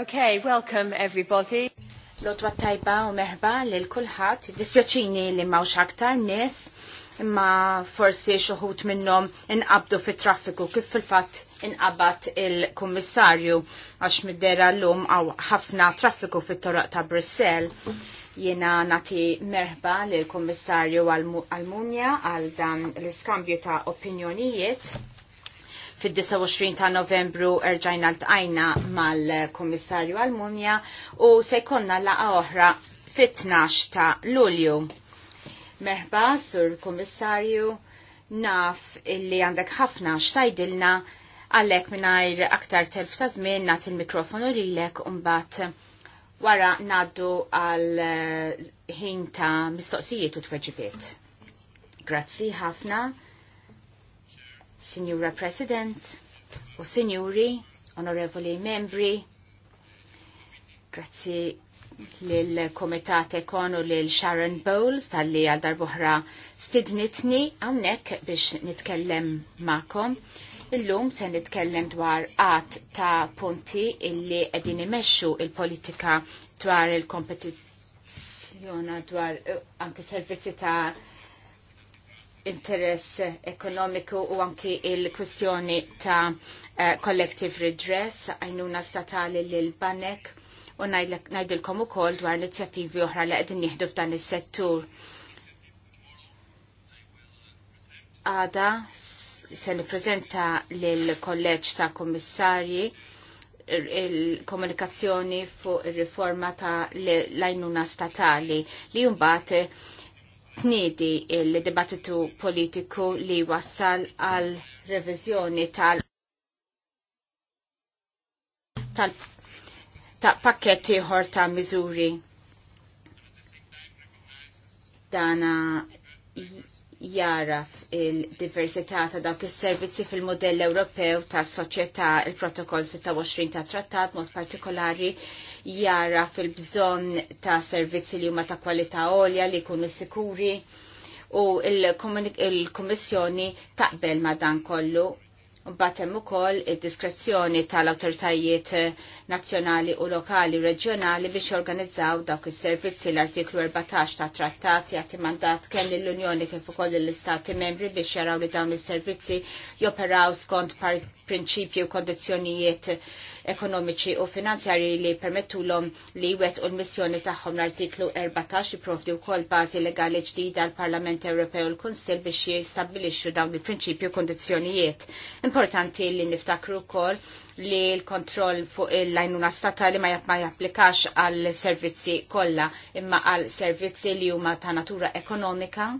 Okay, welcome everybody. Lotwa tajba u meħba lil kulħadd. Dispjaċini li mawx aktar nies, imma forsi xoħut minnhom inqabdu fit-traffiku kif fil-fatt inqabad il-kummissarju għax middera llum għaw ħafna traffiku fit-toroq ta' Brussell. Jiena nati merħba lil kummissarju għal-Munja għal dan l-iskambju ta' opinjonijiet fid-29 ta' novembru erġajna l-tqajna mal-Komissarju Almunja u se jkollna laqa oħra fit-12 ta' Lulju. Merħba, Sur Komissarju, naf illi għandek ħafna xtajdilna għallek minnajr aktar telf ta' zmin nat il-mikrofonu lilek umbat wara naddu għal eh, ħin ta' mistoqsijiet u tweġibiet. Grazzi ħafna, Signora President, u Signori, Onorevoli Membri, grazzi l-Komitat Ekon u l-Sharon Bowles tal-li għal darbohra stidnitni għannek biex nitkellem ma'kom. Illum se nitkellem dwar għat ta' punti illi għedin imexxu il-politika dwar il kompetizjona dwar eh, anke servizzi ta' interess ekonomiku u anki il-kwestjoni ta' eh, collective redress għajnuna statali l-banek u najdilkom u kol dwar inizjativi oħra li għedin nieħdu f'dan is-settur. Għada se nippreżenta lill-kolleġġ ta' kommissarji il-komunikazzjoni fuq ir-riforma ta' l-għajnuna statali li jumbat tniedi il-dibattitu politiku li wassal għal revizjoni tal- tal ta' pakketti ieħor ta' miżuri dana jaraf il-diversità ta' dawk is-servizzi fil-modell Ewropew ta' soċjetà il-protokoll 26 ta' trattat mod partikolari jaraf il-bżonn ta' servizzi li huma ta' kwalità għolja li jkunu sikuri u il-Kummissjoni taqbel ma' dan kollu Batem u koll id-diskrezzjoni tal-autoritajiet eh, nazjonali u lokali u reġjonali biex jorganizzaw dawk is-servizzi l-artiklu 14 ta' trattat jagħti mandat kemm l-Unjoni kif ukoll l-Istati membri biex jaraw li dawn is-servizzi joperaw skont prinċipji u kondizzjonijiet ekonomiċi u finanzjari li l-om li wet u l-missjoni tagħhom l-artiklu 14 jipprovdi wkoll bażi legali ġdida l parlament Ewropew u l-Kunsill biex jistabbilixxu dawn il-prinċipju kondizjonijiet. Importanti li niftakru wkoll li l-kontroll fuq il-lajnuna statali ma japplikax għal servizzi kollha imma għal servizzi li huma ta' natura ekonomika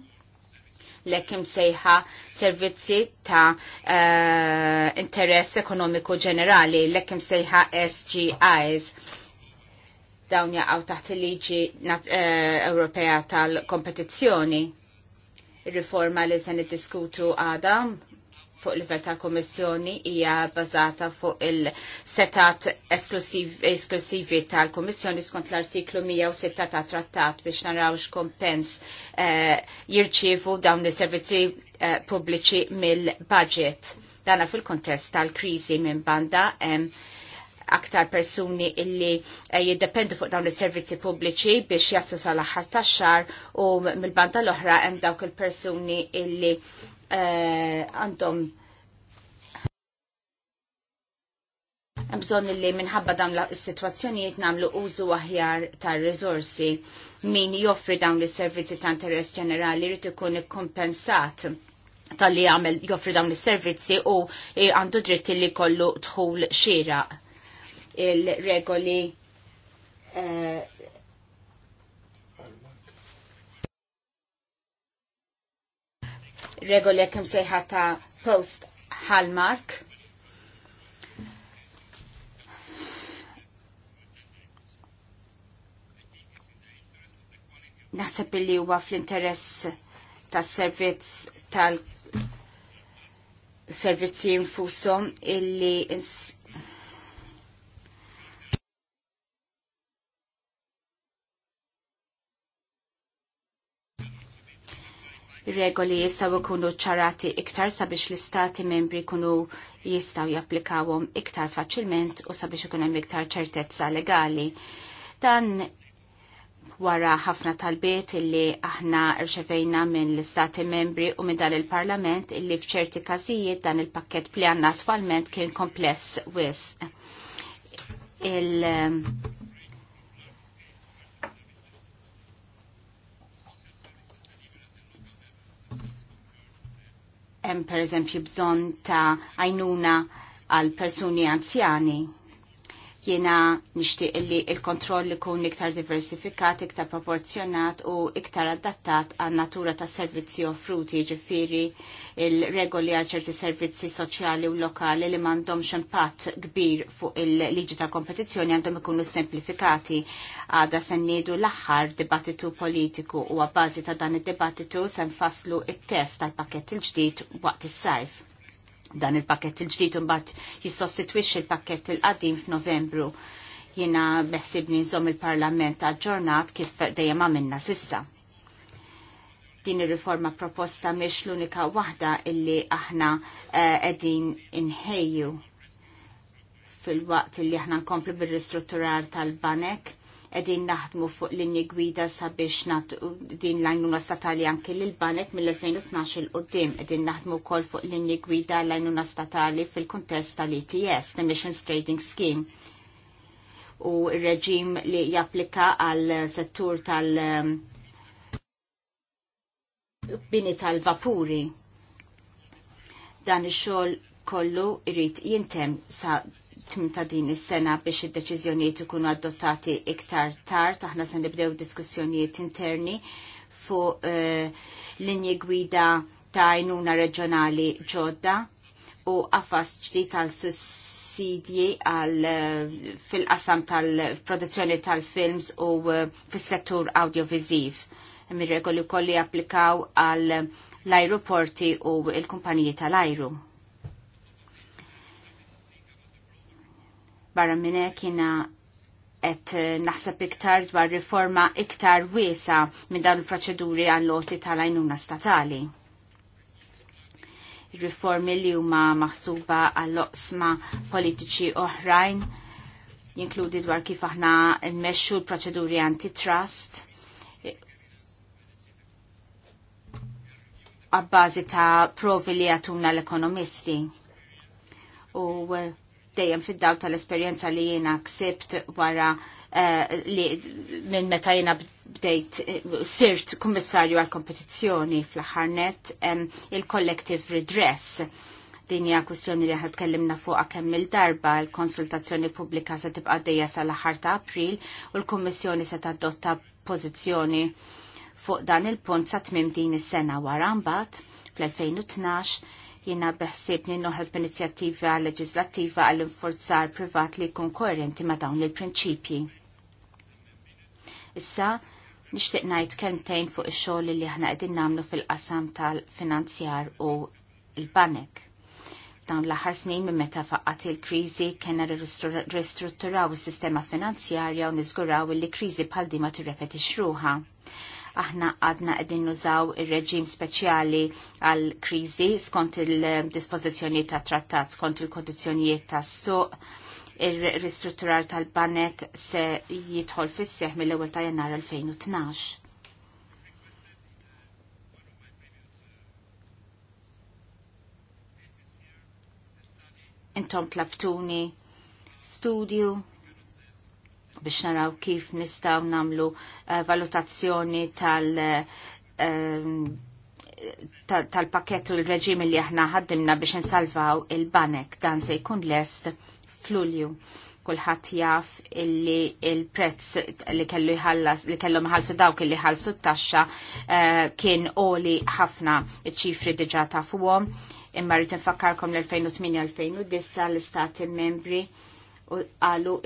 l-ekim sejħa servizzi ta' uh, interess ekonomiku ġenerali, l-ekim sejħa SGIs dawn jaqaw taħt il-liġi eh, Ewropea tal-kompetizzjoni. Riforma li se niddiskutu għadam fuq livell tal-Kommissjoni hija bażata fuq il-setat esklusivi tal-Kommissjoni skont l-artiklu 106 ta' trattat biex naraw x'kompens eh, jirċievu dawn is-servizzi eh, pubbliċi mill-budget. Dana fil-kontest tal-kriżi minn banda hemm aktar persuni illi eh, jiddependu fuq dawn is-servizzi pubbliċi biex jassu sal-aħħar tax-xar u mill-banda l-oħra hemm dawk il-persuni illi Eh, għandhom bżon li minħabba dawn is-sitwazzjonijiet nagħmlu użu aħjar tar-riżorsi min joffri dawn is servizzi ta' interess ġenerali jrid ikun ikkompensat tal-li għamel joffri dawn is servizzi u e, għandu dritt li kollu dħul xira il-regoli uh, regoli kem sejħa ta' post hallmark. Naħseb li huwa fl-interess tas servizz tal servizzi infusom illi regoli jistaw ikunu ċarati iktar sabiex l-istati membri kunu jistaw japplikawhom iktar faċilment u sabiex ikun hemm iktar ċertezza legali. Dan wara ħafna talbiet illi aħna rċevejna minn l-istati membri u minn dan il-parlament illi fċerti każijiet dan il-pakket pli għanna attualment kien kompless wis. Il- hemm pereżempju bżonn ta' għajnuna għal persuni anzjani Jiena nixtieq li il-kontroll ikun iktar diversifikat, iktar proporzjonat u iktar adattat għan natura ta' servizzi offruti ġifiri il-regoli għal ċerti servizzi soċjali u lokali li m'għandhomx impatt kbir fuq il-liġi ta' kompetizzjoni għandhom ikunu semplifikati għada sennidu l-aħħar dibattitu politiku u għabbażi ta' dan id-dibattitu senfaslu il test tal-pakket il-ġdid waqt is-sajf. Dan il-pakket il-ġdid imbagħad jissostitwix il-pakket il-qadim f'Novembru. Jiena beħsibni nżomm il-Parlament aġġornat kif dejjem għamilna sissa. Din ir-riforma proposta mhix l-unika waħda illi aħna eh, qegħdin uh, inħejju fil-waqt illi aħna nkomplu bir-ristrutturar tal-banek edin naħdmu fuq linji gwida sabiex nat din l-għajnuna statali anki l-banek mill-2012 il qoddim edin naħdmu kol fuq linji gwida l-għajnuna statali fil-kontest tal-ETS, l-Emissions Trading Scheme u reġim li japplika għal settur tal- bini tal-vapuri. Dan ix-xogħol kollu irrit jintem sa tim ta' din is-sena biex id-deċiżjonijiet ikunu adottati iktar tard, aħna se nibdew diskussjonijiet interni fuq eh, linji gwida ta' għajnuna reġjonali ġodda u għafas ġdid tal sussidji eh, fil-qasam tal-produzzjoni tal-films u eh, fis-settur audiovisiv. Mir-regoli kolli applikaw għal l-aeroporti u l-kumpaniji tal-ajru. Barra minne kiena et naħseb iktar dwar riforma iktar wiesa minn dawn il-proċeduri għall-loti tal-għajnuna statali. Riformi li huma maħsuba għall-oqsma politiċi oħrajn jinkludi dwar kif aħna nmexxu l-proċeduri antitrust għabbażi ta' provi li għatuna l-ekonomisti. U dejjem fid dawl tal-esperjenza li jiena ksibt wara eh, li minn meta jiena bdejt eh, sirt kummissarju għal kompetizzjoni fl-ħarnet il-collective redress din hija kwistjoni li ħad tkellimna fuqha kemm il-darba l-konsultazzjoni pubblika se tibqa' dejja sal-aħħar ta' April u l-Kummissjoni se tadotta pożizzjoni fuq dan il-punt sa tmiem din is-sena wara mbagħad fl-2012 Jiena beħsibni noħed b'inizjattiva leġislattiva għall inforzar privat li jkun koerenti ma' dawn il-prinċipji. Issa, nixtieq ngħid kemtejn fuq ix-xogħol li aħna qegħdin nagħmlu fil-qasam tal-finanzjar u l-banek dawn l-aħħar snin minn meta faqqat il-kriżi kena ristrutturaw is-sistema finanzjarja u niżguraw li kriżi bħal di ma tirrepetix ruħha. Aħna għadna qegħdin nużaw ir-reġim speċjali għal kriżi skont il-dispożizzjonijiet ta' trattat, skont il-kondizzjonijiet tas-suq ir-ristrutturar tal-banek se jidħol fis-seħ mill-ewwel ta' Jannar 2012. Intom tlabtuni studju biex naraw kif nistaw namlu eh, valutazzjoni tal- eh, tal-pakket u l-reġim li aħna ħaddimna biex nsalvaw il-banek dan se jkun lest flulju. Kulħadd jaf illi il-prezz li kellu jħallas li kellhom jħallsu dawk illi ħallsu t-taxxa eh, kien oli ħafna ċifri ta' tafuhom imma rrid infakkarkom l-2008-2009 l-istati membri u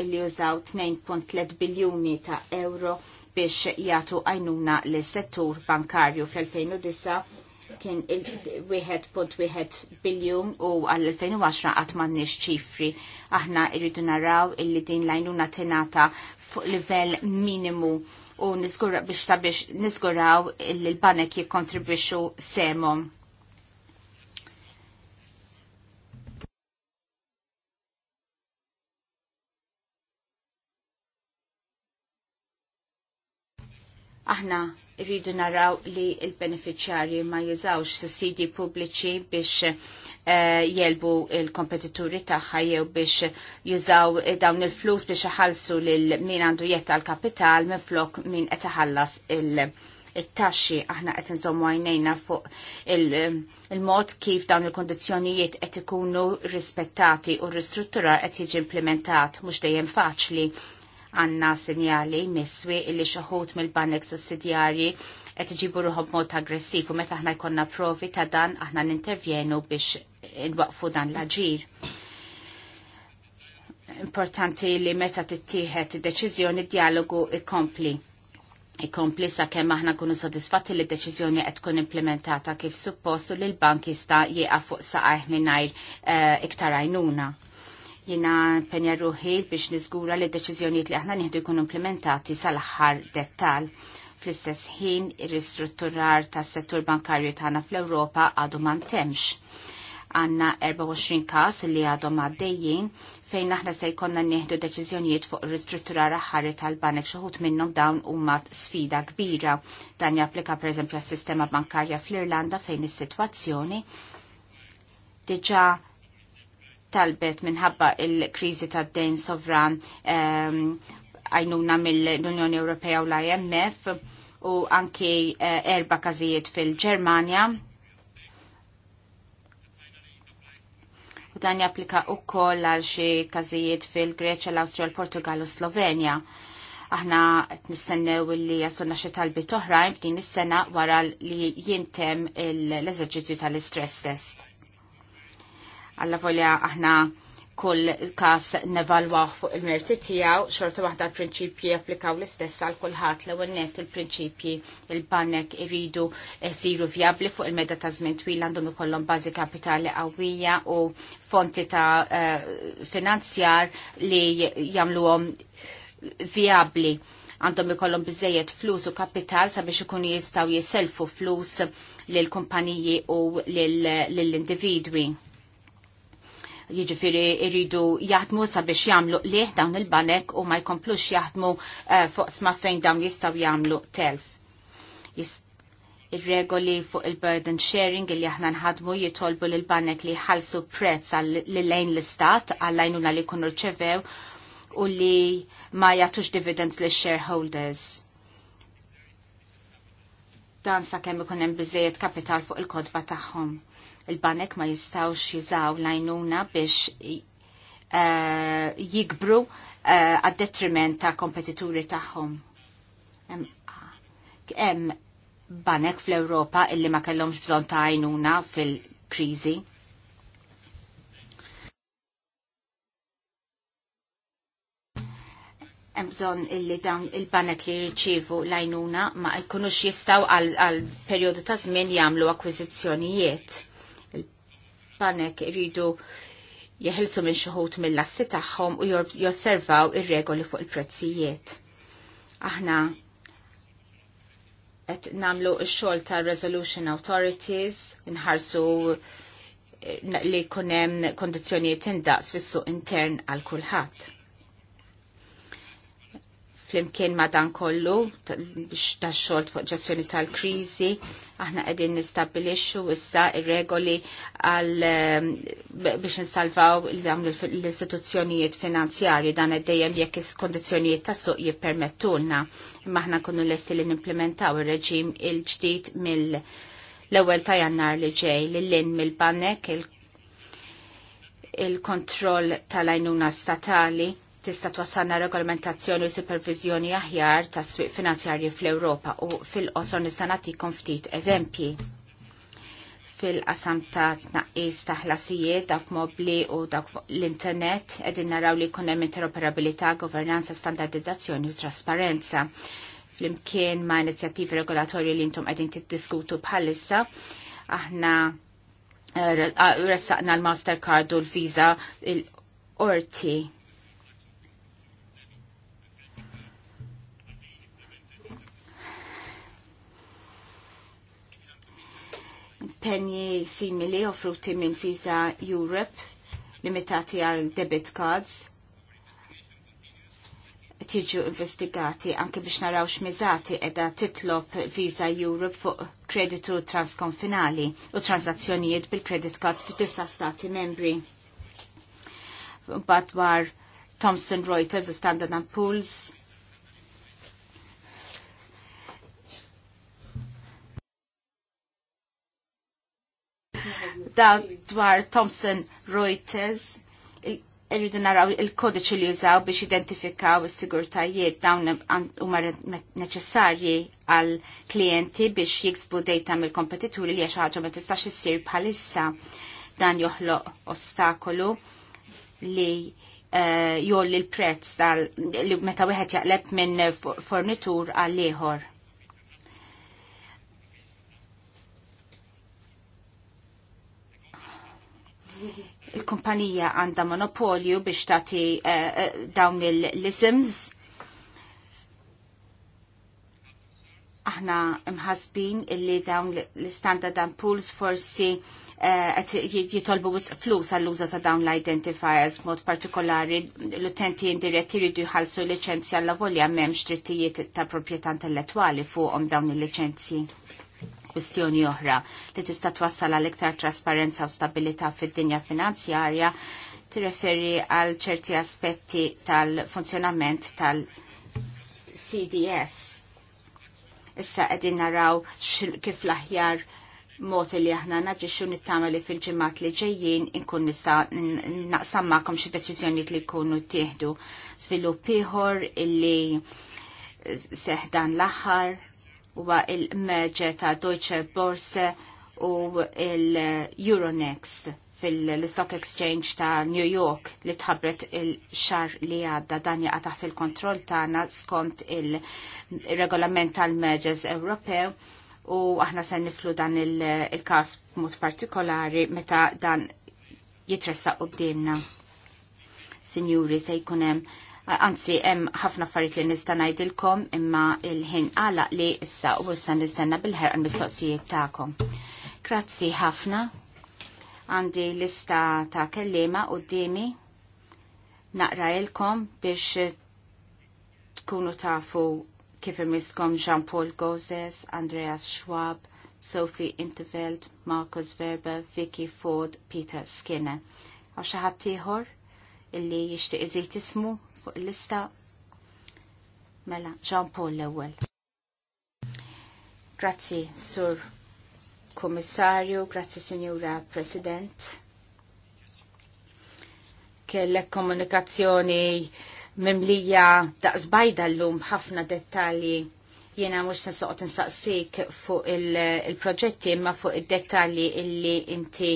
illi użaw 2.3 biljuni ta' euro biex jagħtu għajnuna l settur bankarju fl-2009 kien il-1.1 biljon u għall-2010 qatt m'għandniex ċifri. Aħna irridu naraw illi din l-għajnuna tingħata fuq livell minimu u biex sabiex nizguraw illi l-banek jikkontribwixxu semhom Aħna rridu naraw li il-beneficjarji ma jużawx s-sidi pubbliċi biex uh, jelbu il-kompetituri tagħha jew biex jużaw dawn il-flus biex ħalsu lil min għandu jetta l-kapital minn flok min qed iħallas il- it-taxxi aħna qed nżommu għajnejna fuq il-mod il kif dawn il-kondizzjonijiet qed ikunu rispettati u r-ristrutturar qed jiġi implementat mhux dejjem faċli Għanna sinjali miswi illi xaħut mill-banek sussidjarji qed ġibu ruħob mod aggressiv u meta aħna jkollna provi ta' dan aħna nintervjenu biex nwaqfu dan l-aġir importanti li meta tittieħed id-deċiżjoni dialogu ikompli. Ikompli sa kemm aħna kunu sodisfatti li d-deċiżjoni qed tkun implementata kif suppostu li l-bank jista' jieqa' fuq saqajh mingħajr eh, iktar għajnuna jina penja ruħi biex nizgura li deċizjoniet li aħna nieħdu jkunu implementati sal-aħħar dettal. Fl-istess ħin, ir-ristrutturar tas settur bankarju tagħna fl-Ewropa għadu ma ntemx. Għanna 24 każ li għadhom għaddejjin fejn aħna se jkollna nieħdu deċiżjonijiet fuq ir-ristrutturar aħħar tal-banek xi minnhom dawn huma sfida kbira. Dan japplika pereżempju għas-sistema bankarja fl-Irlanda fejn is-sitwazzjoni Diġà talbet minħabba il-kriżi tad-dejn sovran ehm, għajnuna mill-Unjoni Ewropea u l-IMF u anki uh, erba każijiet fil-Ġermanja. U dan japplika wkoll għal xi każijiet fil-Greċja, l-Awstrija, l-Portugal u Slovenja aħna nistennew li jasunna xi talbi toħrajn f'din is-sena wara li jintem l-eżerċizzju tal-istress test. Alla volja aħna kull kas nevalwaħ fuq il-merti tijaw, xorta waħda l-prinċipji applikaw l-istess għal ħat l net il-prinċipji il-banek iridu eh, siru vjabli fuq il-meda ta' żmien twil għandhom ikollhom bażi kapitali qawwija u fonti ta' eh, finanzjar li jagħmluhom vjabli għandhom ikollhom biżejjed flus u kapital sabiex ikunu jistgħu jiselfu flus lil kumpaniji u lill-individwi. Lil jiġifieri jridu jaħdmu sabiex jagħmlu liħ dawn il-banek u ma jkomplux jaħdmu eh, fuq sma fejn dawn jistgħu jagħmlu telf. Ir-regoli fuq il-burden sharing li aħna nħadmu jitolbu l banek li jħallsu prezz lejn l-istat għal għajnuna li jkunu rċevew u li ma jagħtux dividends li shareholders dan sa kemm ikun hemm biżejjed kapital fuq il-kodba tagħhom il-banek ma jistawx jizaw lajnuna biex eh, jikbru eh, għad-detriment ta' kompetituri tagħhom. Hemm banek fl-Ewropa illi ma kellhomx bżonn ta' għajnuna fil-kriżi. Hemm bżonn illi dawn il-banek li jirċievu l-għajnuna ma jkunux jistgħu għal perjodu ta' żmien jagħmlu akkwiżizzjonijiet banek iridu jeħilsu minn xuħut mill-assi tagħhom u josservaw ir-regoli fuq il-prezzijiet. Aħna qed namlu x-xogħol ta' resolution authorities inħarsu eh, li kunem kondizjoniet indaqs fis-suq intern għal kulħadd flimkien ma dan kollu biex tax-xogħol fuq ġestjoni tal-kriżi aħna qegħdin nistabilixu issa ir-regoli ehm, biex nsalvaw dawn l-istituzzjonijiet finanzjari dan qed jekk is-kondizzjonijiet tas-suq jippermettulna imma aħna nkunu lesti li nimplementaw ir-reġim il-ġdid mill- l-ewwel ta' jannar li ġej li lin mill-banek il-kontroll tal-għajnuna statali tista' twassalna regolamentazzjoni u supervizjoni aħjar tas swieq finanzjarji fl-Ewropa u fil-qosor nista' nagħtikom ftit eżempji fil-qasam ta' tnaqqis ta' ħlasijiet dak mobli u dak l-internet qegħdin naraw li jkun hemm interoperabilità, governanza, standardizzazzjoni u trasparenza. Flimkien ma' inizjattivi regolatorji li intom qegħdin tiddiskutu bħalissa, aħna eh, ressaqna l-Mastercard u l-Visa l-Orti Penji simili offruti minn Visa Europe limitati għal debit cards tiġu investigati anke biex naraw x'miżati edha titlob Visa Europe fuq kreditu transkonfinali u transazzjonijiet bil-credit cards fit tisa stati membri. Badwar Thomson Reuters u Standard Poor's dak dwar Thomson Reuters irridu naraw il-kodiċi li jużaw biex identifikaw is-sigurtajiet dawn huma neċessarji għal klijenti biex jiksbu dejta mill-kompetituri li għax ħaġa ma tistax issir bħalissa dan joħloq ostakolu li uh, jolli l-prezz li meta wieħed jaqleb minn fornitur għal ieħor. il-kumpanija għandha monopolju biex tagħti eh, eh, dawn il-lisms. Aħna mħasbin illi dawn l-standard and pools forsi eh, jitolbu flus għall-użu ta' dawn l-identifiers mod partikolari l-utenti indiretti jridu jħallsu licenzja l avolja m'hemmx drittijiet ta' proprjetà intellettwali fuqhom dawn il-liċenzji kwistjoni oħra li tista' twassal għal iktar trasparenza u stabilità fid-dinja finanzjarja tirreferi għal ċerti aspetti tal-funzjonament tal-CDS. Issa qegħdin naraw kif l-aħjar mod li aħna naġixxu nittama li fil-ġimgħat li ġejjin inkun nista' naqsam magħkom xi deċiżjonijiet li jkunu tieħdu. Svilupp ieħor illi seħdan l-aħħar huwa il-merġe ta' Deutsche Börse u il-Euronext fil-Stock Exchange ta' New York li tħabbret il-xar li għadda dan jaqa taħt il-kontroll tagħna skont il-regolament tal-merġes Ewropew u aħna se niflu dan il-każ mut b'mod partikolari meta dan jitressa qudiemna. Sinjuri se jkun hemm Anzi, hemm ħafna affarijiet li nista' ngħidilkom imma il-ħin għalaq li issa u issa nistenna bil-ħerqan mis-soqsijiet tagħkom. Grazzi ħafna. Għandi lista ta' kellima dimi naqra ilkom biex tkunu tafu kif imiskom Jean-Paul Gozes, Andreas Schwab, Sophie Interveld, Marcus Weber, Vicky Ford, Peter Skinner. Għaxa ħattijħor illi jishtiq iżit ismu fuq il-lista. Mela, Jean Paul l-ewwel. Grazzi, Sur Kommissarju, grazzi, Signora President. Kellek komunikazzjoni mimlija daqsbajda l-lum ħafna dettalji jena mux nisaqot nsaqsik fuq il-proġetti il imma fuq il-dettalji illi inti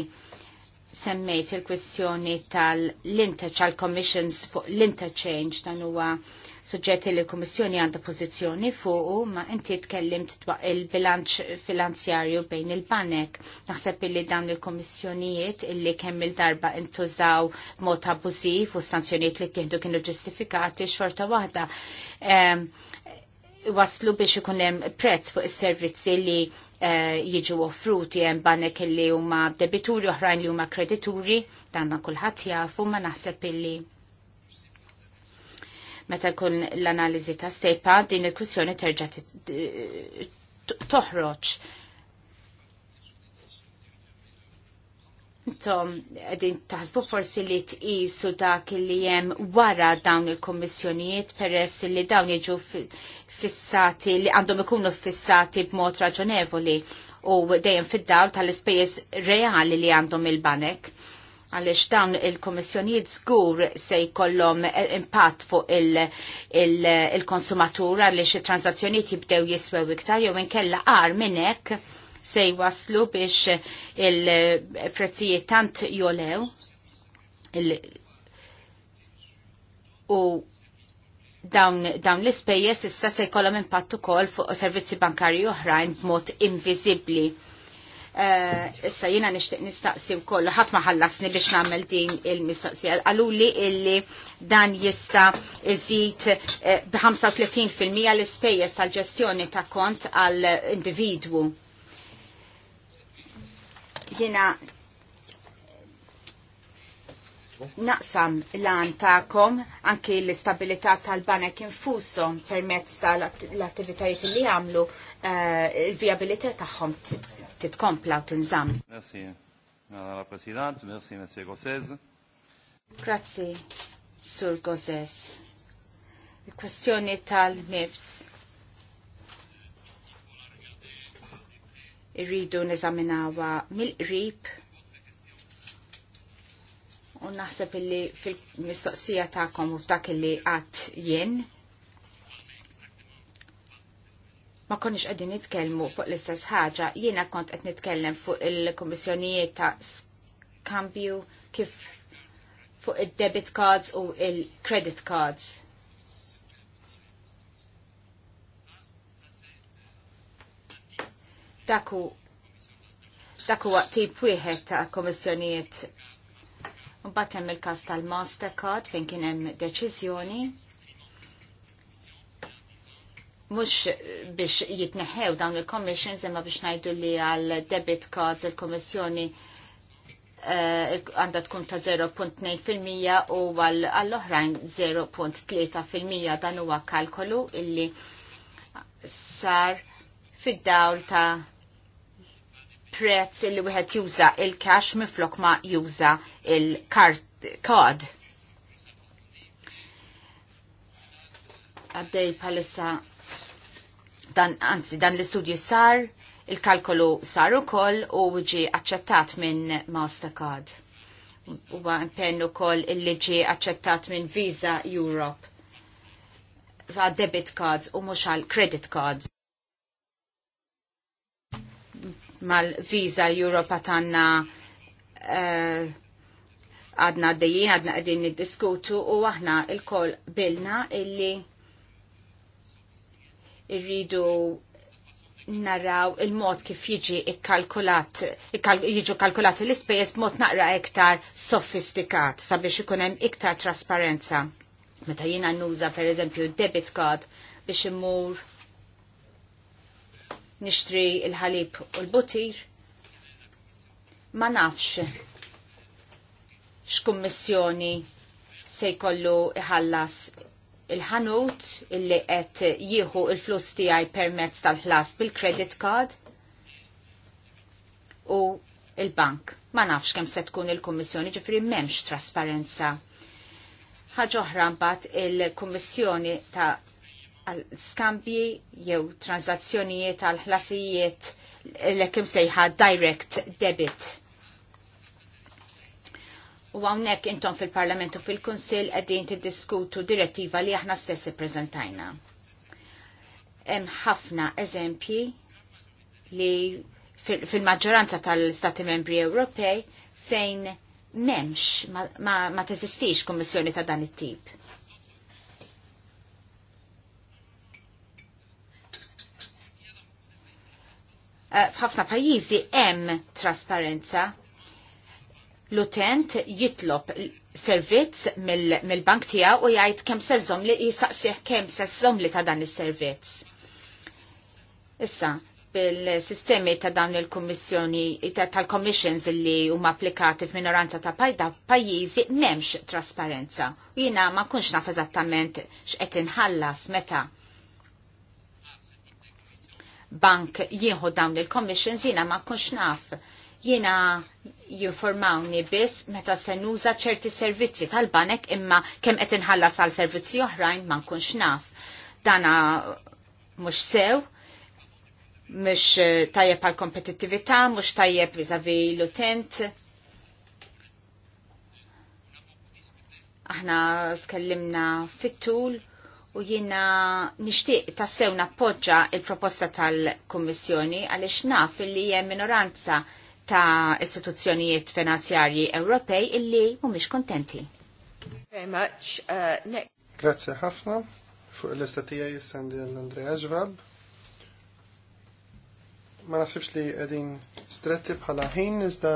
semmejt il-kwestjoni tal-commissions fuq l-interchange dan huwa suġġetti li l-Kummissjoni għandha pożizzjoni fuq ma inti tkellimt dwar il-bilanċ finanzjarju bejn il-banek. Naħseb li dawn il-Kummissjonijiet illi kemm il-darba intużaw mod abbużiv u sanzjonijiet li tieħdu kienu ġustifikati xorta waħda ehm, waslu biex ikun hemm prezz fuq is-servizzi li Eh, jiġu offruti hemm banek li huma debituri oħrajn li huma kredituri, danna kulħadd jafu ma naħseb illi meta kun l-analiżi ta' sepa din il-kwissjoni terġa' toħroġ Intom qegħdin taħsbu forsi li tqisu dak li hemm wara dawn il-kommissjonijiet peress li dawn jiġu fissati li għandhom ikunu fissati b'mod raġonevoli u dejjem fid-dawl tal-ispejjeż reali li għandhom il-banek għalix dawn il-komissjonijiet zgur se jkollhom impatt fuq il-konsumatur il, il għalix il-transazzjonijiet jibdew jiswew iktar jew inkella qar minnek se jwaslu biex il-prezzijiet tant jolew il u dawn, dawn l-ispejjeż issa se jkollhom impatt ukoll fuq servizzi bankarji oħrajn b'mod inviżibbli. Uh, issa jiena nixtieq nistaqsi wkoll ħadd ma ħallasni biex nagħmel din il-mistoqsija. Qaluli illi dan jista' iżid uh, eh, b'35% l-ispejjeż tal-ġestjoni ta' kont għall individwu jina naqsam lan ta'kom anki l-istabilità tal-banek infusom permezz tal-attivitajiet li għamlu eh, il-viabilità tagħhom titkompla u tinżam. Merci, Madame la Presidente, merci, Monsieur Gossez. Grazie, Sur Gossez. Il-kwestjoni tal-MIFS irridu nizaminawa mill-qrib u naħseb illi fil-mistoqsija ta'kom u f'dak illi għat jien. Ma konniex qegħdin nitkellmu fuq l-istess ħaġa, jiena kont qed nitkellem fuq il-kummissjonijiet ta' skambju kif fuq il debit cards u il-credit cards Daku dak huwa wieħed ta' komissjonijiet. Mbagħad hemm il-każ tal-Mastercard fejn kien hemm deċiżjoni mux biex jitneħew dawn il-commissions imma biex najdu li għal debit cards il-kommissjoni eh, għanda uh, tkun ta' 0.2% u għall-oħrajn 0.3% dan huwa kalkolu illi sar fid-dawl ta' prezz li wieħed juża il-cash miflok ma juża il-kard. Għaddej palissa dan, anzi, dan l-istudju sar, il-kalkolu sar ukoll u ġi aċċettat minn Mastercard. Huwa impenn ukoll illi ġi aċċettat minn Visa Europe. Fa' debit cards u mhux għal credit cards mal-viza Europa tanna eh, għadna d-dijin, għadna għaddin diskutu u aħna il-kol bilna illi irridu naraw il-mod kif jiġi ikkalkulat, jiġu kalkulat l-ispejjeż mod naqra iktar sofistikat sabiex ikun hemm iktar trasparenza. Meta jiena nuża pereżempju debit card biex imur nixtri il-ħalib u l-butir. Ma nafx x'kummissjoni se jkollu iħallas il-ħanut illi qed jieħu il-flus tiegħi permezz tal-ħlas bil-credit card u il-bank. Ma nafx kemm se tkun il-Kummissjoni ġifri m'hemmx trasparenza. Ħaġa oħra mbagħad il-Kummissjoni ta' għal skambji jew tranzazzjonijiet għal ħlasijiet l-ekim sejħa direct debit. U għawnek intom fil-Parlament u fil għeddin t tiddiskutu direttiva li aħna stessi prezentajna. Hemm ħafna eżempji li fil-maġġoranza tal-Stati Membri Ewropej fejn memx ma, ma, ma teżistix kummissjoni ta' dan it-tip Eh, f'ħafna pajjiżi hemm trasparenza. L-utent jitlob servizz mill-bank mil tiegħu u jgħid kemm sezzom li jistaqsih kemm sezzom li ta' dan is-servizz. Issa, bil-sistemi ta' dan il-kommissjoni tal-commissions li huma applikati f'minoranza ta' pajda pajjiżi m'hemmx trasparenza. U jiena ma kunx naf eżattament x'qed inħallas meta bank jieħu dawn il-commissions jiena ma kunx naf. Jiena jinformawni biss meta se nuża ċerti servizzi tal-banek imma kemm qed inħallas għal servizzi oħrajn ma nkunx naf. Dana mhux sew, mhux eh, tajjeb għal kompetittività, mhux tajjeb viżavi l-utent. Aħna tkellimna fit-tul u jiena nixtieq tassew nappoġġa il-proposta tal-Kummissjoni għaliex naf li hemm minoranza ta' istituzzjonijiet finanzjarji Ewropej illi mhumiex kontenti. Very much. Uh, Grazie ħafna. Fuq l-istatija jissandi l-Andrea Ġvab. Ma naħsibx li qegħdin stretti bħala ħin iżda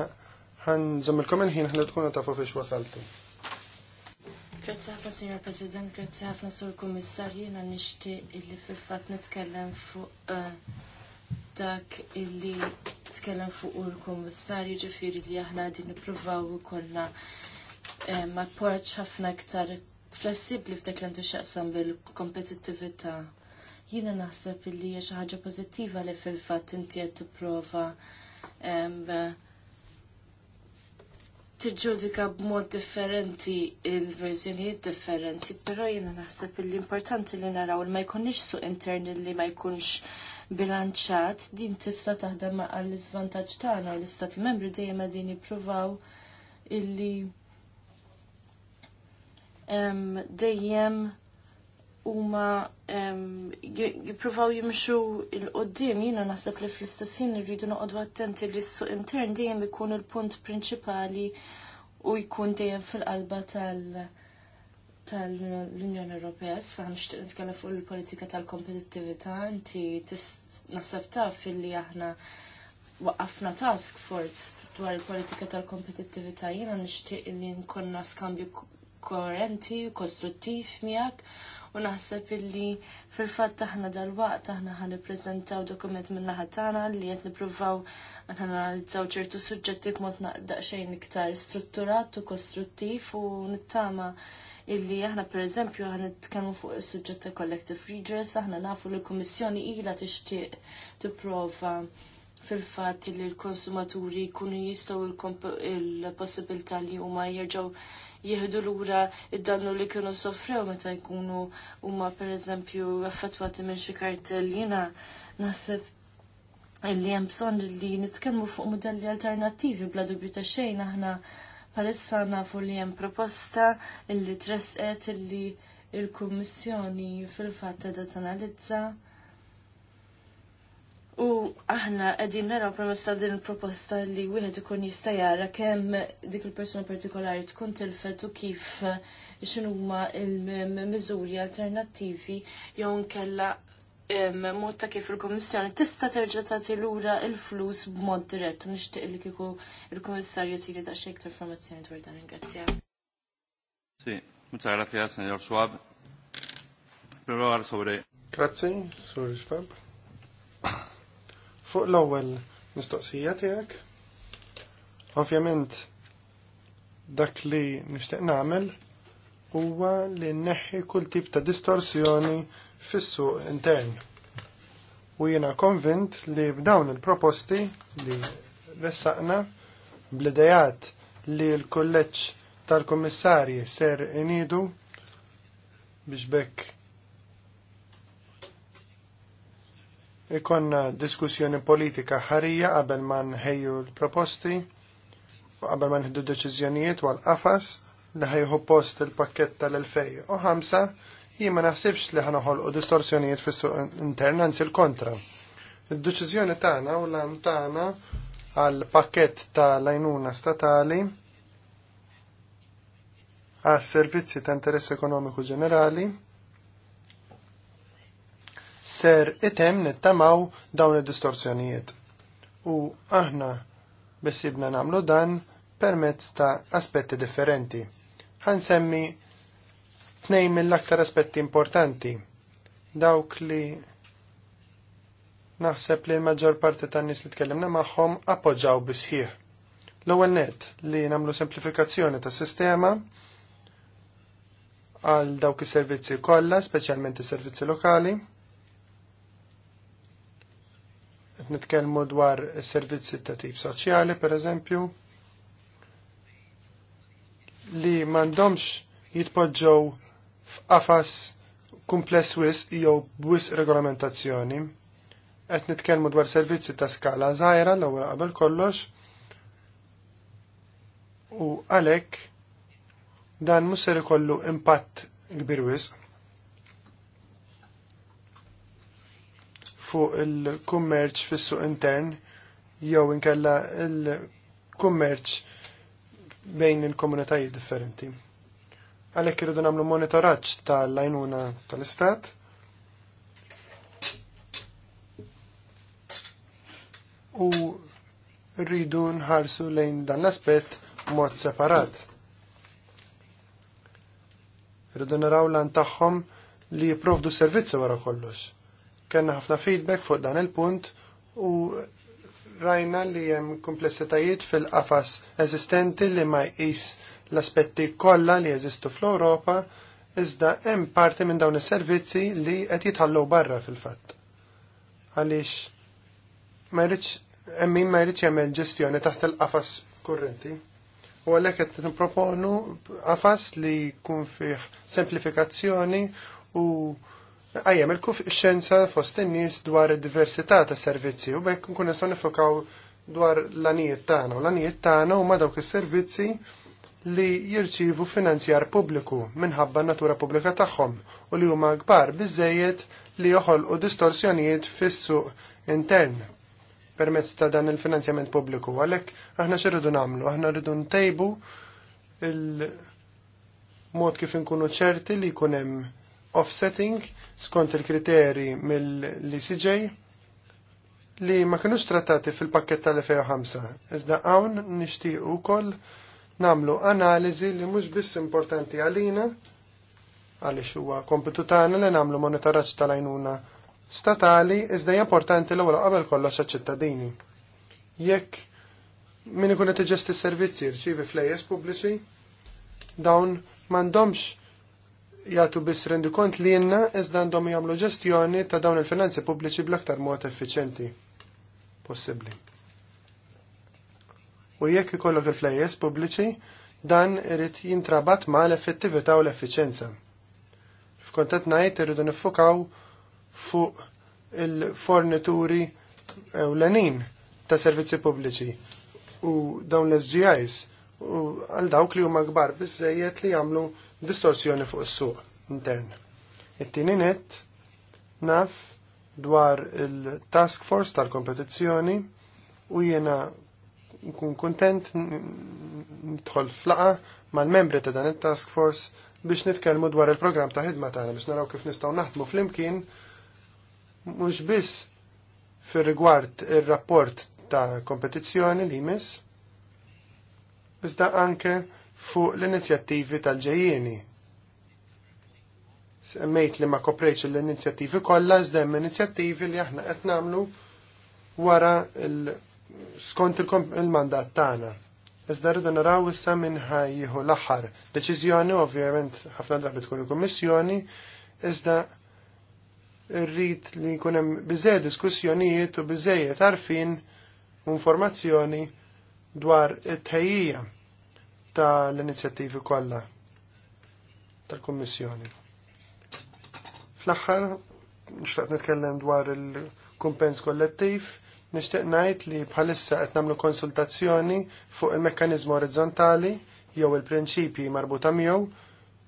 ħan żommilkom il-ħin ħalli tkunu tafu fiex wasaltu. Grazzi ħafna, Signor President, grazzi ħafna, Sur Kummissar, jiena nixtieq illi fil-fatt nitkellem fuq eh, dak illi tkellem fuq il-Kummissar, jiġifieri li aħna din nippruvaw ikollna eh, ma porċ ħafna iktar flessibbli f'dak li għandu x'aqsam bil-kompetittività. Jiena naħseb illi hija xi ħaġa pożittiva li fil-fatt inti qed tipprova eh, tiġġudika b'mod differenti il-verżjonijiet differenti, però jiena naħseb l importanti li naraw li ma jkunniex su intern li ma jkunx bilanċat din tista' taħdem għall iżvantaġġ tagħna u l-istati membri dejjem din jippruvaw illi dejjem huma jippruvaw jimxu il-qoddim jiena naħseb li fl-istessin irridu noqogħdu attenti li s-suq intern dejjem ikun il-punt prinċipali u jkun dejjem fil-qalba tal- tal-Unjoni Ewropea, issa nixtieq nitkellem fuq il-politika tal-kompetittività, inti naħseb taf li aħna waqafna task force dwar il-politika tal-kompetittività jiena nixtieq li nkunna skambju koerenti, kostruttiv miegħek u naħseb illi fil-fatt aħna dal-waqt aħna ħan nippreżentaw dokument minn naħat tagħna li qed nippruvaw analizzaw ċertu suġġetti b'mod naqdaq xejn iktar strutturat u kostruttiv u nittama illi aħna per eżempju aħna nitkellmu fuq is-suġġett ta' collective redress, aħna nafu li l-Kummissjoni ilha tixtieq tipprova fil-fatt li l-konsumaturi jkunu jistgħu il-possibilità li huma jerġgħu jieħdu lura id-dannu li kienu soffrew meta jkunu huma pereżempju affettwati minn xi kartell jiena naħseb illi hemm bżonn li nitkellmu fuq modelli alternattivi bla dubju ta' xejn aħna palissa nafu li hemm proposta illi tresqet illi il-Kummissjoni fil-fatt qiegħda tanalizza U aħna qegħdin naraw promessa ta' din il-proposta li wieħed ikun jista' jara kemm dik il-persuna partikolari tkun tilfet u kif x'inhuma il miżuri alternattivi jew nkella mod ta' kif il-Kummissjoni tista' terġa' tagħti lura l-flus b'mod dirett. u Nixtieq li kieku il-Kummissarju tieni ta' iktar informazzjoni dwar dan ingrazzja. Sì, muchas gracias, señor Schwab. Pero sobre Grazie, señor Schwab. Fuq l-ewwel mistoqsija tiegħek. Ovvjament dak li nixtieq nagħmel huwa li nneħħi kull tip ta' distorsjoni fis-suq intern. U jiena konvint li b'dawn il-proposti li ressaqna bl-idejat li l-kolleġġ tal kummissarji ser inidu biex bekk ikonna diskussjoni politika ħarija qabel ma nħejju l-proposti, qabel ma nħeddu deċiżjonijiet wal qafas li ħejħu post il-pakket tal-2005, jien ma naħsibx li u distorsjonijiet fis-suq intern, anzi l-kontra. Id-deċiżjoni tagħna u l-għam tagħna għal pakket tal-għajnuna statali għal servizzi ta' interess ekonomiku ġenerali ser item nittamaw dawn id-distorsjonijiet. U aħna bissibna namlu dan permezz ta' aspetti differenti. Ħansemmi tnej mill-aktar aspetti importanti. Dawk li naħseb li l-maġġor parti tan nies li tkellimna magħhom appoġġaw bisħiħ. L-ewwel net li nagħmlu semplifikazzjoni ta' sistema għal dawk is-servizzi kollha, speċjalment is-servizzi lokali. nitkellmu dwar servizzi ta' tip soċjali pereżempju li m'għandhomx jitpoġġew f'qafas kumpless wisq jew wisq regolamentazzjoni. Qed nitkellmu dwar servizzi ta' skala żgħira l-ewwel qabel kollox. U għalhekk dan mhux ser ikollu impatt kbir wisq. fuq il-kummerċ fis-suq intern jew inkella il-kummerċ bejn il-komunitajiet differenti. Għalhekk irridu nagħmlu monitoraċ tal-għajnuna tal-Istat. U rridu nħarsu lejn dan l-aspett mod separat. Rridu naraw lan tagħhom li jipprovdu servizzi wara kollox kena ħafna feedback fuq dan il-punt u rajna li hemm komplessitajiet fil-qafas eżistenti li ma jqis l-aspetti kollha li jeżistu fl-Ewropa, iżda hemm parti minn dawn is-servizzi li qed jitħallu barra fil-fatt. Għaliex ma jridx hemm min ma jridx jagħmel ġestjoni taħt il-qafas kurrenti. U għalhekk qed nipproponu qafas li jkun fih semplifikazzjoni u Għajem, il-kufxenza fost in-nies dwar id-diversità ta' servizzi u bekk nkun nistgħu nifokaw dwar l-anijiet tagħna u l-anijiet tagħna huma dawk is-servizzi li jirċivu finanzjar pubbliku minħabba natura pubblika tagħhom u li huma kbar biżejjed li joħolqu distorsjonijiet fis-suq intern permezz ta' dan il-finanzjament pubbliku. Għalhekk aħna xirridu nagħmlu, aħna rridu ntejbu il-mod kif inkunu ċerti li jkun hemm offsetting skont il-kriteri mill-ECJ li ma kienux trattati fil-pakket tal-2005. Iżda hawn nixtieq ukoll namlu analiżi li mhux biss importanti għalina għaliex huwa kompetu tagħna li nagħmlu monitoraġġ tal-għajnuna statali iżda importanti l-ewwel qabel kollox ċittadini Jekk min ikun qed iġesti servizzi rċivi flejjes pubbliċi, dawn m'għandhomx jgħatu biss rendi kont li jenna iżda għandhom jagħmlu ġestjoni ta' dawn il-finanzi pubbliċi bl-aktar mod effiċenti possibbli. U jekk ikollok il-flejjes pubbliċi, dan irid jintrabat ma' l-effettività u l-effiċenza. F'kontat ngħid irridu nifukaw fuq il-fornituri ewlenin ta' servizzi pubbliċi u dawn l-SGIs u għal dawk li huma kbar biżejjed li jagħmlu distorsjoni fuq is-suq intern. It-tieni net naf dwar il-task force tal-kompetizzjoni u jiena nkun kuntent nidħol flaqa mal-membri ta' dan it-task force biex nitkellmu dwar il-programm ta' ħidma tagħna biex naraw kif nistgħu naħdmu flimkien mhux biss fir-rigward ir-rapport ta' kompetizzjoni li jmiss, iżda anke fuq l-inizjattivi tal-ġejjieni. Semmejt li ma koprejċ l-inizjattivi kollha iżda hemm inizjattivi li aħna qed nagħmlu wara skont il-mandat tagħna. Iżda rridu naraw issa minn ħajjieħu l-aħħar deċiżjoni ovvjament ħafna drabi tkun il-Kummissjoni, iżda rrid li jkun hemm biżej diskussjonijiet u biżejjed għarfien informazzjoni dwar it-tejjija tal-inizjattivi kollha tal-Kummissjoni. Fl-aħħar nixtaq nitkellem dwar il-kumpens kollettiv, nixtieq ngħid li bħalissa qed nagħmlu konsultazzjoni fuq il-mekkaniżmu orizzontali jew il-prinċipji marbuta miegħu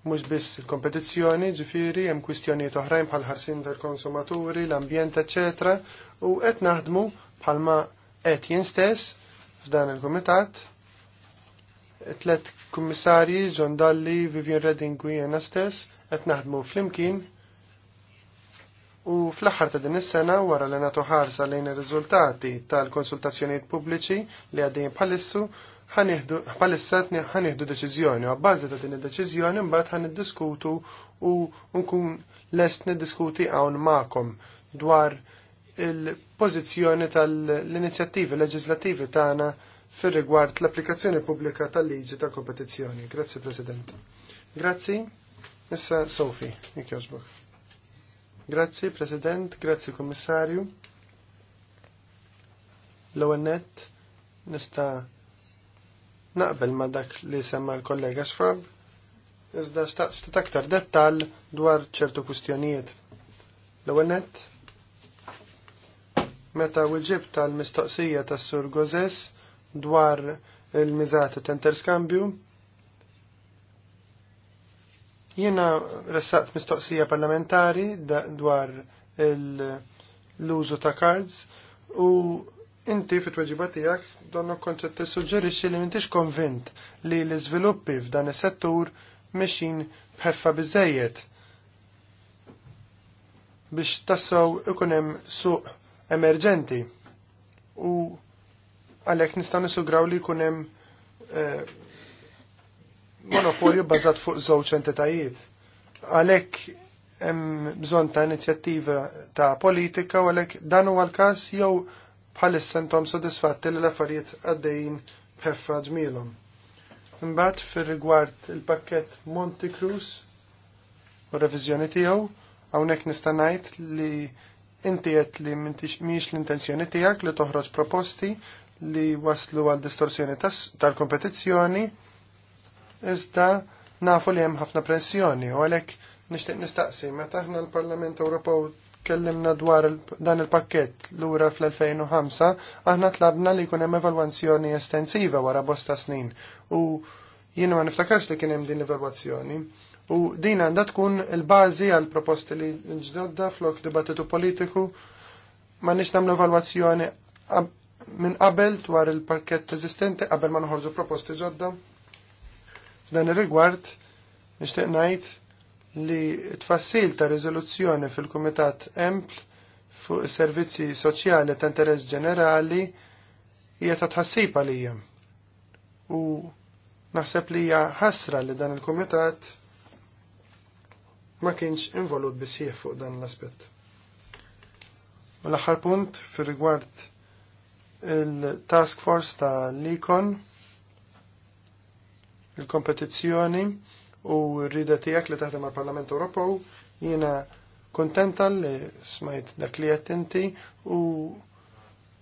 mhux biss il-kompetizzjoni, ġifieri hemm kwistjonijiet oħrajn bħal ħarsin tal-konsumaturi, l-ambjent, eċetera, u qed naħdmu bħalma qed jien stess f'dan il-kumitat tlet kummissarji, John Dalli, Vivian Redding u jena stess, qed naħdmu flimkien u fl-aħħar ta' din is-sena wara li nagħtu ħarsa lejn ir-riżultati tal-konsultazzjonijiet pubbliċi li għaddejjin bħalissu bħalissa ħanieħdu deċiżjoni u għabbażi ta' din id-deċiżjoni mbagħad ħaniddiskutu u nkun lest niddiskuti hawn magħkom dwar il-pożizzjoni tal-inizjattivi leġislattivi tagħna ta fir rigward l-applikazzjoni pubblika tal-liġi ta' kompetizzjoni. Grazie, President. Grazzi. Issa, Sofi, mikjosbuk. Grazzi, President. Grazie, Kommissarju. L-ONET nista naqbel ma dak li semma l-kollega Xfab, iżda xtaqt aktar dettal dwar ċertu kustjonijiet. L-ONET meta wieġib tal-mistoqsija tas-Sur Gozes dwar il-miżati ta' interskambju. Jiena ressaqt mistoqsija parlamentari dwar l-użu ta' cards u inti fit-tweġiba tiegħek donna konċett sugġerixi li m'intix konvint li l-iżviluppi f'dan is-settur mexin bħeffa bizzejiet biex tassaw ikunem hemm suq emerġenti u għalhekk nistgħu nisugraw li jkun hemm eh, monopolju bbażat fuq żewġ entitajiet. Għalhekk hemm bżonn ta' inizjattiva ta' politika u għalhekk dan huwa l-każ jew bħalissa intom sodisfatti li l-affarijiet għaddejjin b'ħeffa ġmielhom. Imbagħad fir-rigward il-pakkett Monte Cruz u reviżjoni tiegħu hawnhekk nista' ngħid li inti li miex l-intenzjoni tiegħek li toħroġ proposti li waslu għal distorsjoni tal-kompetizzjoni, iżda nafu li hemm ħafna pressjoni u għalhekk nixtieq nistaqsi meta aħna l-Parlament Ewropew tkellimna dwar dan il-pakkett lura fl-2005, aħna tlabna li jkun hemm evalwazzjoni estensiva wara bosta snin u jiena ma niftakarx li kien hemm din l-evalwazzjoni. U din għandha tkun il-bażi għal proposti li ġdodda flok dibattitu politiku ma nix nagħmlu evalwazzjoni minn qabel dwar il-pakket eżistenti qabel ma noħorġu proposti ġodda. F'dan ir-rigward nixtieq ngħid li tfassil ta' riżoluzzjoni fil-Kumitat Empl fuq is-servizzi soċjali ta' interess ġenerali hija ta' tħassib għalija. U naħseb li hija ħasra li dan il-Kumitat ma kienx involut bisħieħ fuq dan l-aspett. U l-aħħar punt fir-rigward il-task force ta' l-ikon, il-kompetizzjoni u rrida tijak li taħdem għal parlament Ewropew, jiena kontenta li smajt dak li inti u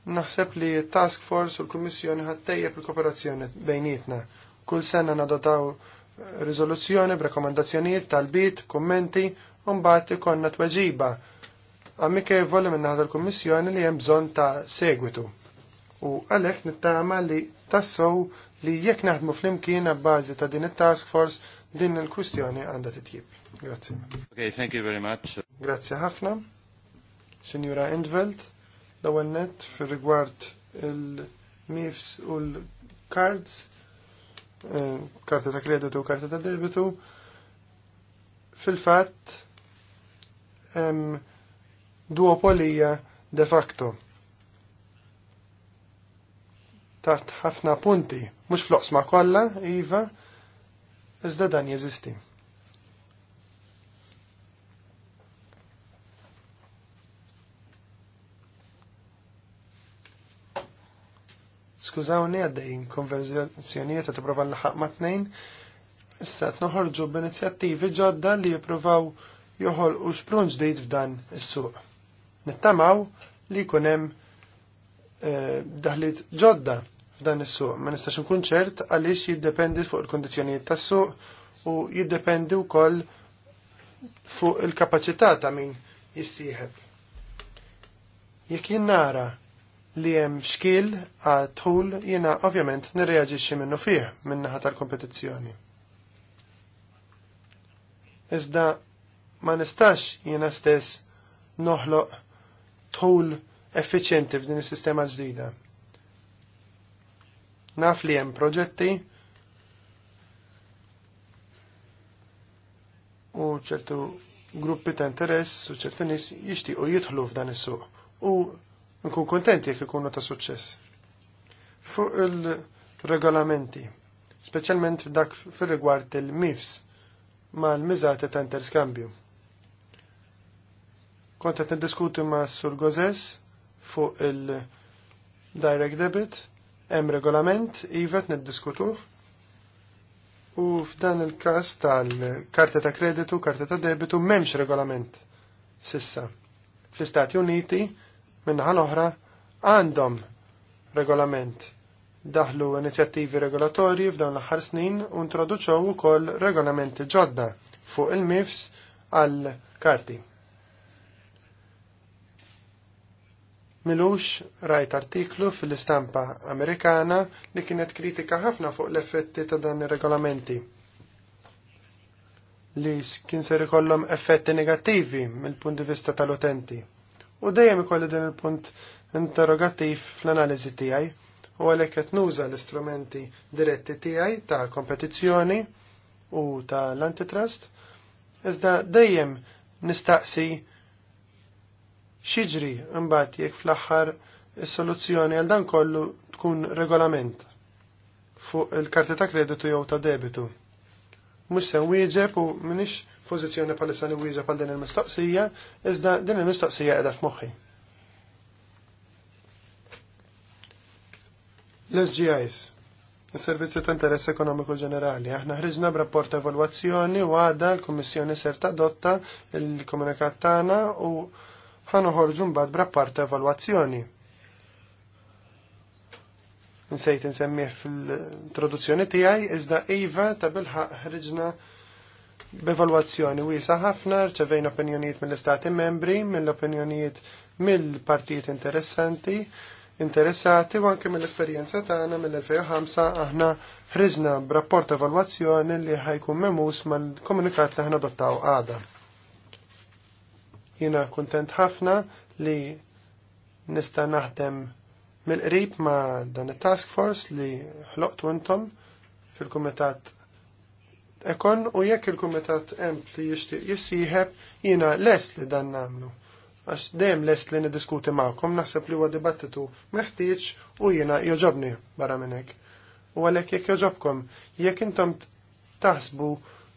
naħseb li task force u l-Kummissjoni ħattejjeb il-kooperazzjoni bejnietna. Kull sena nadotaw riżoluzzjoni b'rekomandazzjonijiet tal-bit, kummenti, u mbagħad ikonna tweġiba. Għamike volli minn naħda l-Kummissjoni li hemm bżonn ta' segwitu u għalhekk nittama li tassow li jekk naħdmu flimkien għabbażi ta' din it-task force din il-kwistjoni għandha titjib. Grazzi. Okay, thank you very much. Grazzi ħafna. Signora Endveld, l-ewwel net fir-rigward il-MIFS u l-cards, eh, karta ta' kreditu u karta ta' debitu. Fil-fatt, duopolija de facto taħt ħafna punti, mhux floqsma kollha, iva, iżda dan jeżisti. Skużawni għaddejn għat qed tipprova ħak ma' tnejn, issa qed noħorġu b'inizjattivi ġodda li jippruvaw joħolqu xprunġ ġdid f'dan is-suq. Nittamaw li jkun hemm daħlit ġodda f'dan is-suq. Ma nistax nkun ċert għaliex jiddependi fuq il-kondizzjonijiet tas-suq u jiddependi wkoll fuq il-kapaċità ta' min jissieħeb. Jekk jien nara li hemm xkil tħul jiena ovvjament nirreaġixxi minnu fih min-naħa tal-kompetizzjoni. Iżda ma nistax jiena stess noħloq tħul effiċjenti f'din is-sistema ġdida. Naf li hemm proġetti u ċertu gruppi ta' interess u ċertu nies jixtiequ jidħlu f'dan is-suq u nkun kontenti jekk ikunu ta' suċċess. Fuq il-regolamenti, speċjalment f'dak fir-rigward il-MIFS mal-miżati ta' interskambju. Kont qed niddiskuti ma' Sur Gozes fuq il-direct debit, hemm regolament, ivet niddiskutuh. U f'dan il-każ tal-karta ta' kreditu, karta ta' debitu m'hemmx regolament sissa. Fl-Istati Uniti minnaħa l-oħra għandhom regolament daħlu inizjattivi regolatorji f'dawn l-aħħar snin u introduċew ukoll regolamenti ġodda fuq il-MIFS għal karti. Milux rajt artiklu fil-istampa Amerikana li kienet kritika ħafna fuq l-effetti ta' dan ir-regolamenti li kien ser ikollhom effetti negattivi mill-punt di vista tal-utenti. U dejjem ikolli din il-punt interrogattiv fl-analiżi tiegħi u għalhekk qed nuża l-istrumenti diretti tiegħi ta' kompetizzjoni u ta' l-antitrust, iżda dejjem nistaqsi xieġri mbagħad jekk fl-aħħar is-soluzzjoni għal dan kollu tkun regolament fuq il-karti ta' kreditu jew ta' debitu. Mhux se wieġeb u m'iniex pożizzjoni bħalissa li wieġeb għal din il-mistoqsija, iżda din il-mistoqsija qiegħda f'moħħi. L-SGIs, il-Servizzi ta' Interess Ekonomiku Ġenerali, aħna ħriġna b'rapport evalwazzjoni u għada l-Kummissjoni ser dotta il-komunikat tagħna u ħan mbagħad b'rapport ta' evalwazzjoni. Nsejt insemmih fil-introduzzjoni tiegħi iżda iva ta' bilħaq ħriġna b'evalwazzjoni wiesa ħafna rċevejn opinjonijiet mill-istati membri, mill-opinjonijiet mill-partijiet interessanti, interessati u anke mill-esperjenza tagħna mill-2005 aħna ħriġna b'rapport evalwazzjoni li ħajkun memus mal-komunikat li ħna dottaw għada. Jina kontent ħafna li nista naħdem mill-qrib ma' dan il-task force li ħloqtu intom fil-kumitat ekon u jekk il-kumitat emp li jishtiq jissiħeb jina lest li dan namlu. Għax dejjem lest li nidiskuti ma'kom naħseb li huwa dibattitu meħtieġ u jina joġobni barra minn hekk. U għalhekk jekk joġobkom, jekk intom taħsbu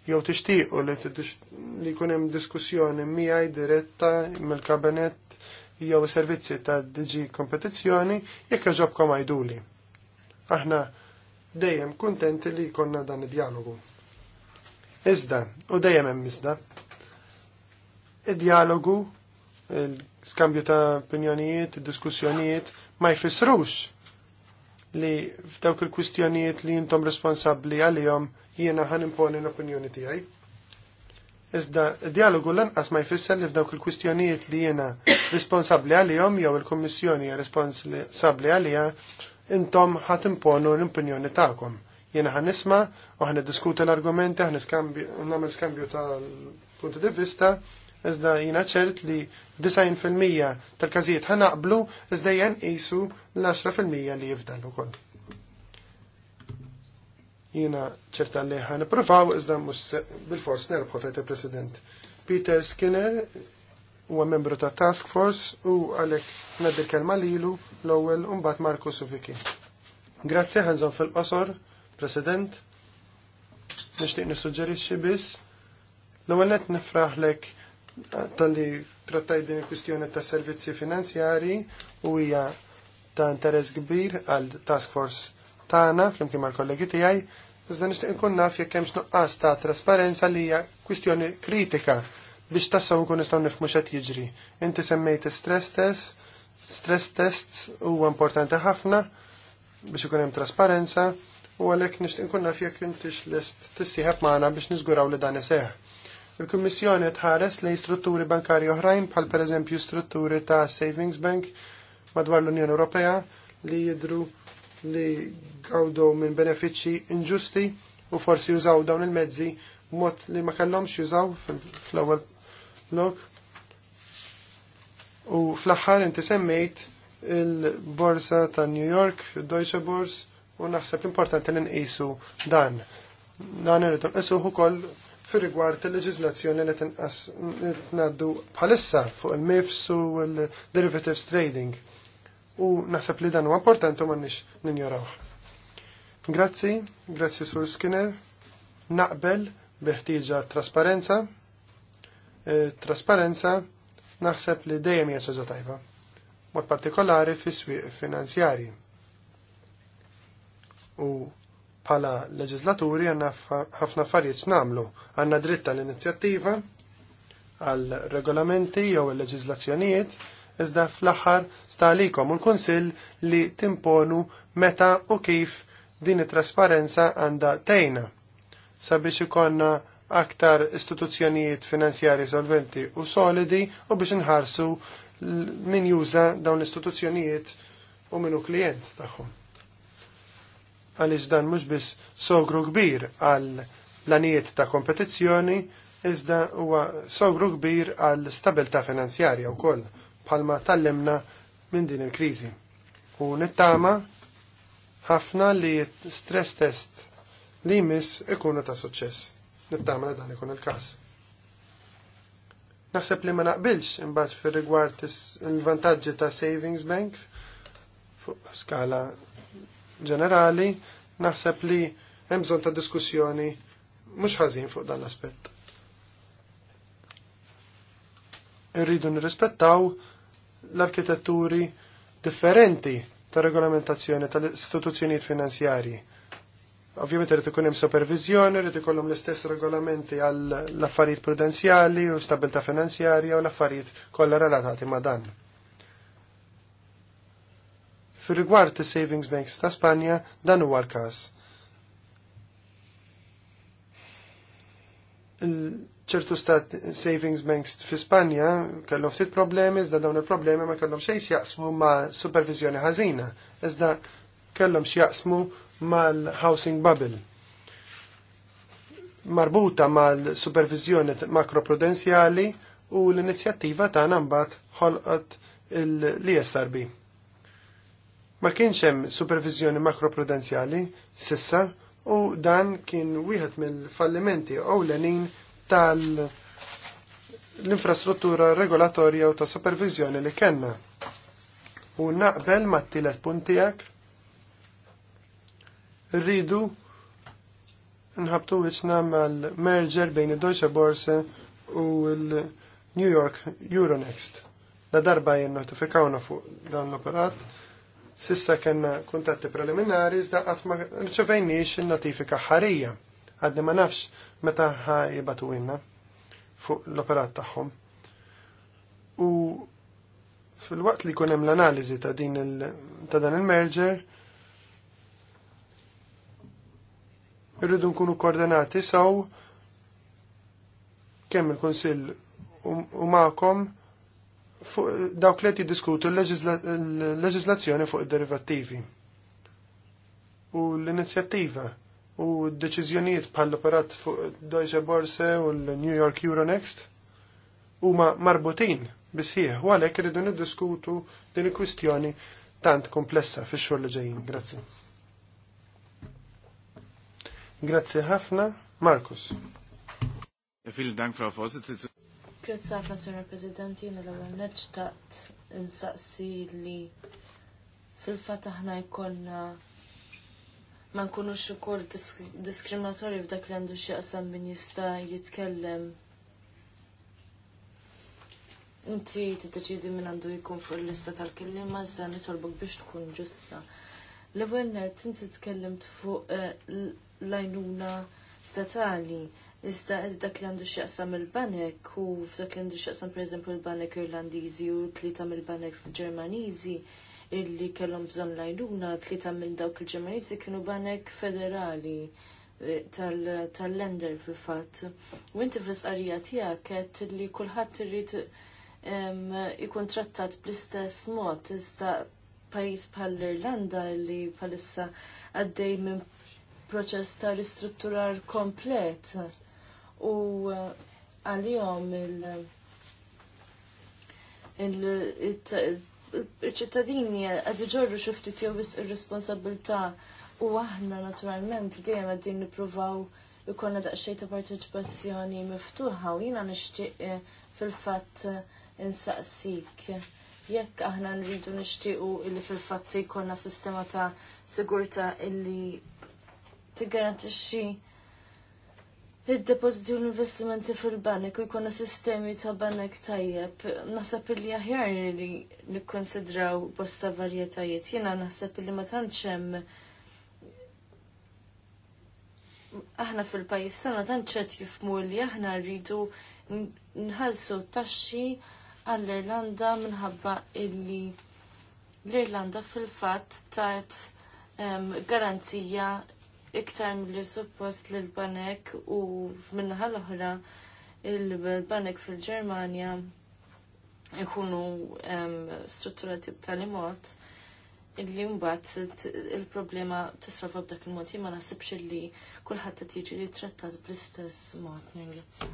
jew tixtiequ li li jkun hemm diskussjoni miegħi diretta mill-kabinet jew servizzi ta' DG kompetizzjoni jekk iġobkom għajduli. Aħna dejjem kuntenti li jkollna dan id-dialogu. Iżda, u dejjem hemm iżda, id-dialogu, skambju ta' opinjonijiet, diskussjonijiet ma jfissrux li f'dawk il-kwistjonijiet li jintom responsabbli għalihom jiena ħan imponi l-opinjoni tiegħi. Iżda dialogu lanqas ma jfisser li f'dawk il-kwistjonijiet li jiena responsabbli għalihom jew il-Kummissjoni hija responsabbli għalija intom ħat imponu l-opinjoni tagħkom. Jiena ħan nisma' u ħan diskuta l-argumenti, ħan nagħmel skambju tal-punti di vista, iżda jiena ċert li 90% tal-każijiet naqblu iżda jen qisu l-10% li jifdal ukoll. Jiena ċerta li ħan provaw iżda mhux bil-fors nerbħu tajt il-President. Peter Skinner huwa membru ta' Task Force u għalek nadir kelma lilu l-ewwel u mbagħad Marku Sufiki. Grazzi ħanżon fil-qosor, President. Nixtieq nissuġġerixxi biss. L-ewwel qed nifraħlek ah, tal-li trattaj din il-kwistjoni ta' servizzi finanzjari u hija ta' interess kbir għal Task Force tagħna flimkien mal-kollegi tiegħi iżda nixtieq inkun naf jekk hemm x'nuqqas ta' trasparenza li hija kwistjoni kritika biex tassaw nkun nistgħu nifhmu x'qed jiġri. Inti semmejt stress test, stress test huwa importanti ħafna biex ikun hemm trasparenza u għalhekk nixtieq inkun naf jekk intix lest tissieħeb magħna biex niżguraw li dan iseħħ. Il-Kummissjoni tħares lejn strutturi bankarji oħrajn bħal pereżempju strutturi ta' Savings Bank madwar l-Unjoni Ewropea li jidru li għawdu minn benefiċċji inġusti u forsi jużaw dawn il-mezzi mod li ma kellhomx jużaw fl-ewwel lok. U fl-aħħar inti semmejt il-borsa ta' New York, Deutsche Börse, u naħseb l-importanti li nqisu dan. Dan irridu nqisuh ukoll fir-rigward il-leġiżlazzjoni li tinqas bħalissa fuq il-MIFS u l-derivatives trading u naħseb li dan huwa importanti u m'għandniex ninjoraw. Grazzi, grazzi Sur Skinner. Naqbel biħtieġa trasparenza. E, trasparenza naħseb li dejjem hija ċaġa tajba, mod partikolari fis-swieq finanzjarji. U bħala leġislaturi għanna ħafna affarijiet nagħmlu. Għandna dritta l-inizjattiva għal regolamenti jew il-leġiżlazzjonijiet iżda fl-aħħar stalikom u l-Kunsill li timponu meta u kif din it-trasparenza għandha tejna sabiex ikonna aktar istituzzjonijiet finanzjari solventi u solidi u biex nħarsu min juża dawn l-istituzzjonijiet u minu klient tagħhom. Għaliex dan mhux biss sogru kbir għal planijiet ta' kompetizzjoni, iżda huwa sogru kbir għal stabilta' finanzjarja wkoll palma tal-lemna minn din il-krizi. U nittama ħafna li stress test li jmiss ikunu ta' suċċess. Nittama li dan ikun il-kas. Naħseb li ma naqbilx imbagħad fir-rigward il-vantaġġi ta' savings bank fuq skala ġenerali, naħseb li hemm bżonn ta' diskussjoni mhux ħażin fuq dan l-aspett. Irridu nirrispettaw l-arkitetturi differenti ta' regolamentazzjoni tal-istituzzjonijiet finanzjarji. Ovvijament rrit ikun hemm supervizjoni, rrit ikollhom l-istess regolamenti għall affarijiet prudenzjali u stabilità finanzjarja u l-affarijiet kollha relatati ma' dan. Fir rigward is savings banks ta' Spanja dan huwa l-każ ċertu stat savings banks fi Spanja kellhom ftit problemi, iżda dawn il-problemi ma kellhom xejn jaqsmu ma' supervizjoni ħażina, iżda kellhom x'jaqsmu mal-housing bubble marbuta mal-supervizjoni makroprudenzjali u l-inizjattiva ta' nambat ħolqot l-ISRB. Ma kienx hemm supervizjoni makroprudenzjali sissa u dan kien wieħed mill-fallimenti ewlenin tal- l-infrastruttura regolatorja u ta' supervizjoni li kenna. U naqbel ma' t-tilet puntijak, rridu nħabtu wiċna mal-merger bejn id-Deutsche Börse u l-New York Euronext. La darba notifikawna fuq dan l-operat, sissa kena kuntatti preliminari, zda għatma rċevejniex il-notifika ħarija. Għadni ma nafx meta ħajbatu inna fuq l-operat tagħhom. U fil-waqt li kunem l-analizi ta' din ta' dan il-merger, irridu nkunu koordinati saw kemm il-Kunsill u ma'kom fuq dawk li jiddiskutu l-leġislazzjoni fuq id-derivattivi. U l-inizjattiva u deċiżjonijiet bħal operat fuq Deutsche Börse u l-New York Euronext huma marbutin bisħieħ u għalhekk irridu niddiskutu din il-kwistjoni tant komplessa fix xogħol li ġejjin. Grazzi. Grazzi ħafna, Markus. Vielen Dank, Grazzi ħafna, Sr. President, jiena l-ewwel neġtaqt insaqsi li fil-fatt aħna jkollna ma nkunux ukoll diskriminatorji f'dak li għandu xi qasam min jista' jitkellem inti tiddeċidi minn għandu jkun fuq il-lista tal kelliema iżda zda nitolbok biex tkun ġusta. L-ewwel net inti t fuq eh, l-għajnuna statali. Iżda dak li għandu x'jaqsam il-banek u f'dak li għandu x'jaqsam pereżempju il-banek Irlandiżi u tlieta mill-banek Ġermaniżi illi kellhom bżonn lajluna tlieta minn dawk il-ġemalisi kienu banek federali eh, tal-lender fil-fatt. U inti fl-isqarija tiegħek qed li kulħadd irid ikun trattat bl-istess mod iżda pajjiż bħall-Irlanda li bħalissa għaddej minn proċess ta' ristrutturar komplet u eh, għalihom il- il-ċittadini għad iġorru xiftit jew ir-responsabilità u aħna naturalment dejjem qegħdin nippruvaw ikonna daqsxejn ta' parteċipazzjoni miftuħa u jiena nixtieq eh, fil-fatt eh, insaqsik. Jekk aħna nridu nixtiequ illi fil-fatt jkollna sistema ta' sigurta illi tiggarantixxi id-depositi u l-investimenti fil-banek u jkun sistemi ta' banek tajjeb, nasab li aħjar li nikkonsidraw bosta varjetajiet. Jena naħseb li ma tantx hemm aħna fil pajis tagħna tantx qed jifmu li aħna rridu nħallsu taxxi għall-Irlanda minħabba illi l-Irlanda fil-fatt tat ehm, garanzija iktar mill suppost li l-banek u minnaħa l-oħra il-banek fil ġermanja ikunu strutturati b'tali mod illi mbagħad il-problema tissolva b'dak il-mod jien ma naħsibx li kulħadd qed jiġi trattat bl-istess mod ningrazzja.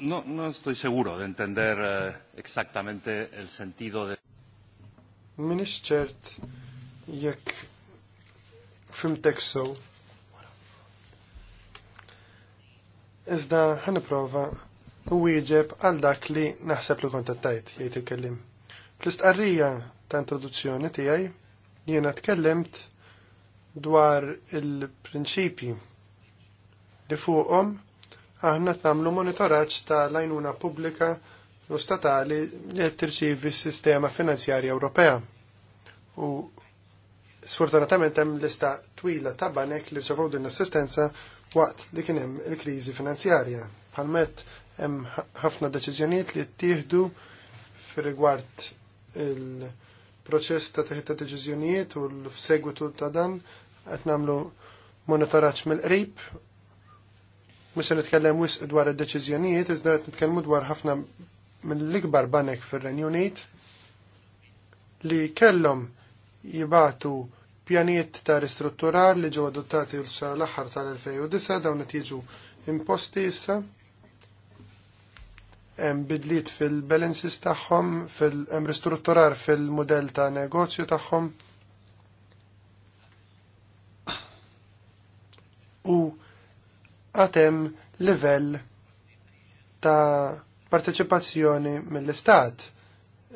No, no estoy seguro de entender eh, exactamente el sentido de... Minix ċert jekk fim tekso. Iżda prova u wieġeb għal dak li naħseb li kontattajt jgħid il-kellim. Fl-istqarrija ta' introduzzjoni tiegħi jiena tkellimt dwar il-prinċipji li fuqhom aħna tnamlu monitoraġġ ta' lajnuna pubblika u statali li qed tirċievi s-sistema finanzjarja Ewropea u Sfortunatament hemm lista twila ta' banek li rċevew din l-assistenza waqt li kien hemm il-kriżi finanzjarja. Palmet hemm ħafna deċiżjonijiet li ttieħdu fir-rigward il-proċess ta' teħid ta' deċiżjonijiet u l-segwitu ta' dan qed nagħmlu monitoraġġ mill-qrib Mhux se nitkellem wisq dwar id-deċiżjonijiet, iżda qed nitkellmu dwar ħafna mill-ikbar banek fir-Renju Unit li kellhom jibatu pjanijiet ta' ristrutturar li ġew adottati l-aħħar tal-2009 dawn qed jiġu imposti issa. Hemm bidliet fil-balances tagħhom, hemm ristrutturar fil-mudell ta' negozju tagħhom. U għatem livell ta' parteċipazzjoni mill-istat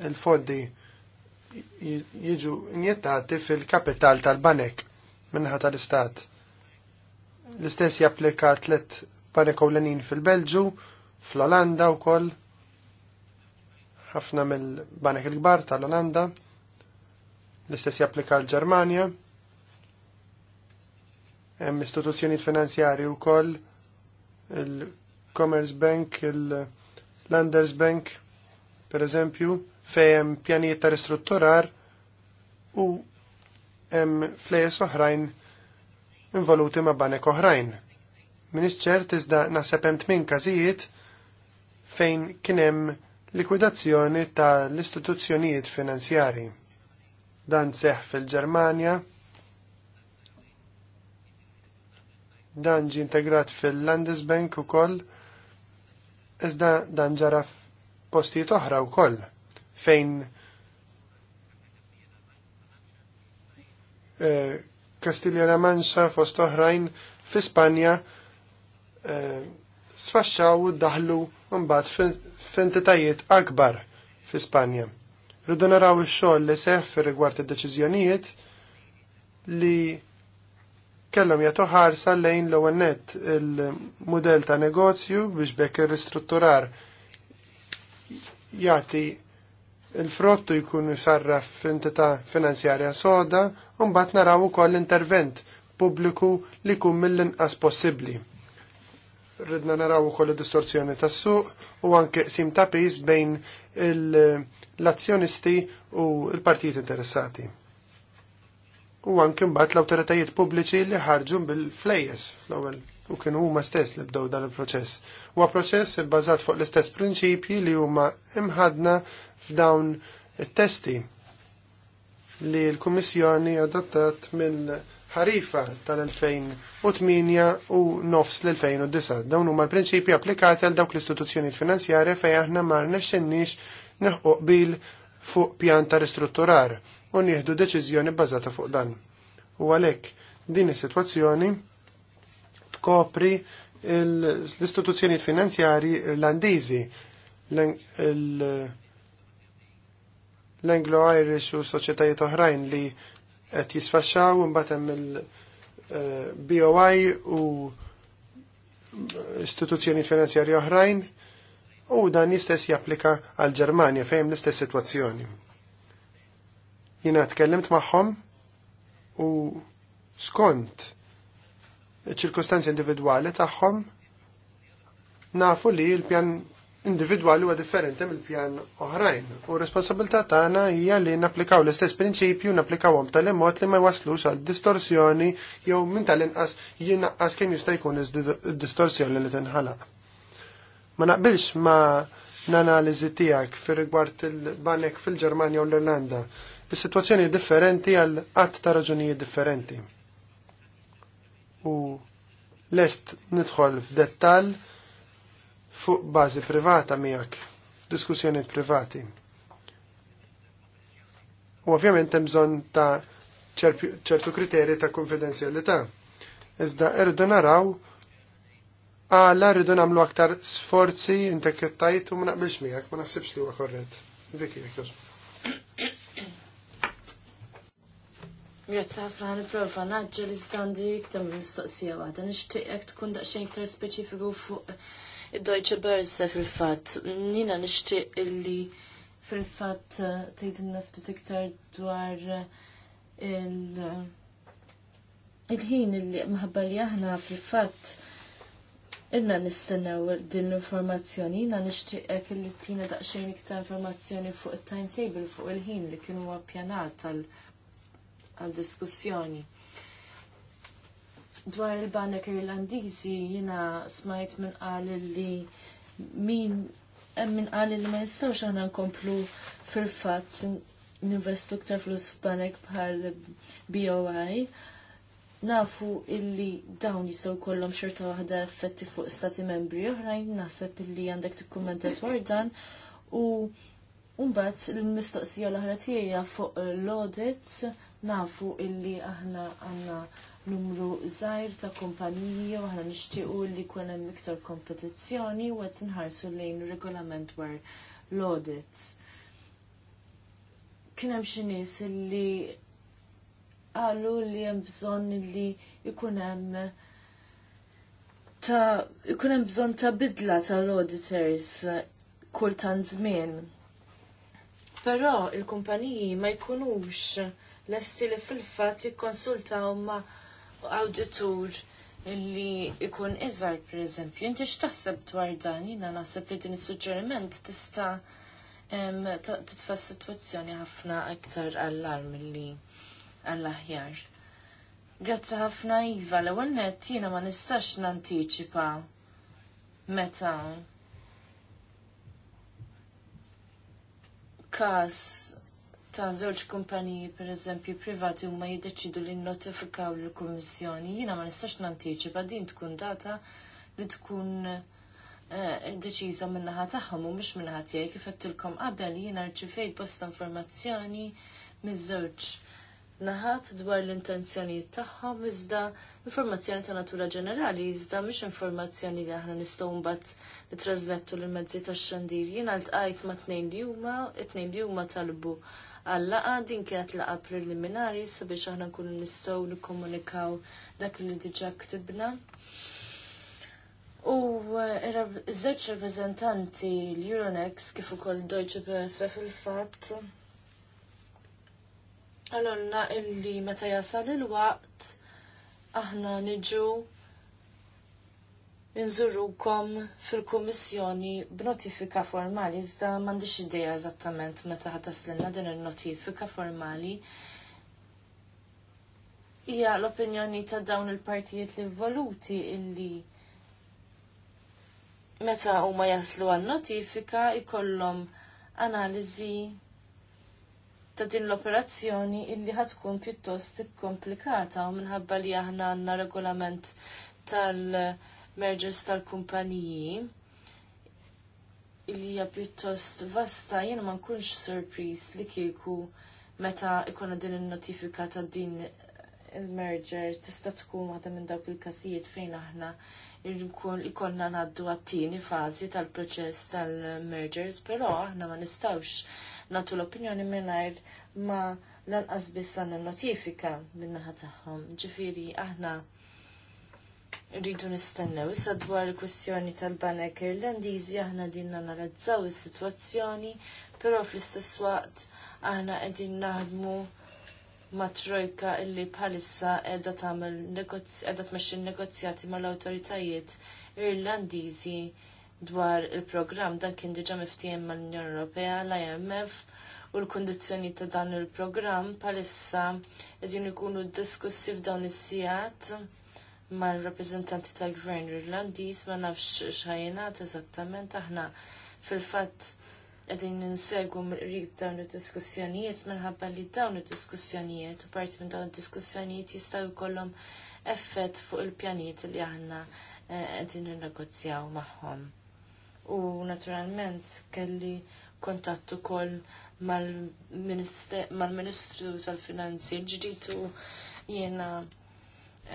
il-fondi jiġu injettati fil-kapital tal-banek minnaħa tal-istat. L-istess japplika tlet banek ewlenin fil-Belġu, fl-Olanda wkoll, ħafna mill-banek il-kbar tal-Olanda, l-istess japplika l-Ġermanja, hemm istituzzjonijiet finanzjarji wkoll il-Commerce Bank, il-Landers Bank, per eżempju, fejn pjanijiet ta' ristrutturar u hemm flejes oħrajn involuti ma' banek oħrajn. Minisċer ċert iżda naħseb hemm tmien każijiet fejn kien hemm likwidazzjoni ta' l-istituzzjonijiet finanzjari. Dan seħ fil-Ġermanja, dan ġi integrat fil-Landesbank u koll, iżda dan ġara postijiet oħra u koll fejn eh, Kastilja La Mancha fost oħrajn fi Spanja eh, sfasċaw sfaxxaw daħlu mbagħad f'entitajiet akbar fi Spanja. Rridu naraw ix-xogħol li seħ rigward id-deċiżjonijiet li kellhom jagħtu ħarsa lejn l net il-mudell ta' negozju biex bekk ir-ristrutturar jagħti il-frottu jkun jisarraf f'entità finanzjarja soda u mbagħad naraw ukoll intervent pubbliku li jkun mill-inqas possibbli. Ridna naraw ukoll id-distorzjoni tas-suq u anke sim ta' pis bejn l-azzjonisti u l-partijiet interessati. U anke mbagħad l-awtoritajiet pubbliċi li ħarġu bil-flejjes fl-ewwel u kien huma stess li bdew dan il-proċess. Huwa proċess ibbażat fuq l-istess prinċipji li huma imħadna f'dawn it-testi li l-Kummissjoni adattat mill-ħarifa tal-2008 u nofs l-2009. Dawn huma l-prinċipji applikati għal dawk l-istituzzjoni finanzjarja fejn aħna ma rnexxinniex neħquq bil fuq pjan ta' ristrutturar u nieħdu deċiżjoni bbażata fuq dan. U għalhekk din is-sitwazzjoni tkopri l-istituzzjoni finanzjarji irlandiżi l l-Anglo-Irish u soċjetajiet oħrajn li qed jisfaxxaw imbagħad hemm il-BOI eh, u istituzzjoni finanzjarji oħrajn u dan jistess istess japplika għal Ġermanja fejn l-istess sitwazzjoni. Jiena tkellimt magħhom u skont ċirkostanzi individwali tagħhom nafu li l-pjan individwali huwa differenti mill-pjan oħrajn. U responsabilità tagħna hija li napplikaw l-istess prinċipju napplikawhom tal-imod li ma jwaslux għal distorsjoni jew minn tal-inqas jinqas kemm jista' jkun id-distorsjoni li tinħalaq. Ma naqbilx ma nanaliżi tiegħek fir-rigward il-banek fil-Ġermanja u l-Irlanda. Is-sitwazzjoni differenti għal qatt ta' raġunijiet differenti. U lest nidħol f'dettall fuq bażi privata miegħek, diskussjonijiet privati. U ovvjament hemm bżonn ta' ċertu kriterji ta' konfidenzjalità. Iżda irridu naraw għala rridu nagħmlu aktar sforzi tajt u ma naqbilx miegħek, ma naħsibx li huwa korrett. Viki, jekk Grazzi ħafna prova naġġel iżdan dik tam mistoqsija waħda. Nixtieqek tkun daqsxejn iktar speċifiku fuq id-Deutsche Börse fil-fatt. Nina nixtieq illi fil-fatt uh, tgħidilna naftu tiktar dwar uh, il- il-ħin illi maħabba li aħna fil-fatt irna nistennew din l-informazzjoni, jina nixtieqek li tina daqsxejn iktar informazzjoni fuq il-timetable fuq il-ħin li kienu appjanat għal diskussjoni dwar il-banek irlandiżi jina smajt minn għalli li min minn qal li ma nistgħux aħna nkomplu fil-fatt investu ktar flus f'banek bħal BOI. Nafu illi dawn jisaw kollom xorta waħda effetti fuq stati membri oħrajn, naħseb illi għandek t-kommentat dan u Umbat l-mistoqsija l-oħra tiegħi fuq l-audit nafu illi aħna għandna numru żgħir ta' kumpaniji u aħna nixtiequ li jkun hemm iktar kompetizzjoni u qed l lejn regolament war l-audit. Kien hemm xi nies illi qalu li hemm bżonn illi jkun hemm ta' ikun hemm bżonn ta' bidla tal-auditors kultan żmien Però il-kumpaniji ma jkunux lesti li fil-fatt jikkonsultaw ma awditur li jkun iżgħar pereżempju. Inti x'taħseb dwar dan jiena naħseb li din is-suġġeriment tista' titfa' sitwazzjoni ħafna iktar allarm milli għall-aħjar. Grazzi ħafna Iva, l-ewwel nett jiena ma nistax nantiċipa meta każ ta' żewġ kumpaniji pereżempju privati huma jiddeċidu li notifikaw lill kummissjoni jiena ma nistax nantiċipa din tkun data li tkun eh, deċiża min-naħa tagħhom u mhux minnaħa naħa tiegħi kif qabel jiena rċifejt bosta informazzjoni miż-żewġ naħat dwar l-intenzjonijiet tagħhom iżda informazzjoni ta' natura ġenerali iżda mhix informazzjoni li aħna nistgħu mbagħad nitrasmettu lil mezzi tax-xandir. Jien għaltqajt ma' tnejn li huma, tnejn li huma talbu għallaqa din kienet laqa preliminari sabiex aħna nkunu nistgħu nikkomunikaw dak li diġà ktibna. U eh, żewġ reprezentanti l-Euronex kif ukoll Deutsche Börse fil-fatt għalonna illi meta jasal il-waqt aħna niġu nżurukom fil-Kummissjoni b'notifika formali, iżda m'għandix idea eżattament meta ħataslinna din il-notifika formali. Hija l-opinjoni ta' dawn il-partijiet li voluti illi meta huma jaslu għal notifika ikollhom analiżi ta' din l-operazzjoni illi ħatkun pjuttost komplikata u minħabba li aħna għandna regolament tal-mergers tal-kumpaniji illi hija pjuttost vasta jiena ma nkunx surpris li kieku meta ikona din il-notifika ta' din il-merger tista' tkun waħda minn dawk il-każijiet fejn aħna ikonna ngħaddu għat-tieni fażi tal-proċess tal-mergers, però aħna ma nistgħux natu l-opinjoni mingħajr ma lanqas biss għandna notifika min-naħa tagħhom. Ġifieri aħna rridu nistenna Issa dwar il-kwestjoni tal-banek Irlandiżi aħna dinna nanalizzaw is-sitwazzjoni, però fl-istess waqt aħna qegħdin naħdmu ma' trojka illi bħalissa edha tagħmel edha tmexxi negozjati mal-awtoritajiet Irlandiżi dwar il-programm dan kien diġa miftijem mal-Unjoni Ewropea, l-IMF u l-kondizjoni ta' dan il-programm palissa qegħdin ikunu diskussi f'dawn is-sijat mal-rappreżentanti tal-Gvern Irlandiż ma nafx xajinat eżattament aħna fil-fatt qegħdin ninsegwu rib dawn id-diskussjonijiet minħabba li dawn id-diskussjonijiet u parti minn dawn id-diskussjonijiet jistgħu jkollhom effett fuq il-pjanijiet li aħna eh, qegħdin negozjaw magħhom u naturalment kelli kontatt ukoll mal-Ministru tal-Finanzi ġdid u jiena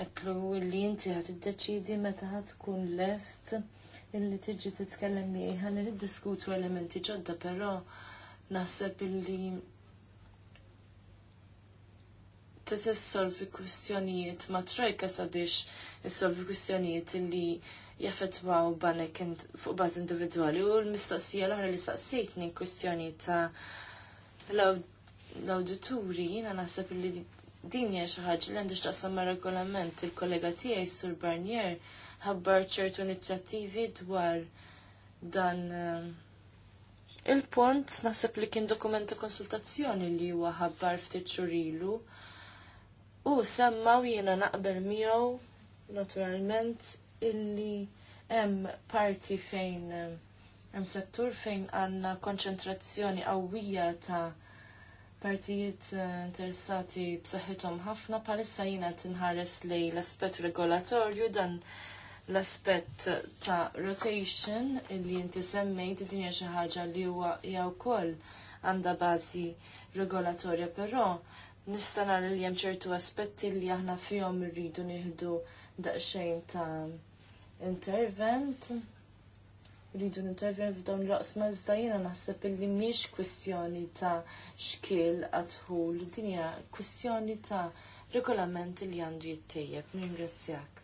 għetlu li inti ħat iddeċidi meta ħat tkun lest illi tiġi titkellem miegħi li diskutu elementi ġodda, però naħseb illi titissolvi kwistjonijiet ma trojka sabiex issolvi kwistjonijiet illi jaffetwaw banek fuq baz individwali u l-mistoqsija l-oħra li saqsejtni kwistjoni ta' l-awdituri jiena naħseb li din hija xi ħaġa li għandix taqsam regolament il-kollega tiegħi Sur Barnier ħabbar ċertu inizjattivi dwar dan eh, il-punt naħseb li kien dokument ta' konsultazzjoni li huwa ħabbar ftit xurilu u semmaw jiena naqbel miegħu naturalment illi hemm parti fejn hemm settur fejn għandna konċentrazzjoni qawwija ta' partijiet eh, interessati b'saħħithom ħafna bħalissa jiena tinħares lejn l-aspett regolatorju dan l-aspett ta' rotation illi inti semmejt din hija xi ħaġa li huwa hija wkoll għandha bażi regolatorja però nista' nara li hemm ċertu aspetti li aħna fihom irridu nieħdu daqsxejn ta' intervent rridu nintervjeni f'dawn l-oqsma iżda naħseb illi miex kwistjoni ta' xkiel għadħul, din hija kwistjoni ta' regolament li għandu jittejjeb. Nirringrazzjak.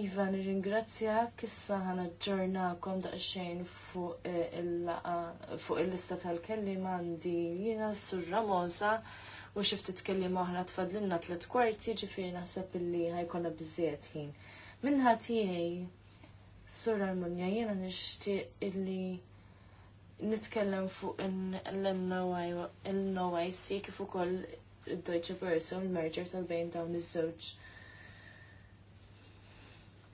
Iva, nirringrazzjak, issa ħana da' xejn eh, fuq il-lista tal-kellim għandi jiena surra mosa u xifti tkellim oħra tfadlinna tliet kwarti ġifiri naħseb illi ħajkonna biżżejjed ħin. Minħat sura l Almunja, jena nishti illi nitkellem fuq l-NOIC kif ukoll id-Deutsche Börse u l-merger tal-bejn dawn iż-żewġ.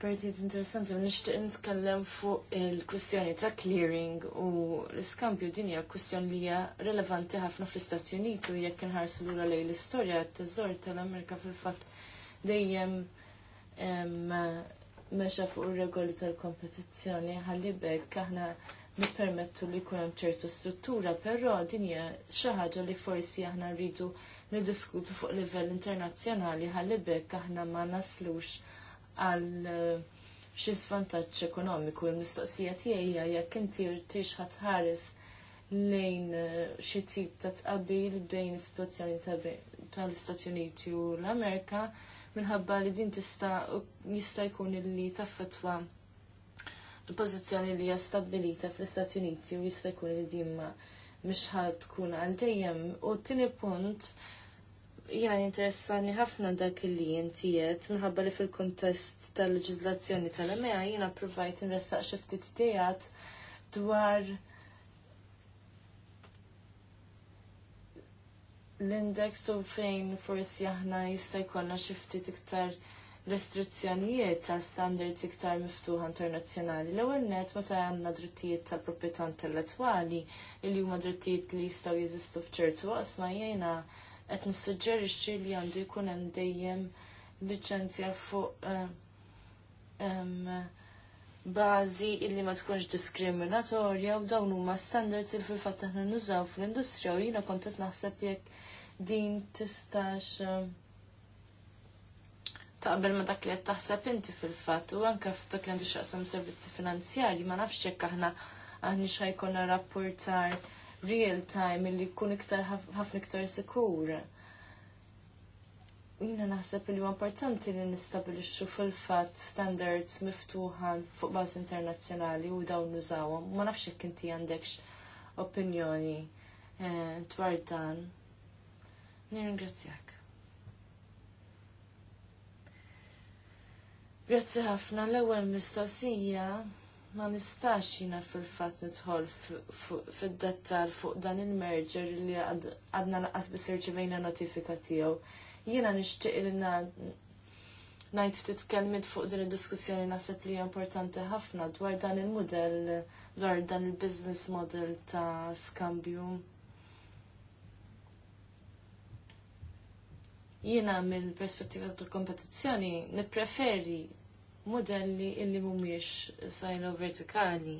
Partijiet interessanti, nixtieq nitkellem fuq il-kwistjoni ta' clearing u l iskampju din hija kwistjoni li hija relevanti ħafna fl-Istati Uniti u jekk inħarsu lura lejn l-istorja t żor tal-Amerika fil-fatt dejjem meċa fuq ir-regoli tal-kompetizzjoni ħalli bekk aħna nippermettu li jkun hemm ċertu struttura, però din hija xi ħaġa li forsi aħna rridu niddiskutu fuq livell internazzjonali ħalli bekk aħna ma naslux għal eh, xi svantaġġ ekonomiku. Il-mistoqsija tiegħi jekk inti rtix ħatħares lejn eh, xi tip ta' tqabil bejn is tal-Istati Uniti u l-Amerika minħabba li din tista' jista' jkun illi taffetwa l-pożizzjoni li hija stabbilita fl-Istati Uniti u jista' jkun li din ma mhix tkun għal dejjem. U tieni punt jiena interessani ħafna dak li inti qed minħabba li fil-kuntest tal-leġiżlazzjoni tal-EMEA jiena provajt inressaq xi ftit dejat dwar l-index u fejn forsi aħna jista' jkollna xi ftit iktar restrizzjonijiet ta' standards iktar miftuħa internazzjonali. L-ewwel net meta għandna drittijiet tal-proprjetà intellettwali li huma drittijiet li jistgħu jeżistu f'ċertu qosma jgħinha qed nissuġġerixxi li għandu jkun hemm dejjem liċenzja fuq eh, bażi illi ma tkunx diskriminatorja u dawn huma standards li fil-fatt aħna nużaw fl-industrija u jiena kont qed naħseb jekk din tistax eh, taqbel ma dak li qed taħseb inti fil-fatt u anke f'dak li għandu x'aqsam servizzi finanzjarji ma nafx hekk aħna x'ha jkollna rapportar real time li jkun iktar ħafna iktar sikur. Jina naħseb li huwa importanti li nistabilixxu fil-fatt standards miftuħa fuq bażi internazzjonali u dawn nużawhom. Ma nafx jekk inti għandekx opinjoni eh, dwar dan. Nirringrazzjak. Grazzi ħafna l-ewwel mistoqsija ma nistax jina fil-fatt nidħol fid-dettal fuq dan il-merger li għadna naqas biss irċivejna notifika tiegħu. Jiena nixtieq li ngħid ftit kelmiet fuq din id-diskussjoni naħseb li hija importanti ħafna dwar dan il-mudell, dwar dan il-business model ta' skambju jiena mill-perspettiva tal kompetizzjoni nippreferi modelli illi mhumiex sajno vertikali.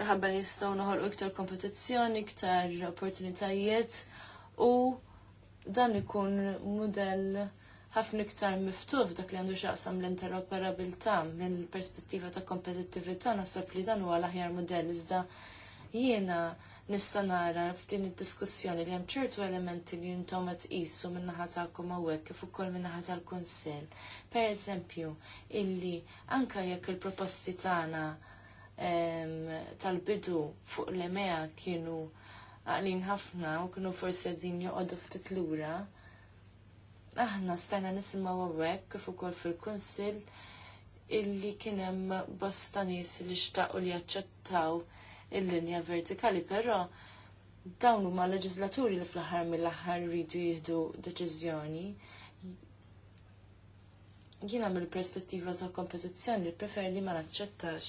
Minħabba li jistgħu noħolqu iktar kompetizzjoni, iktar opportunitajiet u dan ikun modell ħafna iktar miftuf dak li għandu xaqsam l-interoperabilità minn perspettiva ta' kompetittività nasab li dan huwa l-aħjar modell iżda jiena nista' nara f'din id-diskussjoni li hemm ċertu elementi li intom qed tqisu min-naħa tagħkom hawnhekk kif ukoll min-naħa tal-kunsell. Pereżempju, illi anke jekk il-proposti tagħna ehm, tal-bidu fuq l-emea kienu għalin ħafna u kienu forsi għedin joqodu ftit lura. Aħna stajna nisimgħu hawnhekk kif ukoll fil-kunsill illi kien hemm bosta nies li xtaqu li jaċċettaw il-linja vertikali, però dawn huma leġislaturi li fl-aħħar mill-aħħar rridu jieħdu deċiżjoni. Jiena mill-perspettiva ta' kompetizzjoni preferi li ma naċċettax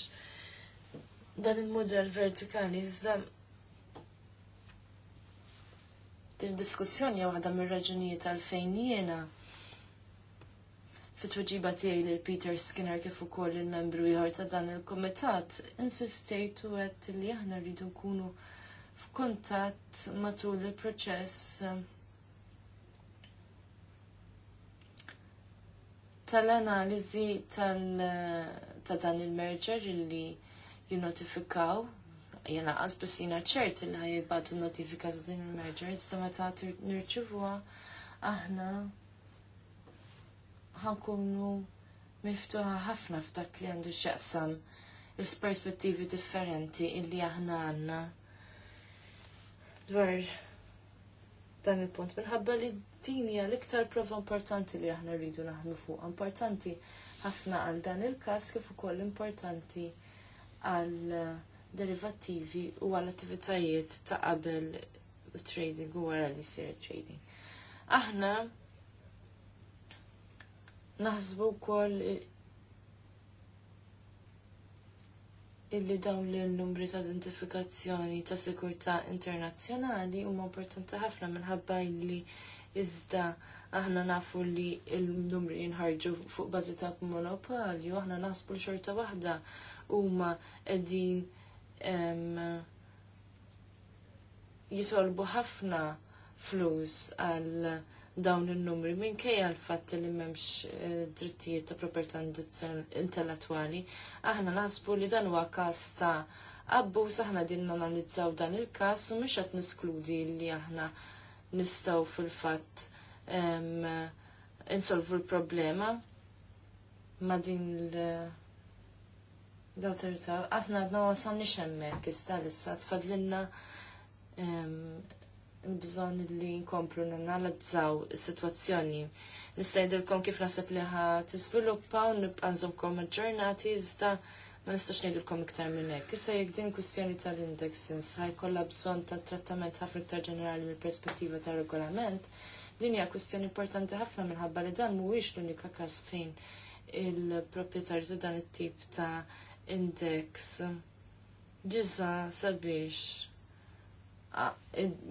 dan il-modell vertikali iżda il-diskussjoni waħda mir-raġunijiet għalfejn jiena fit-tweġiba tiegħi lil Peter Skinner kif ukoll il-membru ieħor ta' dan il-kumitat, insistejt u għedt li aħna rridu nkunu f'kuntatt matul il-proċess um, tal-analiżi ta' dan il merger illi jinnotifikaw. jena għazbus jina ċert il-ħajibadu notifika ta' din il-merġer, iżda meta nirċivuha aħna ħankunu miftuħa ħafna f'dak li għandu x'jaqsam il-perspettivi differenti illi aħna għanna dwar dan il-punt. Minħabba li din hija l-iktar prova importanti li aħna rridu naħnu fuq. Importanti ħafna għal dan il-każ kif ukoll importanti għal derivattivi u għal attivitajiet ta' qabel trading u wara li sir trading. Aħna naħsbu wkoll illi dawn l-numri ta' identifikazzjoni ta' sigurtà internazzjonali huma importanti ħafna minħabba illi iżda aħna nafu li l-numri jinħarġu fuq bażi ta' monopolju, aħna naħsbu l-xorta waħda huma qegħdin jitolbu ħafna flus għal dawn il-numri minkejja l fat li m'hemmx eh, drittijiet ta' proprjetà intellettwali, aħna naħsbu li dan huwa każ ta' abbuż aħna din analizzaw dan il-każ u mhux qed niskludi li aħna nistgħu fil-fatt insolvu l-problema ma' din l- Dawtorita, aħna għadna wasan nixemmek, hemmhekk iżda l-issa tfadlinna bżon li nkomplu nanalizzaw is-sitwazzjoni. Nista' jgħidilkom kif naħseb li ħa tiżviluppa u nibqa' ġurnati iżda ma nistax ngħidilkom iktar minn hekk. Issa jekk din kwistjoni tal-indexins jkollha bżonn ta' trattament ħafna iktar ġenerali mill-perspettiva tar-regolament, din hija kwistjoni importanti ħafna minħabba li dan mhuwiex l-unika każ fejn il-proprjetarju ta' dan it-tip ta' index juża sabiex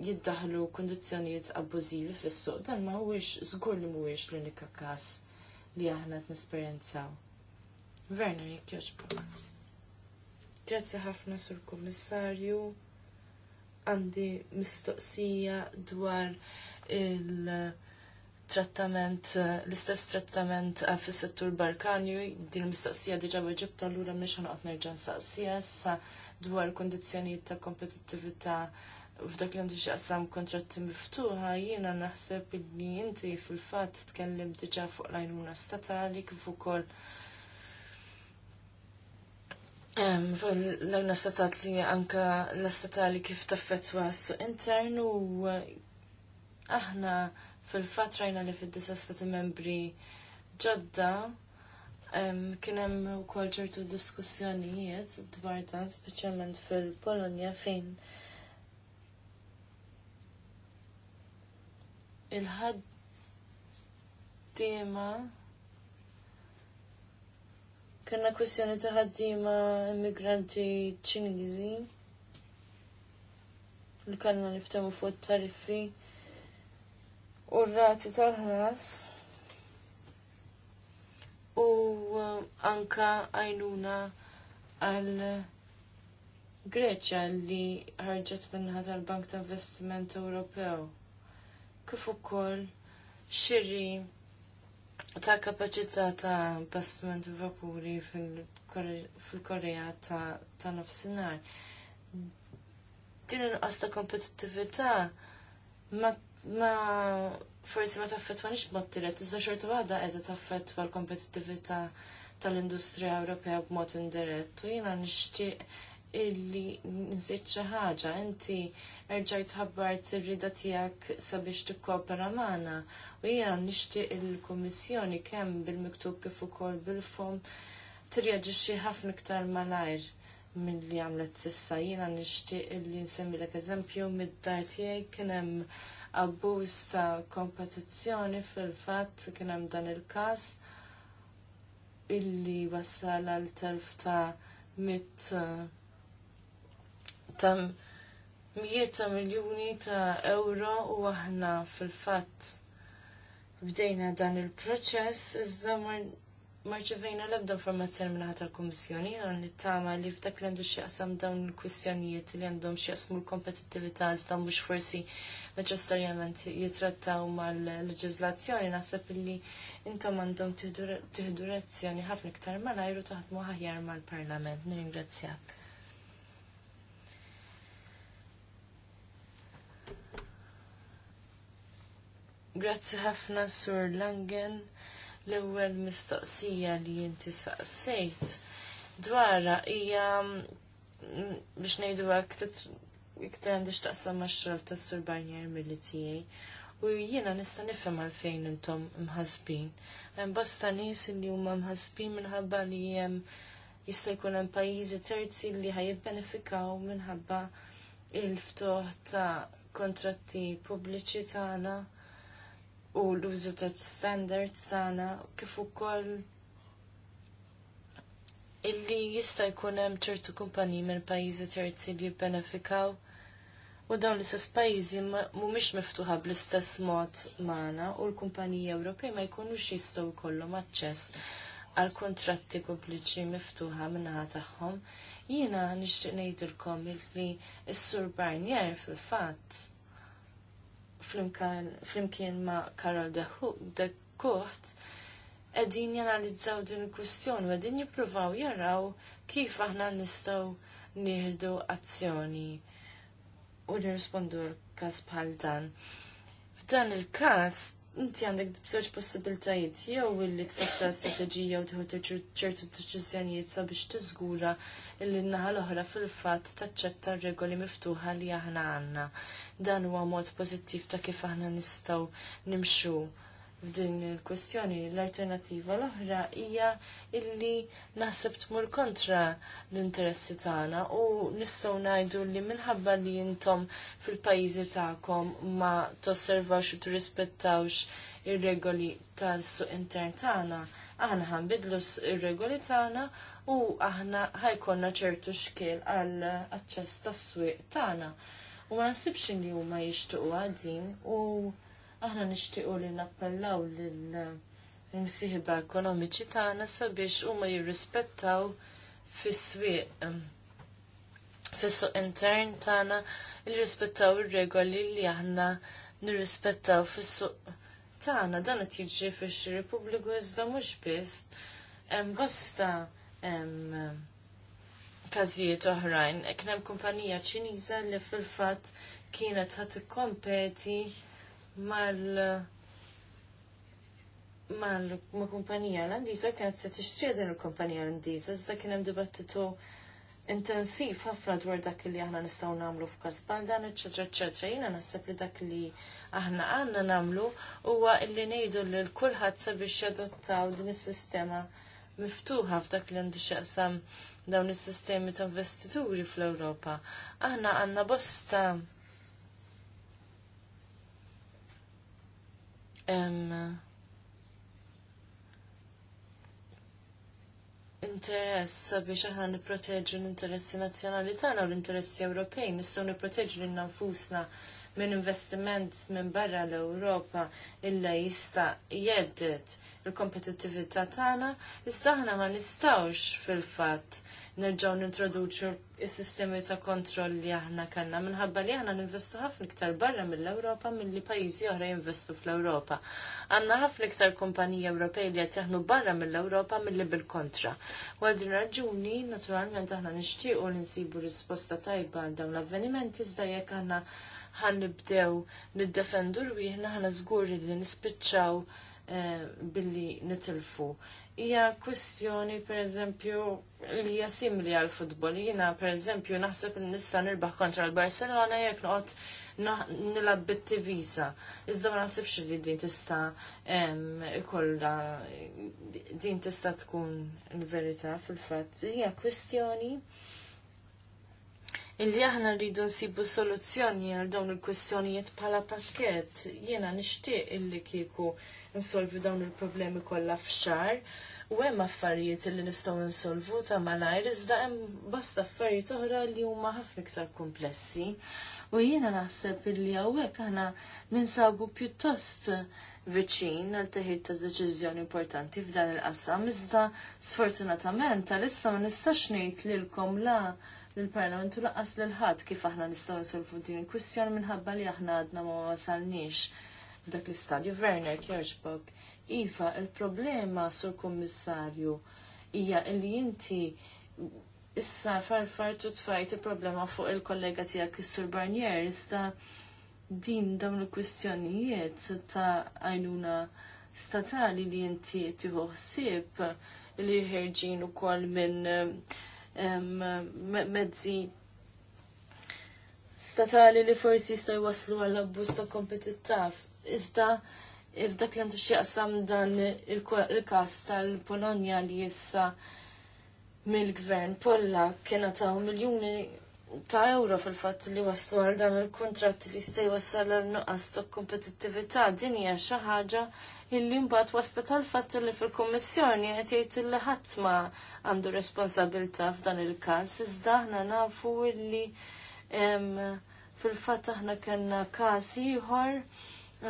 jiddaħlu kundizzjonijiet abbużivi fis-suq dan ma huwiex żgur li mhuwiex l-unika każ li aħna qed nesperjenzaw. Verna jekk jogħġbok. Grazzi ħafna sur kummissarju għandi mistoqsija dwar il-trattament, l-istess trattament eh, fis settur barkanju, din mistoqsija diġa weġibta l-ura mniex ħanqot nerġan saqsija, sa dwar kundizzjonijiet ta' kompetittività f'dak li għandu xaqsam kontratti miftuħa, jiena naħseb li inti fil fatt tkellem diġa fuq l-għajnuna statali kif ukoll ehm, l-għajnuna statali anka l-statali kif taffetwa su internu u eh, aħna fil fatt rajna li fid-disa stati membri ġodda ehm, kien hemm ukoll ċertu diskussjonijiet dwar dan speċjalment fil-Polonja fejn il-ħaddiema kena kwestjoni ta' ħaddiema immigranti ċiniżi li kellna niftemu fuq it tariffi u r-rati tal-ħlas u eh, anka għajnuna għal Greċja li ħarġet minnaħat tal-Bank ta' Investiment Ewropew kif ukoll xiri ta' kapaċità ta' bastiment vapuri fil-Korea ta', ta nofsinhar. Din inqas ta' kompetittività ma, forsi ma taffettwanix b'mod tiret, iżda xorta waħda qiegħda taffettwa l-kompetittività tal-industrija Ewropea b'mod indirett u jiena nixtieq illi nżid xi ħaġa, inti erġajt ħabbart ir-rida tiegħek sabiex tikkopera magħna u jiena nixtieq il-Kummissjoni kemm bil-miktub kif ukoll bil-fom tirreaġixxi ħafna iktar malajr milli li għamlet sissa. Jiena nixtieq illi nsemmilek eżempju mid-dar tiegħi kien hemm abbuż ta' kompetizzjoni fil-fatt kien hemm dan il-każ illi wassal għal telf ta' mit eh, ta' mijiet ta' miljuni ta' euro u aħna fil-fatt bdejna dan il-proċess iżda marċevejna l-ebda informazzjoni minnaħat tal-Kummissjoni għan nittama li f'dak li għandu xieqsam dawn il-kwistjonijiet li għandhom xieqsmu l-kompetittività iżda mhux forsi neċessarjament jitrattaw mal-leġizlazzjoni naħseb li intom għandhom tiħdu reazzjoni ħafna iktar malajru taħdmu aħjar mal-Parlament. Nirringrazzjak. Grazzi ħafna Sur Langen l-ewwel mistoqsija li inti saqsejt dwarha hija mm, biex ngħidu hekk iktar għandix taqsam max-xogħol tas-Sur Barnier milli tiegħi. U jiena nista' nifhem għalfejn intom mħasbin. Hemm bosta nies li huma mħasbin minħabba li hemm jista' jkun hemm pajjiżi terzi li ħajibbenefikaw minħabba il-ftuħ ta' kontratti pubbliċi tagħna u l-użu ta' standards tagħna kif ukoll illi jista' jkun hemm ċertu kumpaniji minn pajjiżi terzi li jibbenefikaw u dawn l-istess pajjiżi mhumiex miftuħa bl-istess mod magħna u l-kumpaniji Ewropej ma jkunux jistgħu jkollhom aċċess għal kuntratti pubbliċi miftuħa min-naħa tagħhom. Jiena nixtieq ngħidilkom illi s-Sur Barnier fil-fatt flimkien ma' Karol Kurt, qegħdin janalizzaw din il-kwistjoni u qegħdin jippruvaw jaraw kif aħna nistgħu nieħdu azzjoni u nirrispondu l-każ bħal dan. F'dan il-każ inti għandek bżoċ possibiltajiet jew illi tfassar strateġija u tħu ċertu deċiżjonijiet sabiex tiżgura il-naħa l-oħra fil-fatt taċċetta r-regoli miftuħa li aħna għandna. Dan huwa mod pożittiv ta' kif aħna nistgħu nimxu f'din il-kwestjoni l-alternativa l-oħra hija illi naħseb tmur kontra l-interessi tagħna u nistgħu ngħidu li minħabba li intom fil-pajjiżi tagħkom ma tosservawx u tirrispettawx ir-regoli tal-suq intern tagħna, aħna ħanbidlu s-regoli tagħna u aħna ħajkonna ċertu xkiel għal aċċess tas-swieq tagħna. U ma nasibx li huma jishtuqu għadin u aħna nixtiequ li nappellaw l msieħba ekonomiċi tagħna sabiex huma jirrispettaw fis-swieq fis-suq intern tagħna jirrispettaw ir-regoli li aħna nirrispettaw fis-suq tagħna dan qed jiġri fix-Repubbliku iżda mhux biss hemm bosta hemm każijiet oħrajn kien hemm kumpanija Ċiniża li fil-fatt kienet ħadd tikkompeti mal mal ma kumpanija l kienet se tixtri din il-kumpanija l iżda kien hemm dibattitu intensiv ħafna dwar dak li aħna nistgħu nagħmlu f'każ bħal dan, eċetera, eċetera. Jiena naħseb li dak li aħna għandna nagħmlu huwa li ngħidu lil kulħadd sabiex jadottaw din is-sistema miftuħa f'dak li għandu xaqsam dawn is-sistemi ta' investituri fl-Ewropa. Aħna għandna bosta um, interess sabiex aħna nipproteġu l-interessi nazzjonali tagħna u l-interessi Ewropej, nistgħu nipproteġu lil nfusna minn investiment minn barra l-Ewropa illa jista' jeddet il-kompetittività tagħna, iżda aħna ma nistgħux fil-fatt nerġaw nintroduċu s-sistemi ta' kontroll li aħna kanna minħabba li aħna ninvestu ħafna iktar barra mill-Ewropa milli pajjiżi oħra jinvestu fl-Ewropa. Għandna ħafna iktar kumpaniji Ewropej li qed jaħdmu barra mill-Ewropa milli bil-kontra. U għal din raġuni naturalment aħna nixtiequ li nsibu risposta tajba għal dawn l-avvenimenti iżda jekk aħna ħannibdew niddefendu rwieħna ħana żgur li nispiċċaw eh, billi nitilfu hija kwistjoni pereżempju li hija simili għal futbol. Jiena pereżempju naħseb li nista' nirbaħ kontra l-Barcelona jekk noqgħod nilab bit-tivisa. Iżda ma naħsibx li din tista' ikolla din tista' tkun l-verità fil-fatt. Hija kwistjoni illi aħna rridu nsibu soluzzjoni għal dawn il-kwistjonijiet bħala paskett. Jiena nixtieq illi kieku nsolvi dawn il-problemi kollha f'xar. U hemm affarijiet li nistgħu nsolvu ta' malajr iżda hemm bosta affarijiet oħra li huma ħafna iktar komplessi. U jiena naħseb li hawnhekk aħna ninsabu pjuttost viċin għal teħid ta' deċiżjoni importanti f'dan il-qasam, iżda sfortunatament għalissa ma nistax ngħid lilkom la l parlamentu laqas l ħadd kif aħna nistgħu nsolvu din il-kwistjoni minħabba li aħna għadna ma wasalniex Dak l-istadju. Werner Kirchbock, Iva, il-problema sur Kommissarju, hija li inti issa farfartu tfajt il-problema fuq il-kollega tija sur Barnier, iżda din dawn il-kwistjonijiet ta' għajnuna statali li inti tiħu ħsieb li ħerġin u kol minn mezzi statali li forsi jista' waslu għall abbuż ta' kompetittaf iżda f'dak li għandu xieqsam dan il-kas tal-Polonja li jissa mill-gvern Polla kena ta' miljoni ta' euro fil-fatt li waslu għal dan il-kontrat li stej wassal għal nuqqas ta' kompetittivita' din hija xi ħaġa illi mbagħad wasla tal-fatt li fil-Kummissjoni qed jgħid li ħadd ma għandu responsabilità f'dan il-każ iżda aħna nafu illi fil-fatt aħna kellna każ ieħor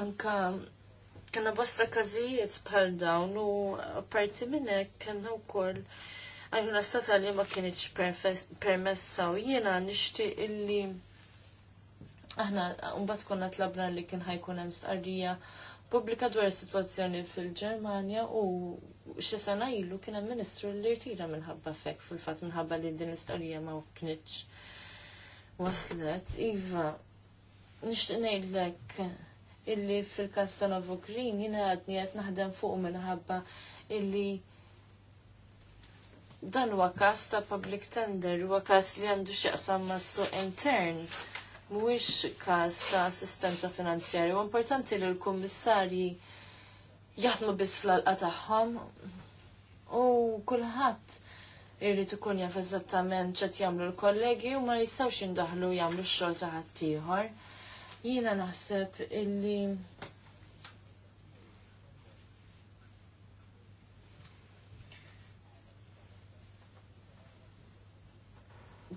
Anka kena bosta kazijiet bħal dawn u parti minnek kena u koll għajna stata li ma kienieċ permessa u jena nishti illi aħna unbat konna tlabna li kien ħajkun hemm stqarrija pubblika dwar is-sitwazzjoni fil-Ġermanja u xi sena ilu kien hemm ministru li rtira minħabba fek fil-fatt minħabba li din l-istqarrija ma kienx waslet. Iva, nixtieq ngħidlek illi fil-kas ta' Novo Green jinħadni qed naħdem fuq minħabba illi dan huwa kas ta' public tender, huwa kas li għandu x'jaqsam mas-suq intern mhuwiex kas ta' assistenza finanzjarja. Huwa importanti li l-kummissarji jaħdmu biss fl-alqa tagħhom u kulħadd irrid ikun jaf eżattament ċet jagħmlu l-kollegi u ma jistgħux jindaħlu jagħmlu x-xogħol ta' ħaddieħor. Jiena naħseb illi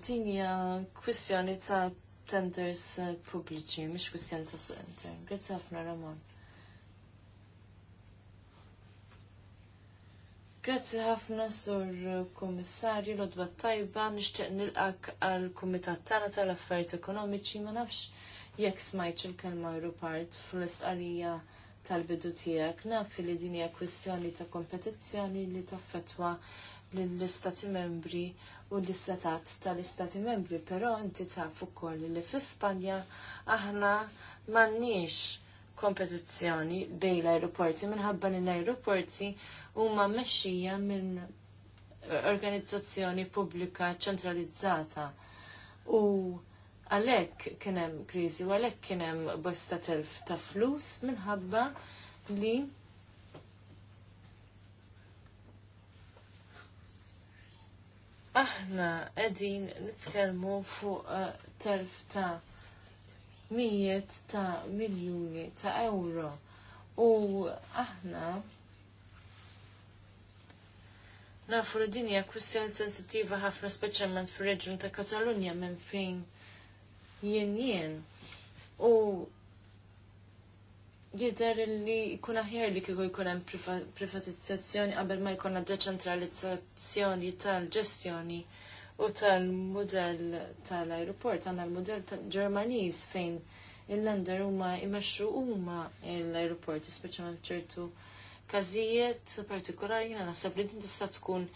din hija kwistjoni ta' tenders eh, pubbliċi, mhix kwistjoni ta' suq intern. Grazzi ħafna Ramon. Grazzi ħafna sur kommissarju l-odba tajba nishtiq nilqak għal kumitat Tana tal-affarijiet ekonomiċi ma nafx jekk smajt il-kelma Rupart fl-istqarija tal-bidu tiegħek naf li din hija kwistjoni ta' kompetizzjoni li taffetwa lill-istati membri u l-istatat tal-istati membri, però inti taf ukoll li fl-Ispanja aħna m'għandniex kompetizzjoni bejn l-aeroporti minħabba li l-aeroporti huma mmexxija minn organizzazzjoni pubblika ċentralizzata. U Għalhekk kien hemm kriżi u kien hemm bosta telf ta' flus minħabba li aħna qegħdin nitkellmu fuq uh, telf ta' mijiet ta' miljuni ta' euro u aħna Nafu din hija kwistjoni sensittiva ħafna speċjalment fir-reġjun ta' Katalunja minn fejn jien jien. U jidher li jkun aħjar li kieku jkun hemm privatizzazzjoni qabel ma jkollna deċentralizzazzjoni tal-ġestjoni u tal-mudell tal-ajruport għandna l-mudell Ġermaniż fejn il-lander huma imexxu huma l-ajruport speċjalment ċertu każijiet partikolari jiena naħseb li din tista' tkun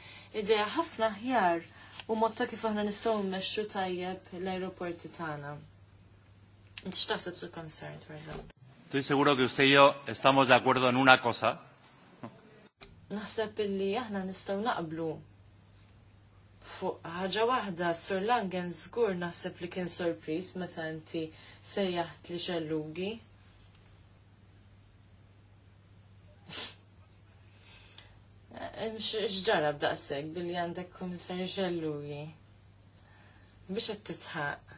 idea ħafna ħjar u motta kif aħna nistgħu mmexxu tajjeb l-ajruporti tagħna. Inti x'taħseb su concerned right Estoy seguro que usted y yo estamos de acuerdo en una cosa. Naħseb illi aħna nistgħu naqblu fuq ħaġa waħda Sur Langen żgur naħseb li kien surpriż meta inti sejjaħt li xellugi xġara b'daqseg billi għandek komissarju ġelluji. Biex qed titħaq.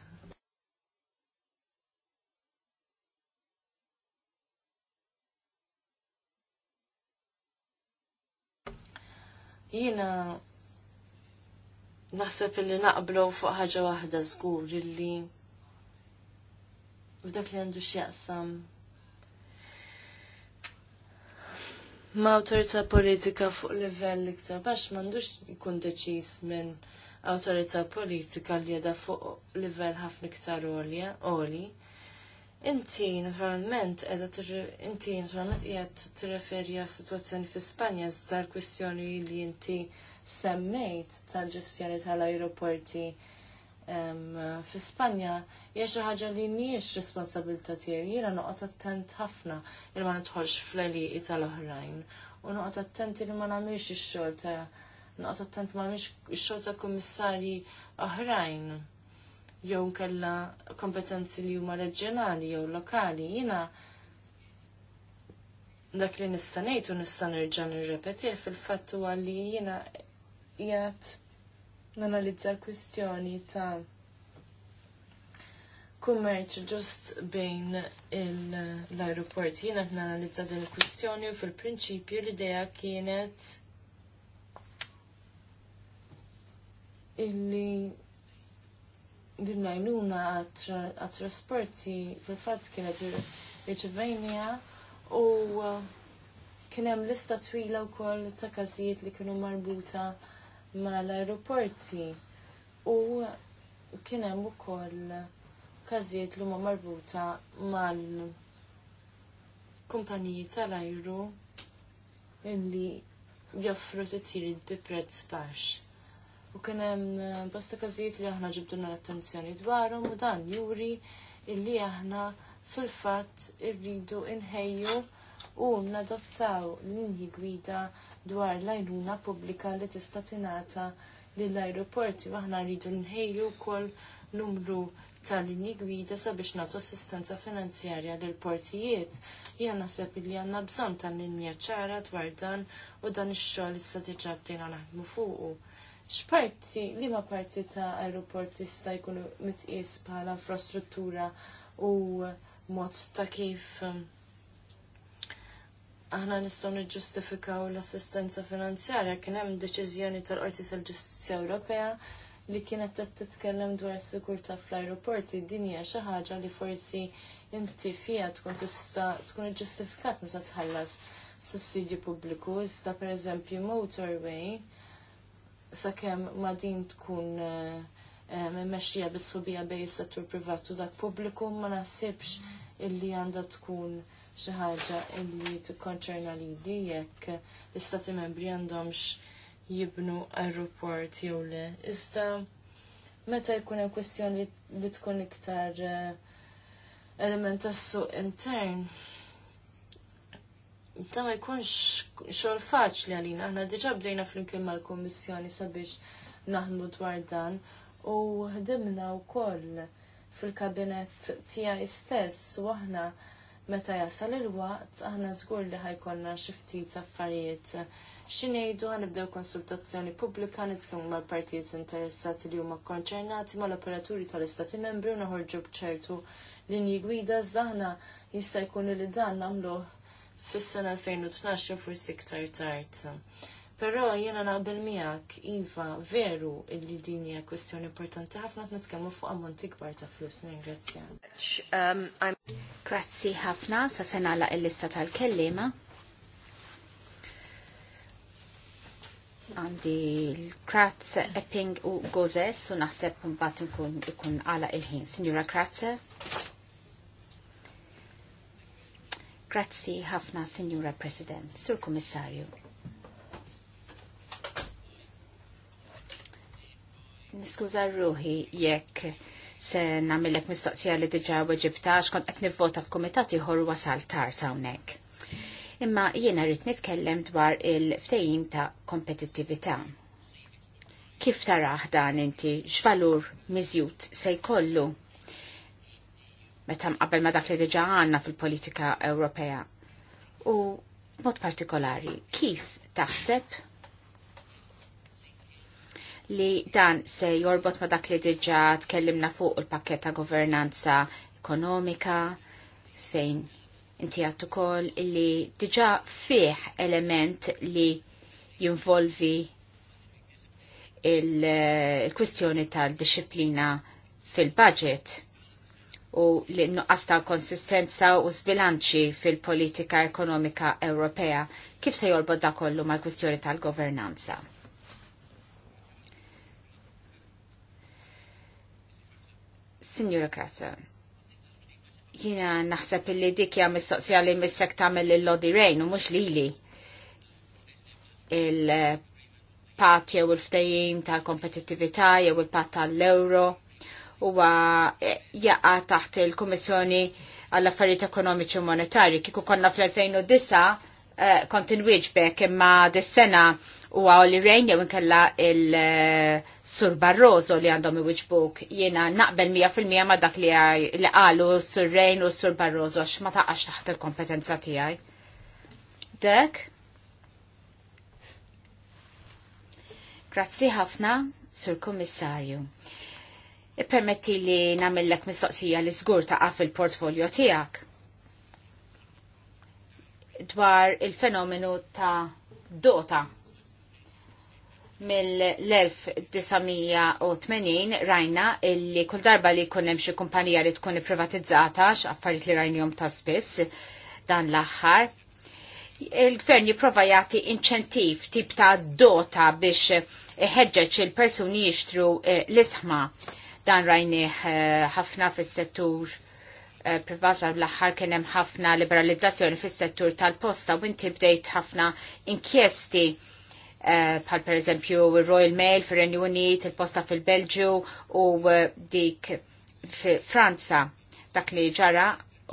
Jina naħseb illi naqblu fuq ħaġa waħda żgur illi f'dak li għandu x'jaqsam ma' autorità politika fuq livell iktar baxx m'għandux ikun deċiż minn awtorità politika li għedha fuq livell ħafna iktar olja, oli. Inti naturalment inti naturalment qiegħed tirreferi għas sitwazzjoni fi Spanja iżda l-kwistjoni li inti semmejt tal-ġestjoni tal-ajruporti fi Spanja hija xi ħaġa li mhijiex responsabilità tiegħi, jiena noqgħod attent ħafna li ma nidħolx fl-eliqi tal-oħrajn u noqgħod attent li ma nagħmilx ix-xogħol ta' noqgħod attent ma nagħmilx ix-xogħol ta' kummissarji oħrajn jew nkella kompetenzi li huma reġjonali jew lokali, jiena dak li nista' ngħid u nista' nerġa' nirrepetih fil-fatt huwa li jiena jgħid nanalizza l-kwistjoni ta' kummerċ ġust bejn l-aeroport. Jien qed nanalizza din il-kwistjoni u fil-prinċipju l-idea kienet illi din l-għajnuna għat-trasporti fil-fatt kienet irċivejnija u kien hemm lista twila wkoll ta' każijiet li kienu marbuta mal-aeroporti u kien hemm ukoll każijiet li huma marbuta mal-kumpaniji tal-ajru li joffru titjiriet bi prezz baxx. U kien hemm eh, bosta każijiet li aħna ġibduna l-attenzjoni dwarhom u dan juri illi aħna fil-fatt irridu inħejju u nadottaw linji gwida dwar l ajruna pubblika li tista' tingħata lill-ajruporti aħna rridu nħejju wkoll numru tal-linji gwida sabiex nagħtu assistenza finanzjarja l portijiet Jiena naħseb li għandna bżonn tal-linja ċara dwar dan u dan ix-xogħol issa diġà bdejna naħdmu fuqu x'parti, li ma parti ta' aeroport jista' jkun mitqies bħala infrastruttura u mod ta' kif um, aħna nistgħu niġġustifikaw l-assistenza finanzjarja kien hemm deċiżjoni tal-Qorti tal-Ġustizzja Ewropea li kienet qed titkellem dwar is-sigurtà fl-ajruporti din hija xi ħaġa li forsi inti fiha tkun tista' tkun iġġustifikat meta tħallas sussidju pubbliku iżda pereżempju motorway sakemm ma din tkun eh, eh, mmexxija bis-subija bejn is-settur privat u dak pubbliku ma naħsibx illi għandha tkun xi ħaġa illi tikkonċerna lili jekk l-istati membri għandhomx jibnu aeroport jew le. Iżda meta jkun hemm kwestjoni li tkun iktar eh, element tas-suq intern, ta' ma jkunx xogħol faċli għalina, aħna diġà bdejna flimkien mal-Kummissjoni sabiex naħdmu dwar dan u ħdimna wkoll fil-kabinet tiegħi stess u aħna meta jasal il-waqt aħna żgur li ħajkonna xi ftit affarijiet xinejdu għanibdew konsultazzjoni pubblika nitkellmu mal-partijiet interessati li huma konċernati mal-operaturi tal-Istati membri u noħorġu bċertu linji gwida żaħna jista' jkun li dan nagħmluh fis-sena 2012 forsi iktar tard. Però jiena naqbel miegħek, Iva, veru illi din hija kwestjoni importanti ħafna qed nitkellmu fuq ammont ikbar ta' flus, ningrazzja. Um, Grazzi ħafna sa se nagħlaq il-lista tal-kellima. Għandi l-Kratz, Epping u Gozes u naħseb mbagħad nkun ikun għala il-ħin. Sinjura Kratz. Grazzi ħafna, Sinjura President, Sur Kummissarju. niskuża ruħi jekk se namillek mistoqsija li diġa weġibtax kont qed nivvota f'kumitat ieħor wasal tard hawnhekk. Imma jiena rrid nitkellem dwar il-ftehim ta' kompetittività. Kif taraħ dan inti x'valur miżjut se jkollu meta mqabbel ma dak li diġa għandna fil-politika Ewropea. U mod partikolari, kif taħseb li dan se jorbot ma dak li diġa tkellimna fuq il-pakketta governanza ekonomika fejn inti għattu kol li diġa fih element li jinvolvi eh, il-kwistjoni il kwistjoni tal fil-budget u li nuqasta konsistenza u sbilanċi fil-politika ekonomika Ewropea kif se jorbot dakollu kollu mal-kwistjoni tal-governanza. Signora Krasa, jina naħseb li dik hija mis-soqsija li missek tagħmel lil-Lodi Rejn u mhux lili il-pat jew il-ftajim tal-kompetittività jew il-pat tal-euro huwa jaqa taħt il-Kummissjoni għall affarijiet Ekonomiċi u Monetari. Kieku konna fl-2009 uh, kont inwieġbek imma dis-sena u għaw li rejn jew inkella il-Sur eh, Barroso li għandhom il-Wichbook jena naqbel 100% ma dak li għalu Sur Rejn u Sur Barroso għax ma taqqax taħt il-kompetenza tijaj. Dek? Grazzi ħafna, Sur Kommissarju. Ippermetti li namillek mistoqsija li zgur taqqa fil-portfolio tijak dwar il-fenomenu ta' dota mill-1980 rajna illi kull darba li jkun hemm xi kumpanija li tkun privatizzata x'affarijiet li rajnihom ta' spiss dan l-aħħar. Il-gvern jiprofa jagħti inċentiv tip ta' dota biex iħeġġeġ il-persuni jixtru eh, l-isħma dan rajni eh, ħafna fis-settur Eh, privata l-aħħar kien hemm ħafna liberalizzazzjoni fis-settur tal-posta u inti bdejt ħafna inkjesti eh, bħal per eżempju Royal Mail fir-Renju Unit, il-Posta fil-Belġju u eh, dik Franza dak li ġara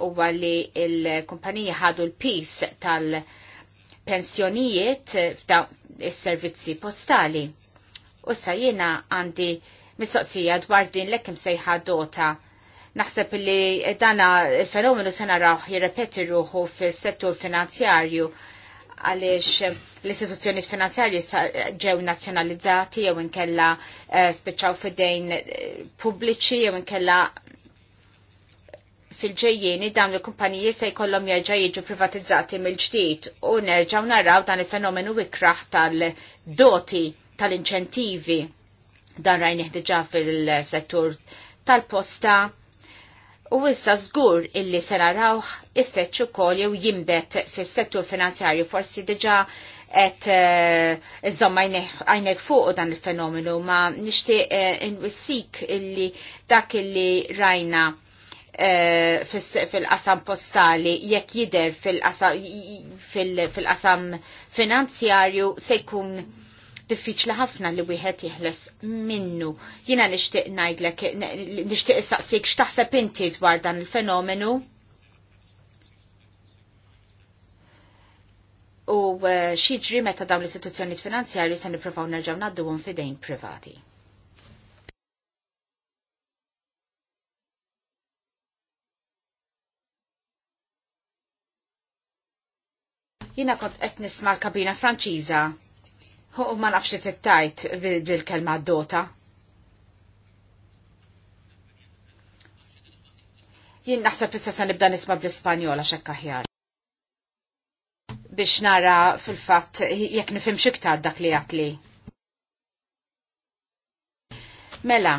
huwa li l-kumpaniji ħadu l-pis tal-pensjonijiet f'dawn is-servizzi postali. U sa jiena għandi mistoqsija dwar din l-ekkim sejħa dota Naħseb li dana il-fenomenu se raħ jirrepeti ruħu fis-settur finanzjarju għaliex eh, l-istituzzjoni finanzjarji ġew nazzjonalizzati jew inkella eh, speċaw fidejn eh, pubbliċi jew inkella fil-ġejjieni dawn il-kumpaniji se jkollhom jerġa' jiġu privatizzati mill-ġdid u nerġgħu naraw dan il-fenomenu ikraħ tal-doti tal-inċentivi dan rajnih diġà fil-settur tal-posta U issa żgur illi se narawh iffeċċ ukoll jew jimbet fis-settur finanzjarju forsi diġà qed eh, iżomm għajnek fuq dan il-fenomenu ma nixtieq eh, inwissik illi dak illi rajna eh, fil-qasam postali jekk jider fil-qasam finanzjarju se jkun diffiċli ħafna li wieħed jeħles minnu. Jiena nixtieq ngħidlek nixtieq issaqsik x'taħseb inti dwar dan il-fenomenu? U eh, ġri meta dawn l istituzzjonijiet finanzjarji se nippruvaw nerġgħu ngħadduhom fidejn privati. Jiena kont qed nisma' l-kabina Franċiża ma nafx it-tajt bil-kelma dota. Jien naħseb issa se nibda nisma bl-Ispanjola xekk aħjar. Biex nara fil-fatt jekk nifhem xiktar dak li jatli. Mela,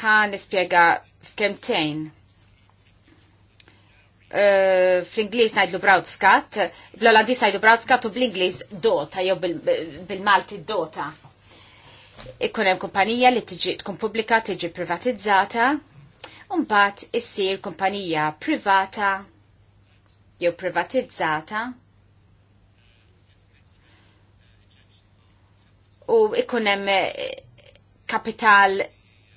ħa nispjega f'kemtejn Eh, fl-Inglis najdlu Brown bl-Olandis najdlu Brown u bl-Inglis Dota, jew bil-Malti Dota. Ikkun hemm kumpanija li tiġi tkun pubblika tiġi privatizzata, u mbagħad issir kumpanija privata jew privatizzata. U ikun hemm kapital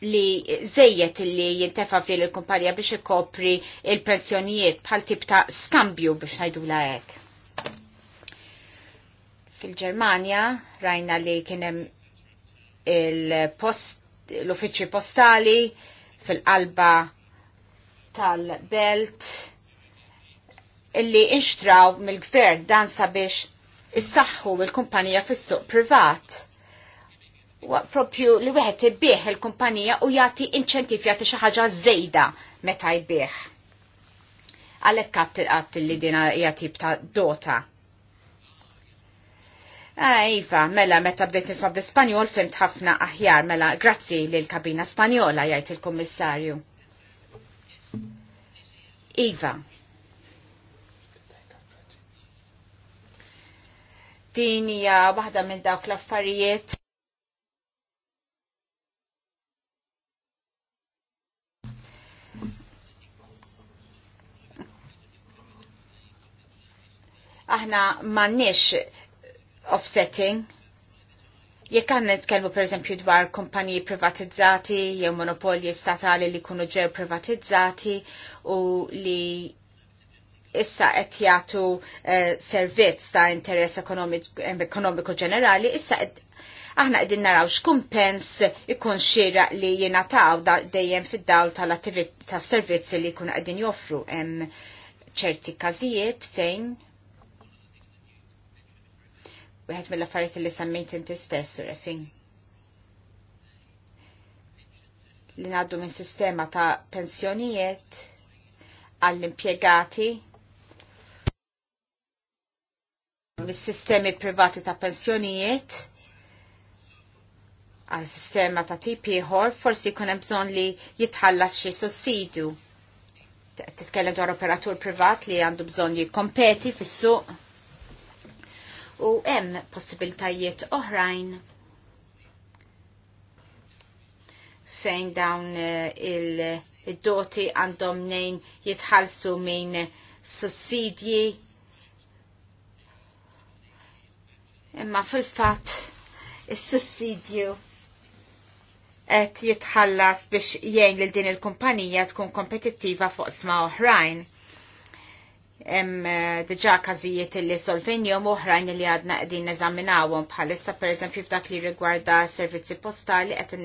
li zejjet li jintefa fil il-kumpanija biex ikopri il-pensjonijiet bħal tip ta' skambju biex najdu la' ek. Fil-Germania rajna li kienem l-uffiċi post, postali fil-qalba tal-belt illi inxtraw mill-gvern dan sabiex issaħħu il-kumpanija fis-suq privat propju li wieħed ibbieħ il-kumpanija u jagħti inċentif jagħti xi ħaġa żejda meta jbieħ. Għalhekk qatt qatt li dina hija tip ta' dota. Ah, iva, mela, meta bdejt nisma bl-Ispanjol fimt ħafna aħjar, mela, grazzi l kabina Spanjola, jgħid il-Kummissarju. Iva. Din hija waħda minn dawk l-affarijiet aħna mannix offsetting. Jekk għanna nitkellmu per eżempju dwar kumpaniji privatizzati jew monopolji statali li kunu ġew privatizzati u li issa qed jagħtu eh, servizz ta' interess ekonomiku ġenerali, issa et, aħna qegħdin naraw x'kumpens ikun xira li jingħataw dejjem fid-dawl tal-attività tas-servizzi li jkunu qegħdin joffru hemm ċerti każijiet fejn wieħed mill-affarijiet li semmejt inti stess, refin. Li ngħaddu minn sistema ta' pensjonijiet għall-impjegati mis-sistemi privati ta' pensjonijiet għal sistema ta' tip ieħor forsi jkun hemm bżonn li jitħallas xi sussidju. Titkellem dwar operatur privat li għandu bżonn jikkompeti fis-suq u hemm possibiltajiet oħrajn fejn dawn eh, il-doti għandhom nejn jitħalsu minn sussidji. Imma fil-fat, il-sussidju et jitħallas biex jgħin l din il-kumpanija tkun kompetittiva fuq sma oħrajn hemm eh, diġà każijiet li solvenjom oħrajn li għadna qegħdin neżaminawhom bħalissa pereżempju f'dak li rigwarda servizzi postali qed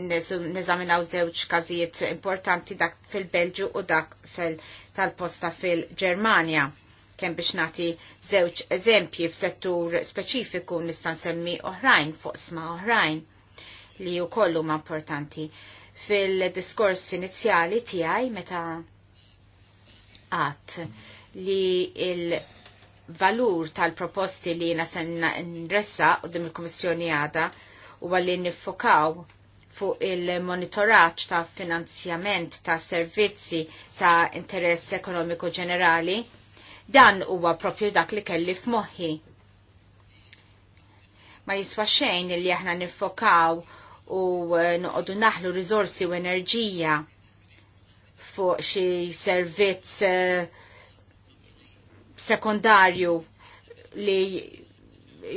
neżaminaw żewġ każijiet importanti dak fil-Belġu u dak tal-posta fil-Ġermanja kemm biex nagħti żewġ eżempji f'settur speċifiku nista' nsemmi oħrajn fuq sma oħrajn li wkoll huma importanti. Fil-diskors inizjali tiegħi meta għat li il-valur tal-proposti li jena n-ressa u dim il-Komissjoni għada u għalli nifokaw fuq il-monitoraċ ta' finanzjament ta' servizzi ta' interess ekonomiku ġenerali, dan huwa propju dak li kelli f'moħħi. Ma jiswa xejn li aħna nifokaw u eh, noqogħdu naħlu risorsi u enerġija fuq xi servizz eh, sekundarju li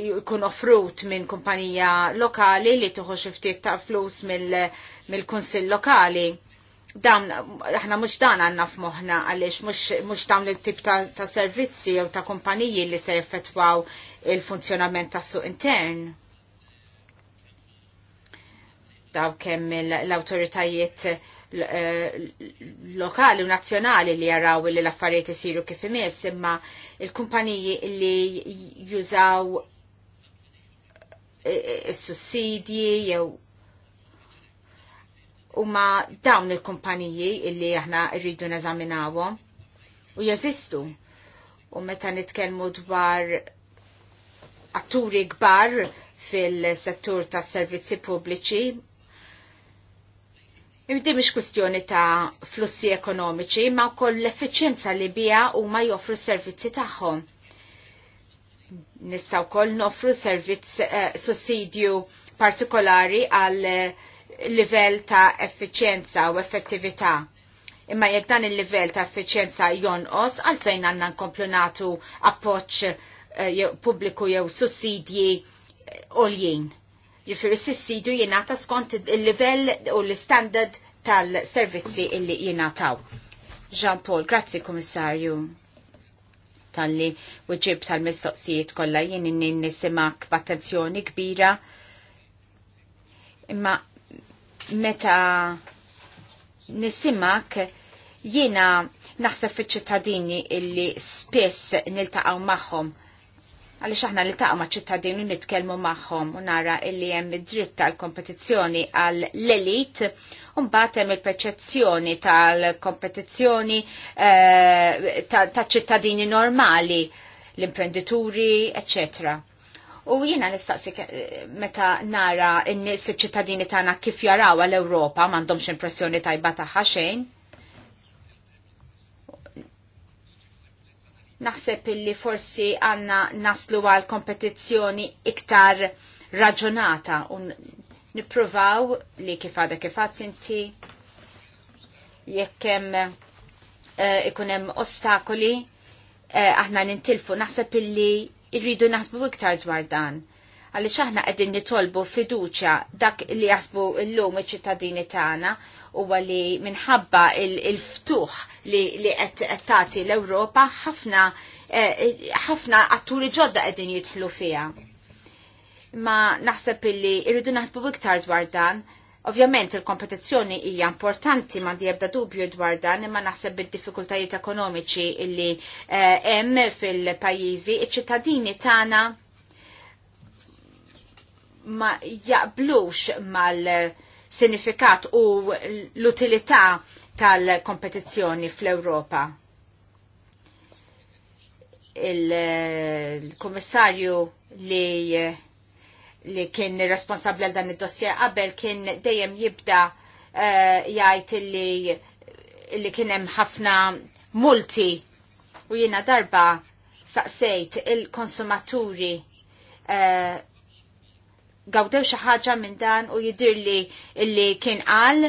jkun offrut minn kumpanija lokali li tuħu xiftiet ta' flus mill-kunsill lokali. Dan, aħna mux dan għanna f'moħna għalix mux dawn il-tip ta', ta servizzi u ta' kumpaniji li se jeffetwaw il-funzjonament ta' suq intern. Daw kemm l-autoritajiet Eh, lokali u nazzjonali li jaraw li l-affarijiet isiru kif imiss, imma il-kumpaniji li jużaw is-sussidji eh, eh, jew huma dawn il-kumpaniji li aħna rridu neżaminawhom u jeżistu. U meta nitkellmu dwar atturi kbar fil-settur tas servizzi pubbliċi Imdi mish kwistjoni ta' flussi ekonomiċi, ma' wkoll l-effiċjenza li bija u ma' joffru servizzi tagħhom. Nista' wkoll noffru servizz eh, sussidju partikolari għal eh, livell ta' effiċjenza u effettività. Imma jekk dan il-livell ta' effiċjenza jonqos għalfejn għandna nkomplu nagħtu appoġġ eh, pubbliku jew sussidji oljien. Eh, jifri s-sissidu jenata skont il-level u l-standard tal-servizzi illi jenataw. Jean-Paul, grazzi komissarju tal-li uġib tal-mistoqsijiet kolla jien inni nisimak b'attenzjoni kbira. Imma meta nisimak jiena naħseb fiċ ċittadini illi spess niltaqgħu magħhom għaliex aħna li taqqa maċ-ċittadin u nitkellmu magħhom u nara illi hemm id-dritt tal-kompetizzjoni għall elit u mbagħad hemm il-perċezzjoni tal-kompetizzjoni eh, taċ-ċittadini normali, l-imprenditori, eccetera. U jiena nistaqsi meta nara in nis ċittadini tagħna kif jaraw għall-Ewropa m'għandhomx impressjoni tajba ta' ħaxejn. Naħseb illi forsi għanna naslu għal kompetizzjoni iktar raġunata un niprovaw li kif għada kif inti jekkem uh, eh, ikunem ostakoli uh, aħna nintilfu naħseb illi irridu naħsbu iktar dwar dan għalli xaħna għedin nitolbu fiduċa dak li jasbu l-lum iċ-ċittadini tagħna huwa li minħabba il-ftuħ li qed tagħti l-Ewropa ħafna eh, ħafna atturi ġodda qegħdin jidħlu fiha. Ma naħseb illi irridu naħsbu iktar dwar dan, Ovvjament il-kompetizzjoni hija importanti ma di ebda dubju dwar dan imma naħseb id-diffikultajiet ekonomiċi illi eh, hemm fil-pajjiżi iċ-ċittadini tagħna ma jaqblux mal sinifikat u l-utilità tal-kompetizzjoni fl-Ewropa. Il-Kommissarju eh, li li kien responsabli għal dan id-dossier qabel kien dejjem jibda uh, jgħid li li kien hemm ħafna multi u jiena darba saqsejt il-konsumaturi uh, gawdew xi ħaġa minn dan u jidir li li kien qal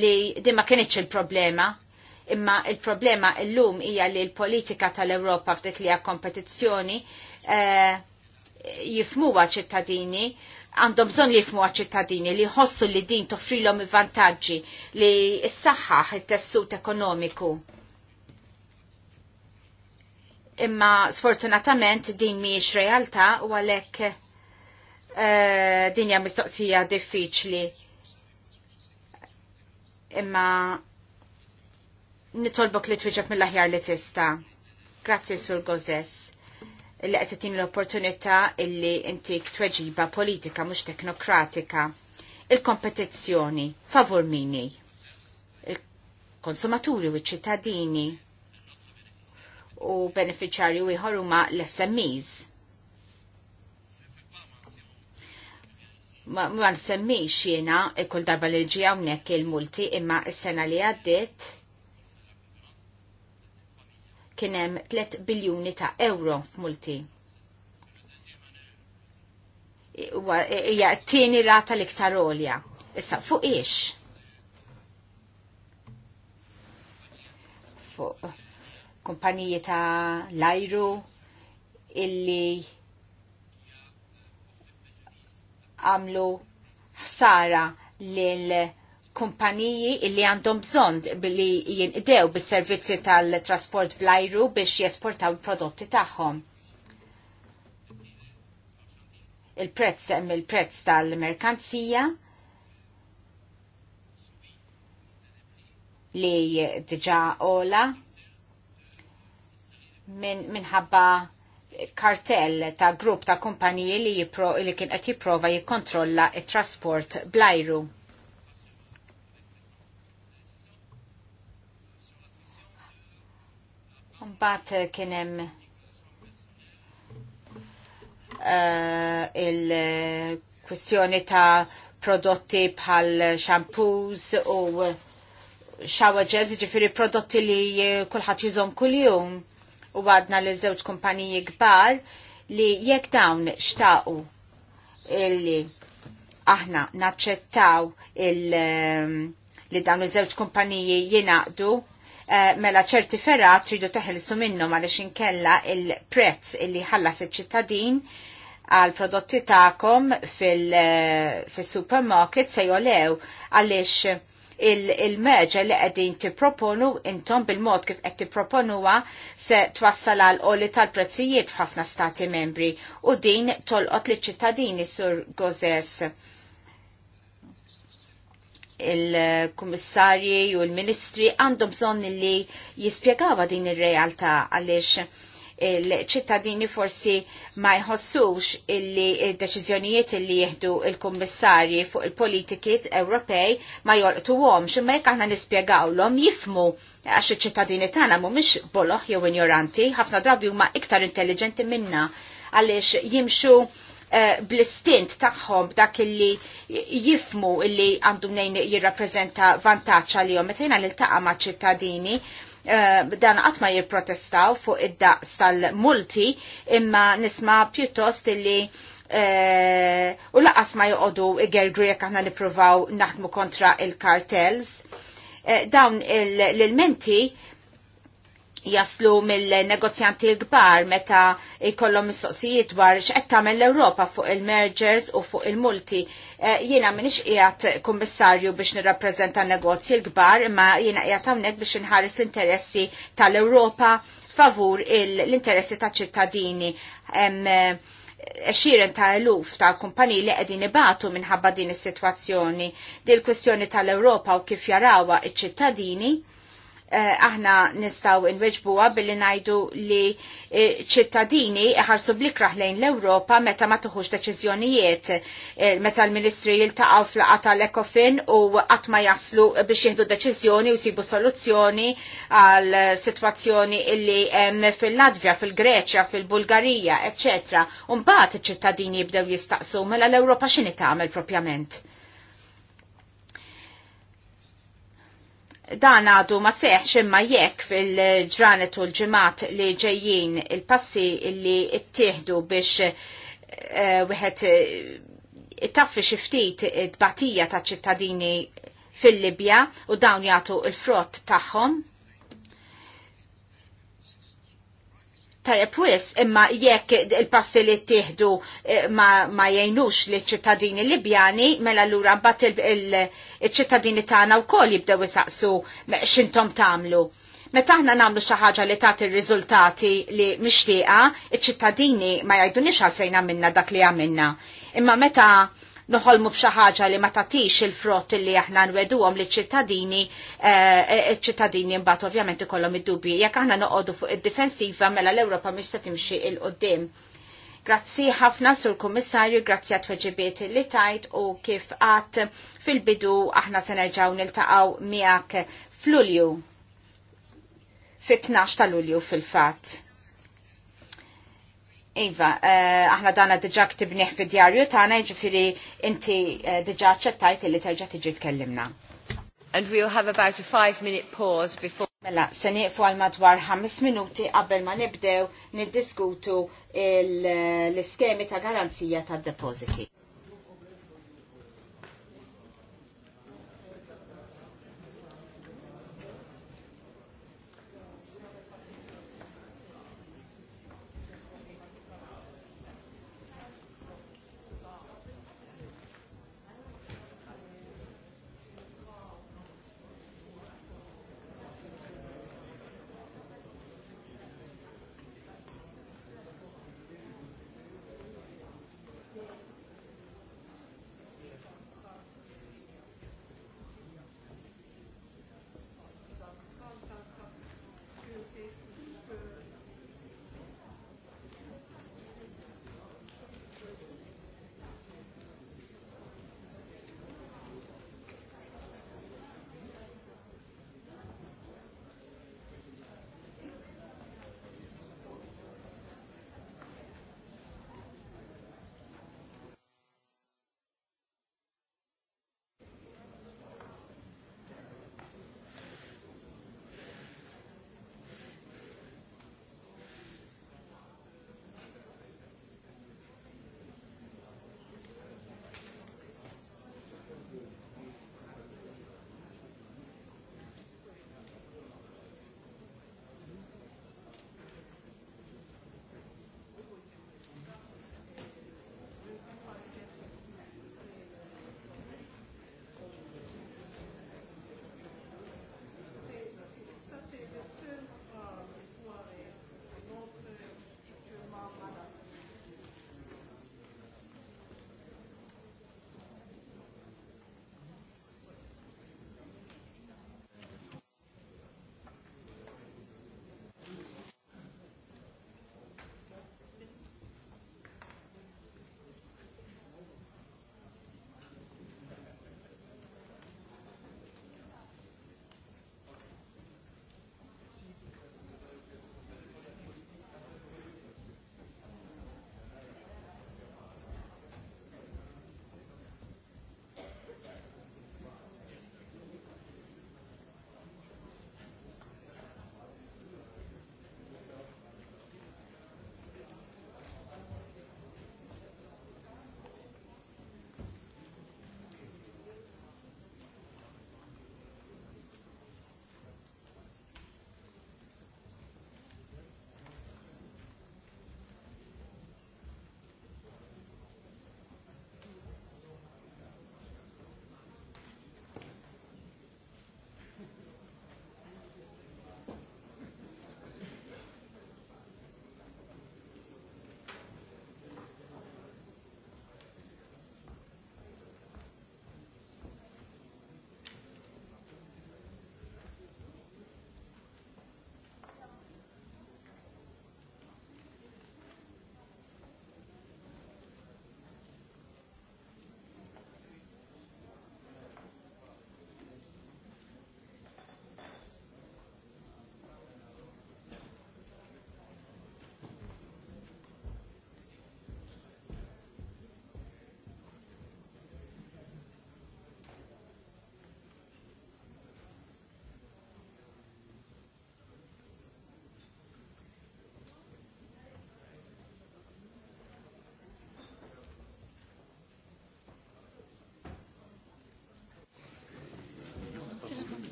li di ma kienieċ il-problema. Imma il-problema il-lum hija li l-politika tal-Ewropa f'dik li hija kompetizzjoni uh, ċittadini għandhom bżon li jifmu ċittadini li jħossu li din toffrilhom vantaġġi li s-saħħaħ it-tessut ekonomiku. Imma sfortunatament din miex realtà u għalhekk Eh, dinja mistoqsija diffiċli. Imma nitolbok li twiġab mill-aħjar li tista. Grazzi sur Gozes li qed l-opportunità illi intik tweġiba politika mhux teknokratika. Il-kompetizzjoni favur mini. Il-konsumaturi u ċittadini u beneficjarju ieħor huma l-SMEs ma, nsemmix jiena e kull darba li ġi hawnhekk il-multi imma s-sena li għaddiet kien hemm 3 biljuni ta' euro f'multi. E, Ija t-tieni rata l-iktar olja. Issa fuq ix? Fuq kumpaniji ta' lajru illi għamlu ħsara lil kumpaniji illi għandhom bżon billi jinqdew bis-servizzi tal-trasport blajru biex jesportaw il-prodotti tagħhom. Il-prezz hemm il-prezz tal-merkanzija li diġa' ola minħabba min kartell ta' grupp ta' kumpaniji li, jipro, li kien qed jipprova jikkontrolla it-trasport blajru. Mbagħad kien hemm uh, il-kwistjoni ta' prodotti bħal shampoos u shower gels, ġifiri prodotti li kulħadd jużhom kuljum u għadna li żewġ kumpaniji kbar li jekk dawn xtaqu illi aħna naċċettaw il ehm, li dawn iż-żewġ kumpaniji jinaqdu eh, mela ċertiferat tridu teħilsu minnhom għaliex inkella il-prezz illi ħallas iċ-ċittadin għal prodotti tagħkom fil-supermarket eh, se jolew għaliex il-meġa li qegħdin tipproponu intom bil-mod kif qed tipproponuha se twassal għal qoli tal-prezzijiet f'ħafna stati membri u din tolqot liċ ċittadini sur Gozes il-kummissarji u l-ministri għandhom bżonn li jispjegawa din ir-realtà għaliex il-ċittadini forsi ma jħossux illi deċiżjonijiet illi jieħdu il-kummissarji fuq il-politiki Ewropej ma jolqtu għom, ximma jek aħna nispiegawlom jifmu għax il ċittadini tagħna mhumiex boloħ jew injoranti, ħafna drabi huma iktar intelligenti minna għaliex jimxu eh, bl-istint taħħom dak illi jifmu illi għandu nejn jirrapprezenta vantaċa li Meta metajna l-taqa ma' ċittadini, Eh, dan għatma jiprotestaw fuq id-daqs tal-multi imma nisma pjuttost illi eh, u laqas ma joqodu igergri jek aħna nipruvaw naħdmu kontra il-kartels. Eh, dawn l-elementi jaslu mill-negozjanti l-gbar meta jkollhom mistoqsijiet dwar x'qed tagħmel l-Ewropa fuq il-mergers u fuq il-multi Eh, jiena minix qiegħed kummissarju biex nirrappreżenta negozji l-kbar, imma jiena qiegħed hawnhekk biex inħares l-interessi tal-Ewropa favur l-interessi taċ ċittadini xiren eh, ta' eluf ta' kumpani li għedin ibatu minħabba din is-sitwazzjoni. Dil kwestjoni tal-Ewropa u kif jarawa iċ-ċittadini Eh, aħna nistaw inweġbuwa billi najdu li eh, ċittadini ħarsu blikraħ lejn l-Ewropa meta ma tuħux deċiżjonijiet eh, meta l-Ministri jiltaqgħu fl qata tal-Ekofin u qatt ma jaslu biex jieħdu deċiżjoni u jsibu soluzzjoni għal sitwazzjoni illi fil-Latvja, fil-Greċja, fil-Bulgarija, eccetera. Un iċ-ċittadini jibdew jistaqsu mela l-Ewropa xini taħmel propjament. Dan għadu ma seħx imma jekk fil-ġranet u l-ġimat li ġejjin il-passi li ittieħdu biex eh, wieħed eh, taffi xiftit id-batija ta' ċittadini fil-Libja u dawn jagħtu il-frott tagħhom tajab wis, imma jekk il-passi li tieħdu eh, ma, jgħinux li ċittadini Libjani, mela l-ura mbatt il-ċittadini tagħna wkoll jibdew isaqsu x'intom tagħmlu. Meta aħna nagħmlu xi ħaġa li tagħti r-riżultati li mixtieqa, iċ-ċittadini ma nix għalfejn għamilna dak li għamilna. Imma meta noħolmu bxaħġa ħaġa li ma tagħtix il-frott li aħna għom li ċittadini eh, eh, ċittadini mbagħad ovvjament ikollhom id-dubji. Jek aħna noqogħdu fuq id defensiva mela l-Ewropa mis timxi il qudiem Grazzi ħafna sur kummissarju, grazzi għat weġibiet li tajt u kif għat fil-bidu aħna se nil niltaqgħu miegħek fl-Ulju. Fit-12 ta' Lulju fil-fatt. Iva, eh, aħna dana diġa ktibniħ fi djarju tana, ġifiri inti eh, diġa ċettajt li terġa tiġi tkellimna. And we'll have about a five minute pause before. Mela, se nieqfu għal madwar 5 minuti qabel ma nibdew niddiskutu l-iskemi ta' garanzija tad depositi.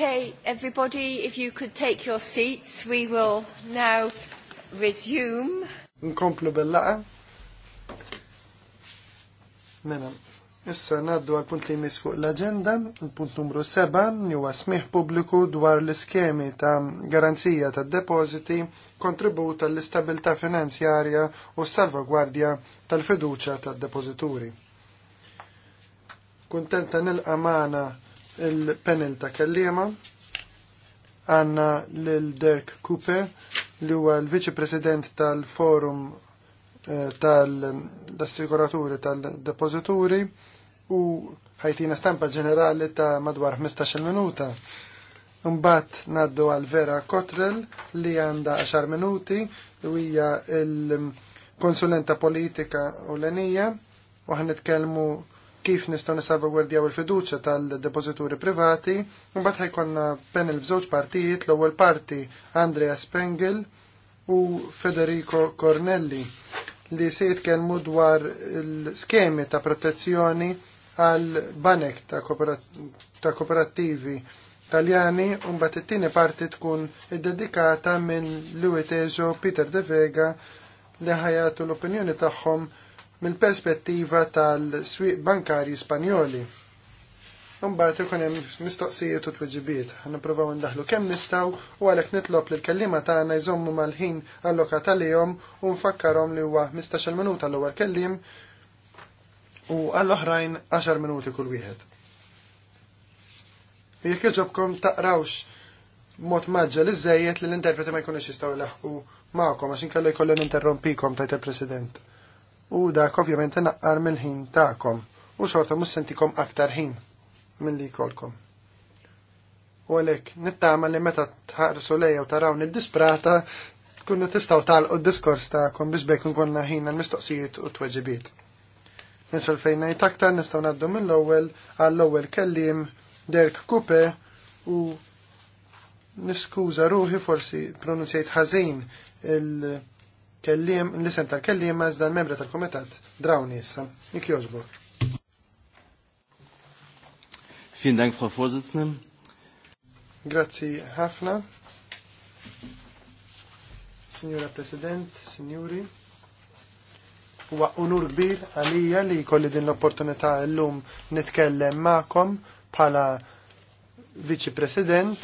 Okay, everybody, if you could take your seats, we will now resume. Nkomplu bil-laqa. Mena, issa naddu għal punt li jmiss fuq l-agenda, punt numru 7, juwa smiħ publiku dwar l-iskemi ta' garanzija ta' depositi, kontribut l istabilta finanzjarja u salvagwardja tal-fiduċa ta' depozituri. Kuntenta nilqa' il-panel ta' kellima għanna l-Dirk Cooper li huwa l-Viċi President tal-Forum eh, tal assiguraturi tal-Depozituri u ħajtina stampa ġenerali ta' madwar 15 minuta. Mbagħad naddu għal Vera Kotrel li għandha 10 minuti u hija l-konsulenta politika u l-enija u ħan kif nistgħu nisavgwardjaw il-fiduċja tal-depożituri privati, mbagħad ħajkonna panel f'żewġ partijiet, l-ewwel parti Andrea Spengel u Federico Cornelli li se jitkellmu dwar l-skemi ta' protezzjoni għal banek ta', ta kooperattivi taljani u mbagħad it-tieni parti tkun iddedikata minn Louis Peter De Vega li ħajatu l-opinjoni tagħhom mill-perspettiva tal-swieq bankarji Spanjoli. Mbagħad ikun hemm mistoqsijiet u tweġibiet. Ħnippruvaw ndaħlu kemm nistgħu u għalhekk nitlob l-kelliema tagħna jżommu mal-ħin allokat għalihom u nfakkarhom li huwa 15-il minuta l-ewwel kellim u għall-oħrajn 10 minuti kull wieħed. Jekk iġobkom taqrawx mod maġġel iżejjed li l-interpreti ma jkunux jistgħu jlaħqu magħkom għax inkella jkollhom interrompikom tajt il-President u dak ovvjament naqqar mill-ħin tagħkom u xorta mhux sentikom aktar ħin milli jkollkom. U għalhekk nittama li meta tħarsu lejja u taraw nid-disprata tkunu tistgħu talqu d-diskors tagħkom biex bekk nkunna ħin għall-mistoqsijiet u t-tweġibiet. Nitxol fejn ngħid aktar nistgħu ngħaddu mill-ewwel għall-ewwel kellim Dirk Kupe u niskuża ruħi forsi pronunzjajt ħażin il- kellim, l tal-kellim ma' zdan membra tal-komitat. Drawni issa, mik joġbok. Vielen Dank, Frau Vorsitzende. Grazzi ħafna. Signora President, signori. Huwa unur kbir għalija li kolli din l-opportunità llum nitkellem magħkom bħala Viċi President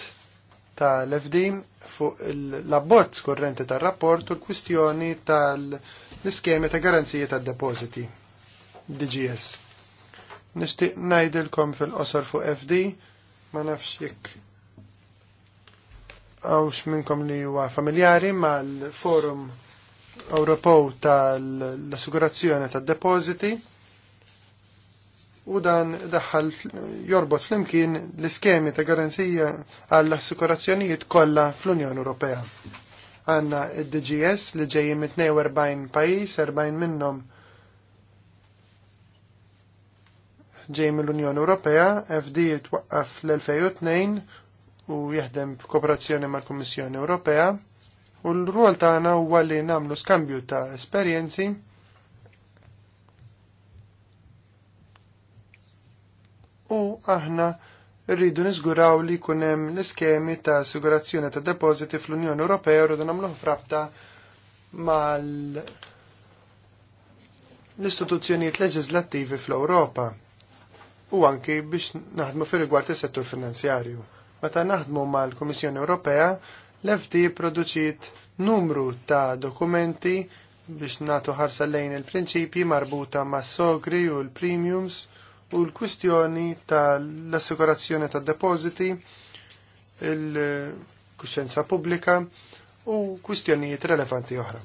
tal-FD fuq l-abbozz korrenti tal-rapport u l-kwistjoni tal-iskemi ta' garanzija tad depositi DGS. Nishtiq najdilkom fil-qosor fuq FD, ma nafx jekk għawx minnkom li huwa familjari mal-forum Ewropew tal-assigurazzjoni tad depositi u dan daħħal jorbot flimkien l-iskemi ta' garanzija għall assikurazzjonijiet kollha fl-Unjoni Ewropea. Għanna id-DGS li ġejjin mit 42 pajjiż, 40 minnhom ġej mill-Unjoni Ewropea, FD twaqqaf l-2002 u jaħdem b'kooperazzjoni mal-Kummissjoni Ewropea u l-rwol tagħna huwa li nagħmlu skambju ta' esperjenzi u aħna rridu niżguraw li jkun hemm l-iskemi ta' assigurazzjoni ta' depositi fl-Unjoni Ewropea u rridu nagħmlu frabta mal l-istituzzjonijiet leġislattivi fl-Ewropa u anki biex naħdmu fir rigward is-settur finanzjarju. Meta naħdmu mal-Kummissjoni Ewropea, l-FT produċiet numru ta' dokumenti biex natu ħarsa lejn il-prinċipji marbuta ma' sogri u l-premiums u l-kwistjoni tal-assikurazzjoni tad depositi il-kuxenza pubblika u kwistjonijiet relevanti oħra.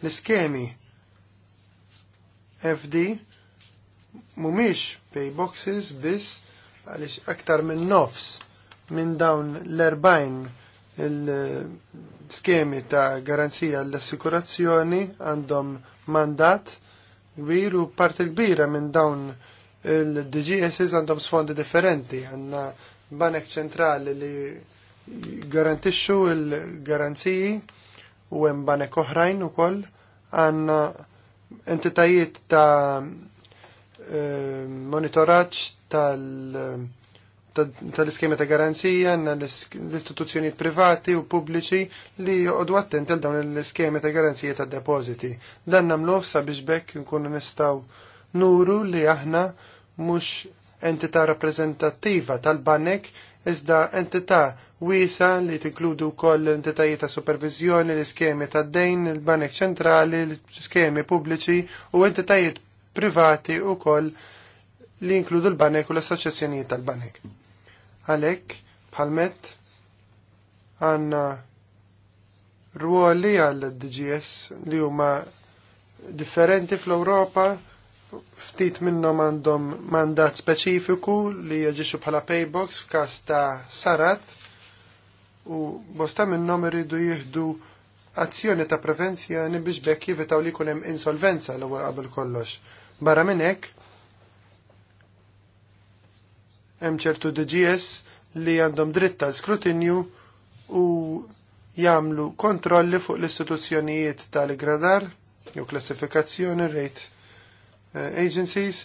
L-iskemi FD mumiex payboxes biss għalix aktar minn nofs minn dawn l-40 l skemi ta' garanzija l-assikurazzjoni għandhom mandat kbir u parti kbira minn dawn il-DGSs għandhom sfondi differenti, għanna banek ċentrali li garantixxu il-garanziji u hemm banek oħrajn ukoll għandna entitajiet ta' eh, monitoraġġ tal- tal-iskema ta' garanzija għanna l istituzzjoni privati u pubbliċi li joqogħdu attenti għal dawn l-iskemi ta' garanzija ta' depositi. Dan nagħmluh sabiex bekk nkunu nistgħu nuru li aħna mhux entità rappreżentattiva tal-banek iżda entità wiesa li tinkludu wkoll l-entitajiet ta' supervizjoni, l-iskemi ta' dejn, il-banek ċentrali, l-iskemi pubbliċi u entitajiet privati u koll li inkludu l-banek u l-assoċjazzjonijiet tal-banek. Għalek, palmet, għanna ruoli għal DGS li huma differenti fl-Europa, ftit minnom għandhom mandat speċifiku li jaġixu bħala paybox f'kas ta' sarat u bosta minnom irridu jihdu azzjoni ta' prevenzjoni biex bekk jivitaw li kunem insolvenza l ewwel qabel kollox. Barra minn hekk, hemm ċertu DGS li għandhom dritt tal skrutinju u jagħmlu kontrolli fuq l-istituzzjonijiet tal-gradar jew klassifikazzjoni rate eh, agencies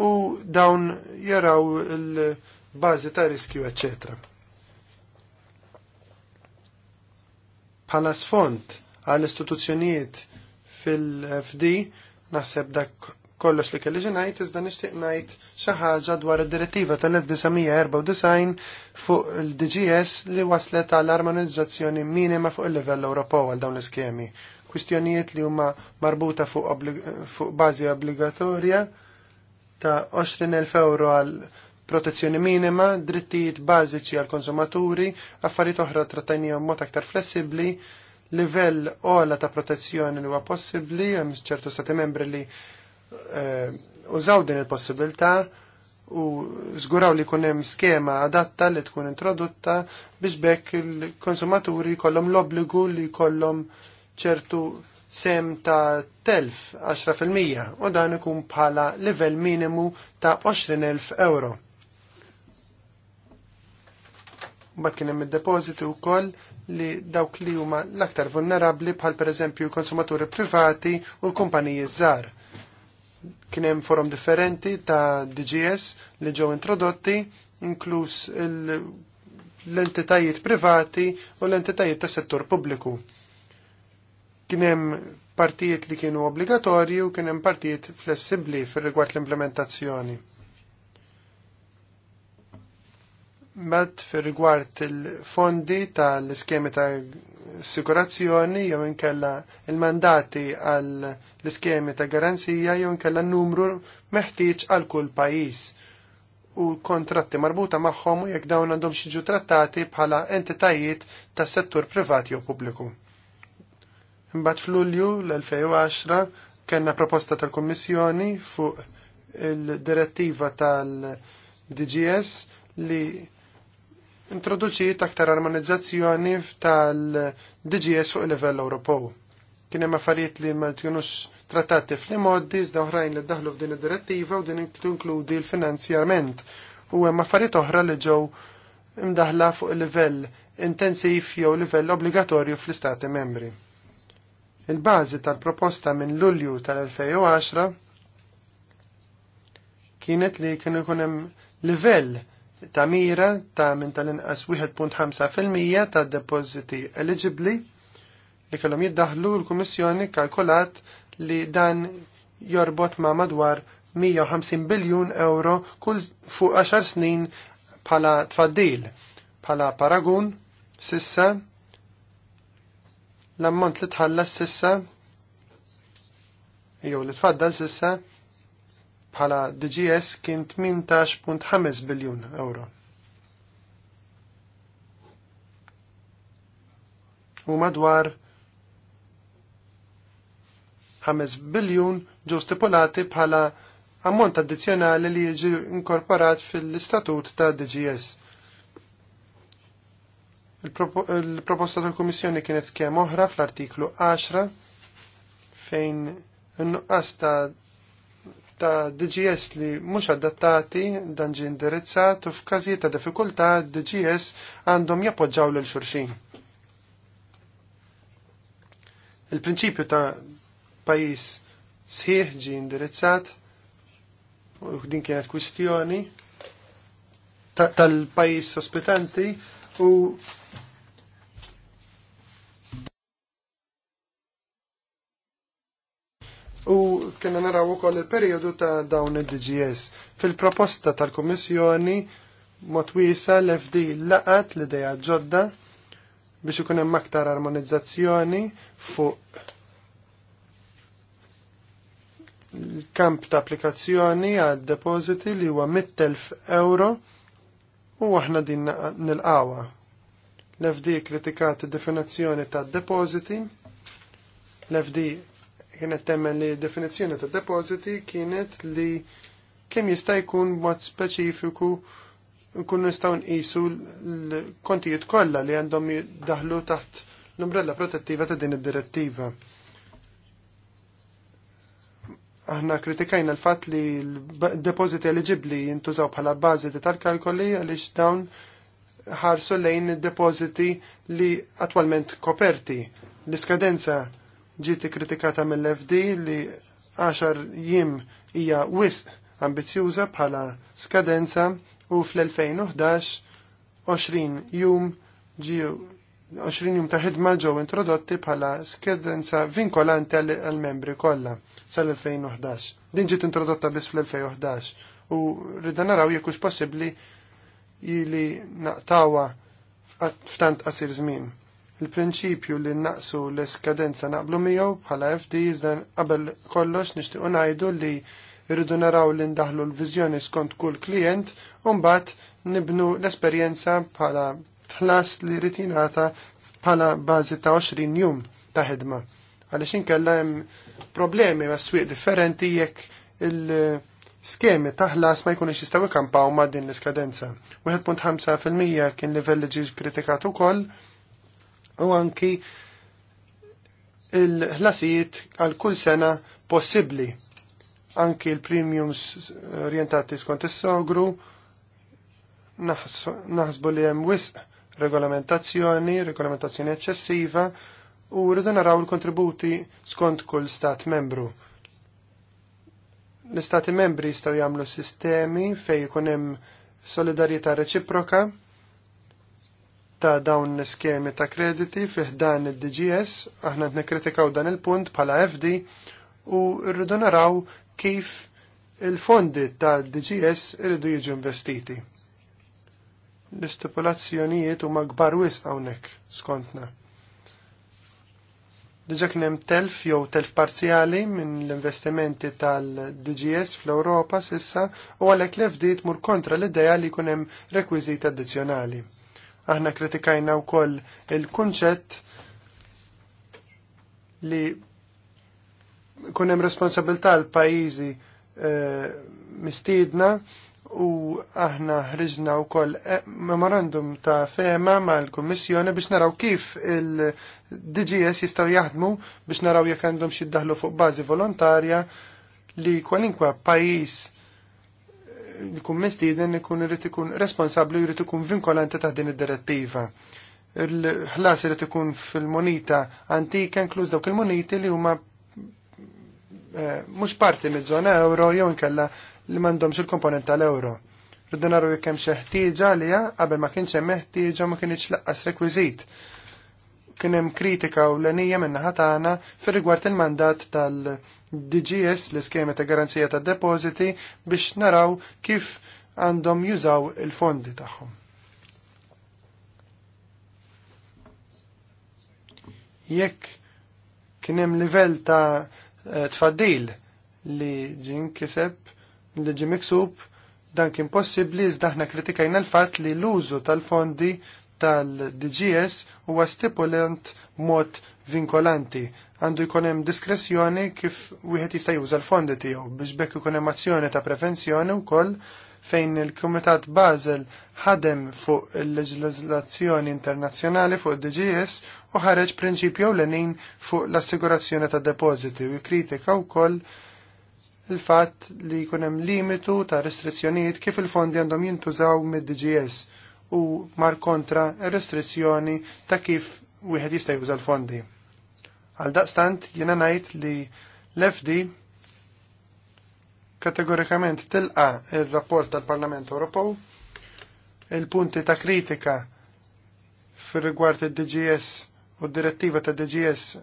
u dawn jaraw il-bażi ta' riskju eccetera. Bħala sfond għall istituzzjonijiet fil-FD naħseb dak kollox li kelli ġenajt iżda nixtieq ngħid xi ħaġa dwar id-direttiva tal-1994 fuq il-DGS li waslet għal armonizzazzjoni minima fuq il-livell Ewropew għal dawn l-iskemi. Kwistjonijiet li huma marbuta fuq, oblig fuq bażi obbligatorja ta' 20.000 euro għal protezzjoni minima, drittijiet bażiċi għal konsumaturi, affarijiet oħra trattajnijhom mod aktar flessibbli, livell ola ta' protezzjoni li huwa possibbli, hemm ċertu stati membri li eh, użaw din il-possibilità u zguraw li jkun hemm skema adatta li tkun introdotta biex bekk il-konsumaturi jkollhom l-obbligu li jkollhom ċertu sem ta' telf 10% u dan ikun bħala livell minimu ta' 20.000 euro. Mbagħad kien hemm id u wkoll li dawk li huma l-aktar vulnerabbli bħal pereżempju l-konsumaturi privati u l-kumpaniji żgħar Kien hemm forum differenti ta' DGS li ġew introdotti, inkluż l-entitajiet privati u l-entitajiet tas settur pubbliku. Kien hemm partijiet li kienu obbligatorji u kien hemm partijiet flessibbli fir-rigward l-implementazzjoni. Mbagħad fir-rigward il-fondi tal-iskemi ta' sikurazzjoni jew inkella il-mandati għal l-iskemi ta' garanzija jew inkella n-numru meħtieġ għal kull pajjiż u kontratti marbuta magħhom u jekk dawn għandhom ġu trattati bħala entitajiet tas settur privat jew pubbliku. Imbagħad f'Lulju l-2010 kellna proposta tal-Kummissjoni fuq il-direttiva tal-DGS li introduċiet taktar armonizzazzjoni tal-DGS fuq il-livell Ewropew. Kien hemm affarijiet li ma tkunux trattati fl-modi iżda oħrajn li daħlu f'din id-direttiva u din tinkludi l-finanzjarment u hemm affarijiet oħra li ġew imdaħla fuq il-livell intensiv jew livell obbligatorju fl-istati membri. Il-bażi tal-proposta minn Lulju tal-2010 kienet li kien ikun hemm livell ta' mira ta' minn tal-inqas 1.5% ta' depositi eligibli li kellhom jiddaħlu l-Kummissjoni kalkulat li dan jorbot ma' madwar 150 biljun euro kull fuq 10 snin bħala tfaddil bħala paragun sissa l-ammont li tħallas sissa jew li tfaddal sissa bħala DGS kien 18.5 biljun euro. U madwar 5 biljun ġew stipulati bħala ammont addizzjonali li jiġi inkorporat fil-istatut ta' DGS. Il-proposta tal-Kummissjoni kienet skema oħra fl-artiklu 10 fejn n-nuqqas ta' ta' DGS li mhux adattati dan ġie indirizzat u f'każijiet ta' diffikultà DGS għandhom jappoġġaw lil xulxin. Il-prinċipju ta' pajjiż sħiħ ġie indirizzat u din kienet kwistjoni tal-pajjiż ospitanti u u kena naraw ukoll il-perjodu ta' dawn id-DGS. Fil-proposta tal-Kummissjoni mod l-FD laqat l idea ġodda biex ikun hemm aktar armonizzazzjoni fuq kamp ta' applikazzjoni għad depositi li huwa 100.000 euro u aħna din nilqawa. L-FD kritikat definizzjoni ta' depositi, l-FD kienet temmen li definizzjoni ta' depositi kienet li kemm jista' jkun mod speċifiku nkun nistgħu nqisu l-kontijiet kollha li għandhom jiddaħlu taħt l-umbrella protettiva ta' din id-direttiva. Aħna kritikajna l-fatt li l-depositi eligibli jintużaw bħala bażi tal-kalkoli għaliex dawn ħarsu lejn depositi li attwalment koperti. L-iskadenza ġiti kritikata mill-FD li 10 jiem hija wisq ambizjuża bħala skadenza u fl-2011 20 jum ġiju 20 jum ta' ħidma ġew introdotti bħala skedenza vinkolanti għal-membri kollha sal-2011. Din ġiet introdotta biss fl-2011 u rridna naraw jekk hux possibbli li naqtawa f'tant qasir żmien. Il-prinċipju li naqsu l-eskadenza naqblu miegħu bħala FD iżda qabel kollox nixtiequ ngħidu li irridu naraw li ndaħlu l-viżjoni skont kull klient u mbagħad nibnu l-esperjenza bħala tħlas li ritinata jingħata bħala bażi ta' 20 jum ta' ħidma. Għaliex inkella hemm problemi ma' swieq differenti jekk il- skemi taħlas ma jkunux jistgħu ikampaw ma' din l-iskadenza. 1.5% kien livell li ġiġ kritikat ukoll u anki il-ħlasijiet għal kull sena possibbli. Anki l-premiums orientati skont is-sogru naħsbu li hemm wisq regolamentazzjoni, regolamentazzjoni eċċessiva u rridu naraw il-kontributi skont kull stat membru. L-istati membri jistgħu jagħmlu sistemi fejn ikun hemm solidarjetà reċiproka ta' dawn l iskemi ta' krediti fih dan il-DGS, aħna t-nekritikaw dan il-punt bħala FD u rridu naraw kif il-fondi ta' DGS rridu jiġu investiti. L-istipulazzjonijiet huma kbar wis hawnhekk skontna. Diġa kien hemm telf jew telf parzjali minn l-investimenti tal-DGS fl-Ewropa sissa u għalhekk l-FD tmur kontra l-idea li jkun hemm rekwiżiti addizzjonali Aħna kritikajna wkoll il-kunċett li kunem hemm responsabilità l pajjiżi e, mistiedna u aħna ħriżna u koll eh, memorandum ta' fema ma' l-Kommissjoni biex naraw kif il-DGS jistaw jaħdmu biex naraw jekk għandhom xiddaħlu fuq bazi volontarja li kwalinkwa pajis nikun mistiden nikun irid ikun responsabbli u jrid ikun vinkolanti ta' din id-direttiva. Il-ħlas irid ikun fil-monita antika inkluż dawk il-moniti li huma eh, mhux parti mid-żona euro jew inkella li m'għandhomx il-komponent tal-euro. Rridu naraw jekk hemm xi ħtieġa għalija qabel ma kienx hemm ħtieġa ma kienx laqqas rekwiżit kien hemm kritika u l-enija naħa ħatana fir rigward il-mandat tal-Eurogroup. DGS l-iskemi ta' garanzija ta' depositi biex naraw kif għandhom jużaw il-fondi tagħhom. Jekk kien hemm livell ta' eh, tfaddil li ġi kiseb li ġi miksub dan kien possibbli iżda aħna kritikajna l-fatt li l-użu tal-fondi tal-DGS huwa stipulant mod vinkolanti għandu jkun hemm diskrezzjoni kif wieħed jista' juża l-fondi tiegħu biex bekk ikun hemm azzjoni ta' prevenzjoni wkoll fejn il-Kumitat Basel ħadem fuq il-leġislazzjoni internazzjonali fuq DGS u ħareġ prinċipju l-enin fuq l-assigurazzjoni ta' depositi u kritika wkoll il-fatt li jkun hemm limitu ta' restrizzjonijiet kif il-fondi għandhom jintużaw mid-DGS u mar kontra restrizzjoni ta' kif wieħed jista' juża l-fondi. Għal daqstant jiena ngħid li l-FD kategorikament tilqa il-rapport tal-Parlament Ewropew il-punti ta' kritika fir rigward id-DGS u d-direttiva ta' DGS eh,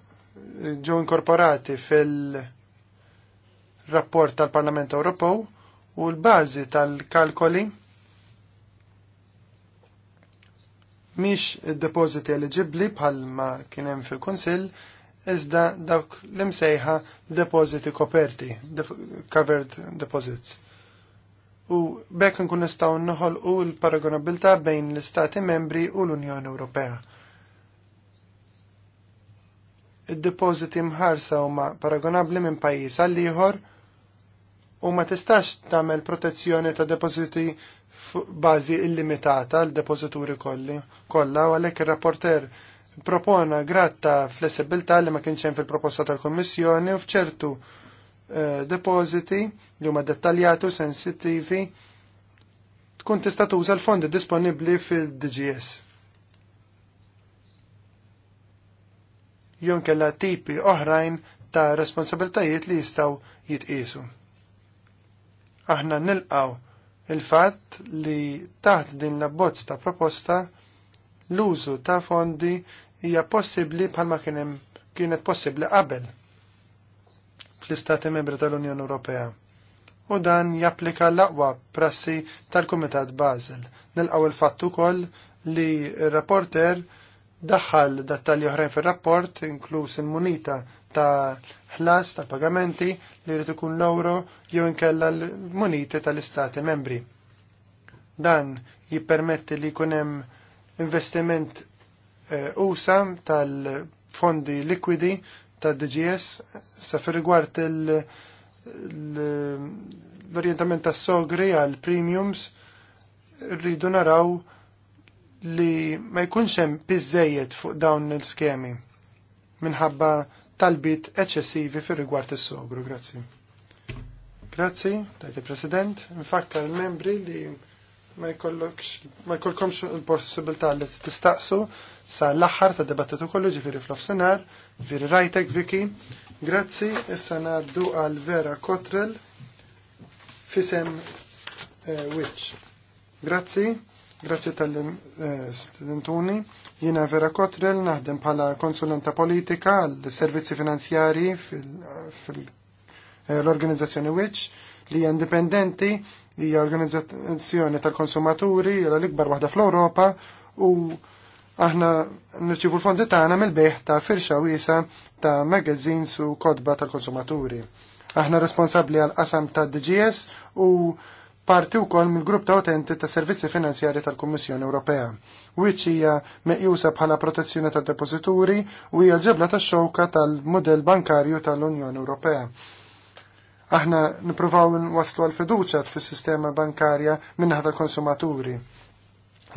ġew inkorporati fil-rapport tal-Parlament Ewropew u l-bażi tal-kalkoli miex id-depositi eligibli bħalma kien hemm fil-Kunsill iżda dawk l-imsejħa depositi koperti, covered deposits. U bekk nkun nistgħu noħolqu l-paragonabilità bejn l-Istati membri u l-Unjoni Ewropea. Id-depositi mħarsa huma paragonabbli minn pajjiż għal ieħor u ma tistax tagħmel protezzjoni ta' depositi bażi illimitata l-depozituri kollha u għalhekk ir-rapporter il propona gratta flessibilità li ma kienx hemm fil-proposta tal-Kommissjoni u f'ċertu eh, depositi li huma dettaljati u sensittivi tkun tista' tuża l-fondi disponibbli fil-DGS. Jon kella tipi oħrajn ta' responsabiltajiet li jistaw jitqisu. Aħna nilqaw il-fatt li taħt din l-abbozz ta' proposta l-użu ta' fondi hija possibbli bħalma kien hemm kienet possibbli qabel fl-Istati Membri tal-Unjoni Ewropea. U dan japplika l-aqwa prassi tal-Kumitat Basel. Nilqaw il-fatt ukoll li r-rapporter daħħal dettalji oħrajn fir-rapport, inkluż il-munita ta' ħlas ta' pagamenti li jrid ikun l-euro jew inkella l-muniti tal-istati membri. Dan jippermetti li jkun hemm investiment Eh, Usa tal-fondi liquidi tad-DGS sa fir rigward l-orientament tas-sogri għal premiums rridu naraw li ma jkunx hemm biżejjed fuq dawn l-skemi minħabba talbit eċċessivi fir rigward is-sogru. Grazzi. Grazzi, tajti President. Nfakkar l-membri li ma jkollokx ma jkollkomx il-possibilità li tistaqsu sa l-aħħar ta' debattitu kollu ġifiri fl-ofsinhar, ġifiri rajtek Viki. Grazzi, issa ngħaddu għal Vera Kotrel fisem uh, Witch. Grazzi, grazzi tal-studentuni. Eh, Jina Vera Kotrel naħdem bħala konsulenta politika għal servizzi finanzjari fil-organizzazzjoni eh, Witch li indipendenti hija organizzazzjoni tal-konsumaturi l-ikbar waħda fl-Ewropa u Aħna nirċivu l-fondi tagħna mill-beħ ta' firxa wiesa ta' magazines u kodba tal-konsumaturi. Aħna responsabbli għal qasam ta' DGS u parti wkoll mill-grupp ta' utenti ta' servizzi finanzjari tal-Kummissjoni Ewropea which hija meqjusa bħala protezzjoni tad-depożituri u hija ġebla tax-xewka tal-mudell bankarju tal-Unjoni Ewropea. Aħna nippruvaw nwaslu għal fiduċa fis-sistema bankarja min-naħa tal-konsumaturi.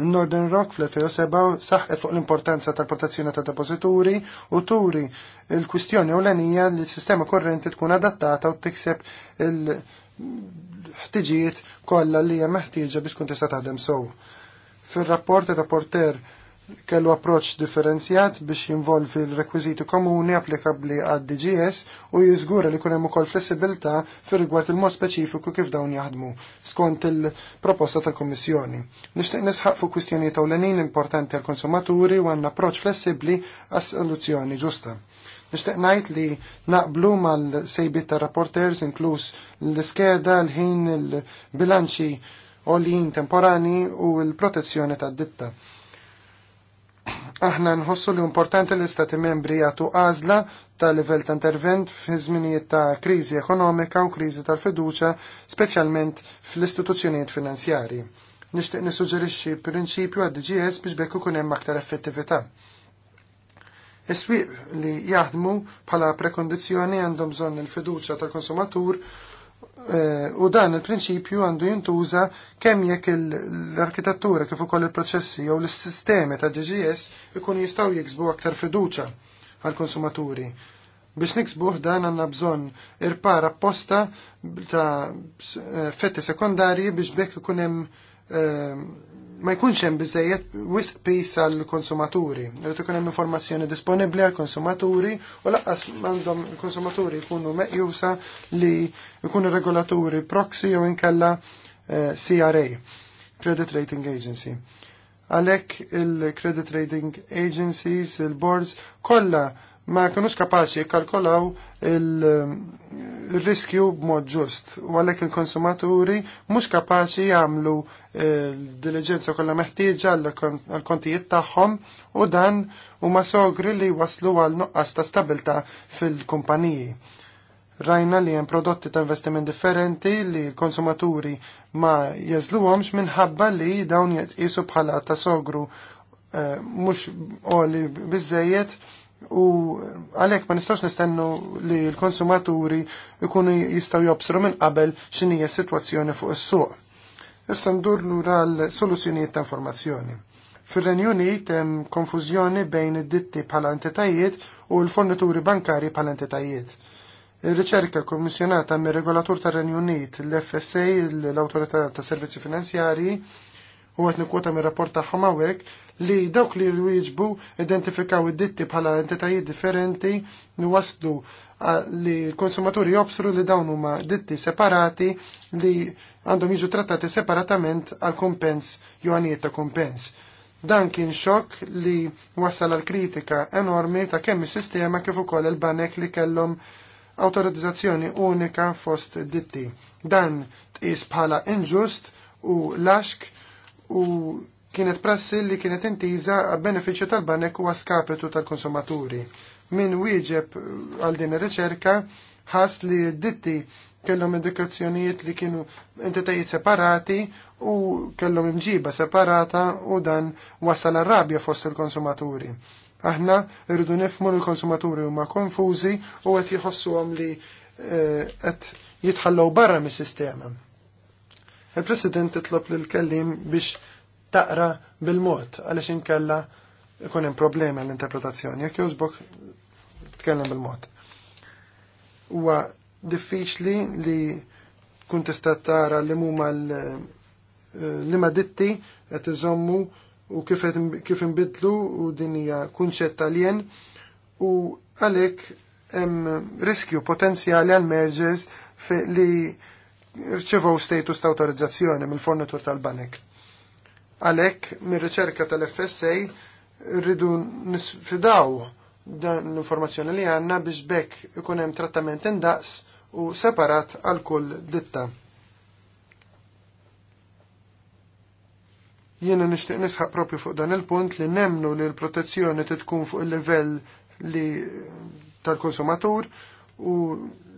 Northern Rock fl-2007 saħqet fuq l-importanza tal-protezzjoni ta' depozituri u turi il-kwistjoni ewlenija li s-sistema korrenti tkun adattata u tikseb il-ħtiġijiet kollha li hija meħtieġa biex tkun tista' taħdem sew. Fil-rapport ir-rapporter kellu approċ differenzjat biex jinvolvi l rekwiżitu komuni applikabli għad DGS u jiżgura li kunem ukoll flessibilità fir rigward il-mod speċifiku kif dawn jaħdmu skont il-proposta tal kummissjoni Nixtieq nisħaq fuq kwistjonijiet ewlenin importanti għal konsumaturi u għandna approċ flessibbli għas soluzzjoni ġusta. Nixtieq ngħid li naqblu mal-sejbit ta' rapporters inkluż l-iskeda, l-ħin, il-bilanċi olin temporani u l-protezzjoni tad-ditta Aħna nħossu li importanti li stati membri jagħtu għażla ta' livell ta' intervent fi żminijiet ta' kriżi ekonomika u kriżi tal-fiduċa, speċjalment fl-istituzzjonijiet finanzjarji. Nixtieq nissuġġerixxi prinċipju għad DGS biex bekk ikun hemm aktar effettività. is li jaħdmu bħala prekondizzjoni għandhom bżonn il-fiduċa tal-konsumatur Eh, u dan il-prinċipju għandu jintuża kemm jekk l-arkitettura kif ukoll il-proċessi jew l-sistemi ta' DGS ikunu jistgħu jiksbu aktar fiduċa għall-konsumaturi. Biex niksbuh dan għandna bżonn irpar apposta ta' eh, fetti sekondarji biex bekk ikun hemm eh, ma jkunx hemm biżejjed wisq pis għall konsumaturi Irid ikun hemm informazzjoni disponibbli għall konsumaturi u laqqas għandhom il-konsumaturi jkunu meqjusa li jkunu regolaturi proxy jew inkella eh, CRA, Credit Rating Agency. Għalhekk il-Credit Rating Agencies, il-boards kollha ma kienux kapaċi jikkalkolaw eh, il-riskju b'mod ġust u għalhekk il-konsumaturi mhux kapaċi jagħmlu l-diligenza eh, kollha meħtieġa għall-kontijiet tagħhom u dan huma sogri li waslu għal nuqqas ta' stabilta fil-kumpaniji. Rajna li hemm prodotti ta' investiment differenti li l-konsumaturi ma jeżluhomx minħabba li dawn jitqisu bħala ta' sogru eh, mhux oli biżejjed u għalek ma nistax nistennu li l-konsumaturi ikunu jistaw jobsru minn qabel xinija situazzjoni fuq is-suq. Issa ndur lura l-soluzzjonijiet ta' informazzjoni. Fir-Renju Unit hemm konfużjoni bejn id-ditti bħala entitajiet u l-fornituri bankari bħala entitajiet. Ir-riċerka kommissjonata mir regolatur tar renju Unit, l-FSA, l-Awtorità ta' Servizzi Finanzjarji, u għet nikwota mir rapport tagħhom hawnhekk li dawk li l-wieġbu identifikaw id-ditti bħala entitajiet differenti li li l-konsumaturi jobsru li dawn huma ditti separati li għandhom jiġu trattati separatament għal kompens jew ta' kompens. Dan kien xokk li wassal għal kritika enormi ta' kemm is-sistema kif ukoll il-banek li kellhom autorizzazzjoni unika fost ditti. Dan tqis bħala inġust u laxk u kienet prassi li kienet intiża għal-beneficju tal-banek u għaskapetu tal-konsumaturi. Min wieġeb eh, għal din ir-riċerka ħass li d-ditti kellhom indikazzjonijiet li kienu entitajiet separati u kellhom imġiba separata u dan wasal ar-rabja fost il-konsumaturi. Aħna rridu nifmu li l-konsumaturi huma konfużi u qed jħossuhom li eh, qed jitħallew barra mis-sistema. Il-President titlob lill kellim biex taqra bil-mod għaliex inkella ikun hemm problemi għall-interpretazzjoni jekk jużbok tkellem bil-mod. Huwa diffiċli li kun tista' tara li huma l-lima ditti qed iżommu u kif inbidlu u din hija kunċett tal-jen u għalhekk hemm riskju potenzjali għal mergers li rċevow status ta' autorizzazzjoni mill-fornitur tal-banek. Għalhekk mir-riċerka tal-FSA rridu nisfidaw dan l-informazzjoni li għandna biex bekk ikun hemm trattament indaqs u separat għal kull ditta. Jiena nixtieq nisħaq propju fuq dan il-punt li nemnu li l-protezzjoni titkun fuq il-livell li tal-konsumatur u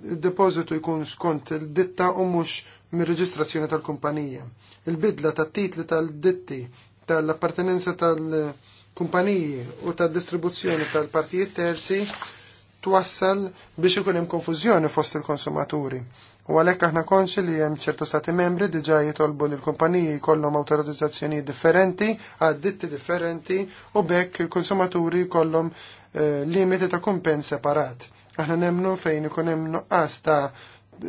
d-depozitu jkun skont il-ditta u mhux mir-reġistrazzjoni tal-kumpanija il-bidla tat-titli tal-ditti tal-appartenenza tal-kumpaniji u tad-distribuzzjoni tal-partijiet terzi twassal biex ikun hemm konfużjoni fost il-konsumaturi. U għalhekk aħna konxi li hemm ċertu stati membri diġà jitolbu li l-kumpaniji jkollhom awtorizzazzjonijiet differenti, għadditti differenti u bekk il-konsumaturi jkollhom eh, limiti ta' kumpens separat. Aħna nemnu fejn ikun hemm nuqqas ta'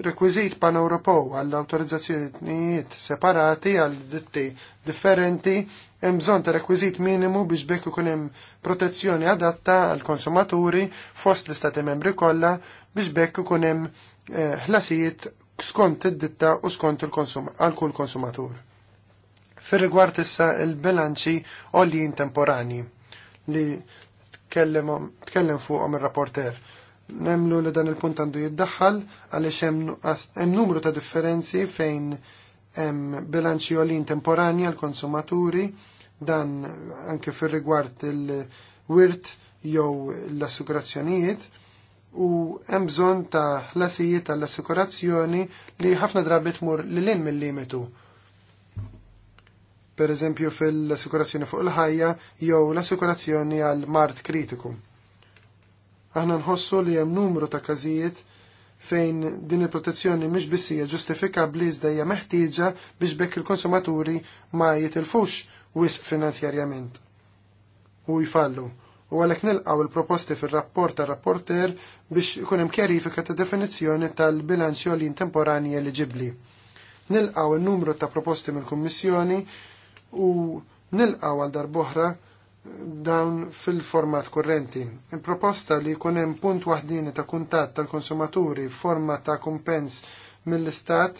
rekwizit pan-Ewropew għall autorizzazzjonijiet separati għal ditti differenti hemm bżonn ta' rekwiżit minimu biex bekk ikun hemm protezzjoni adatta għal konsumaturi fost l-istati membri kollha biex bekk ikun hemm eh, ħlasijiet skont id-ditta u skont għal kull konsumatur. Fir-rigward issa il-bilanċi għoljin temporani li tkellem fuqhom ir-rapporter nemlu li dan il-punt għandu jiddaħħal għaliex hemm numru ta' differenzi fejn hemm bilanċi olin temporanja għal konsumaturi dan anke fir rigward il-wirt jew l-assikurazzjonijiet u hemm bżonn ta' ħlasijiet tal-assikurazzjoni li ħafna drabi tmur lil mill-limitu per eżempju fil-assikurazzjoni fuq il-ħajja jew l-assikurazzjoni għal mart kritiku. Aħna nħossu li hemm numru ta' każijiet fejn din il-protezzjoni mhix biss hija ġustifikabbli iżda hija meħtieġa biex bekk il-konsumaturi ma jitilfux wisq finanzjarjament u jfallu. U għalhekk nilqgħu il-proposti fir-rapport tar-rapporter biex ikun hemm kjarifika ta' definizzjoni tal-bilanċ temporanji temporani eliġibbli. Nilqgħu n-numru ta' proposti mill-Kummissjoni u nilqgħu għal darboħra dawn fil-format kurrenti. Il-proposta li jkun hemm punt waħdini ta' kuntatt tal-konsumaturi forma ta' kumpens mill-istat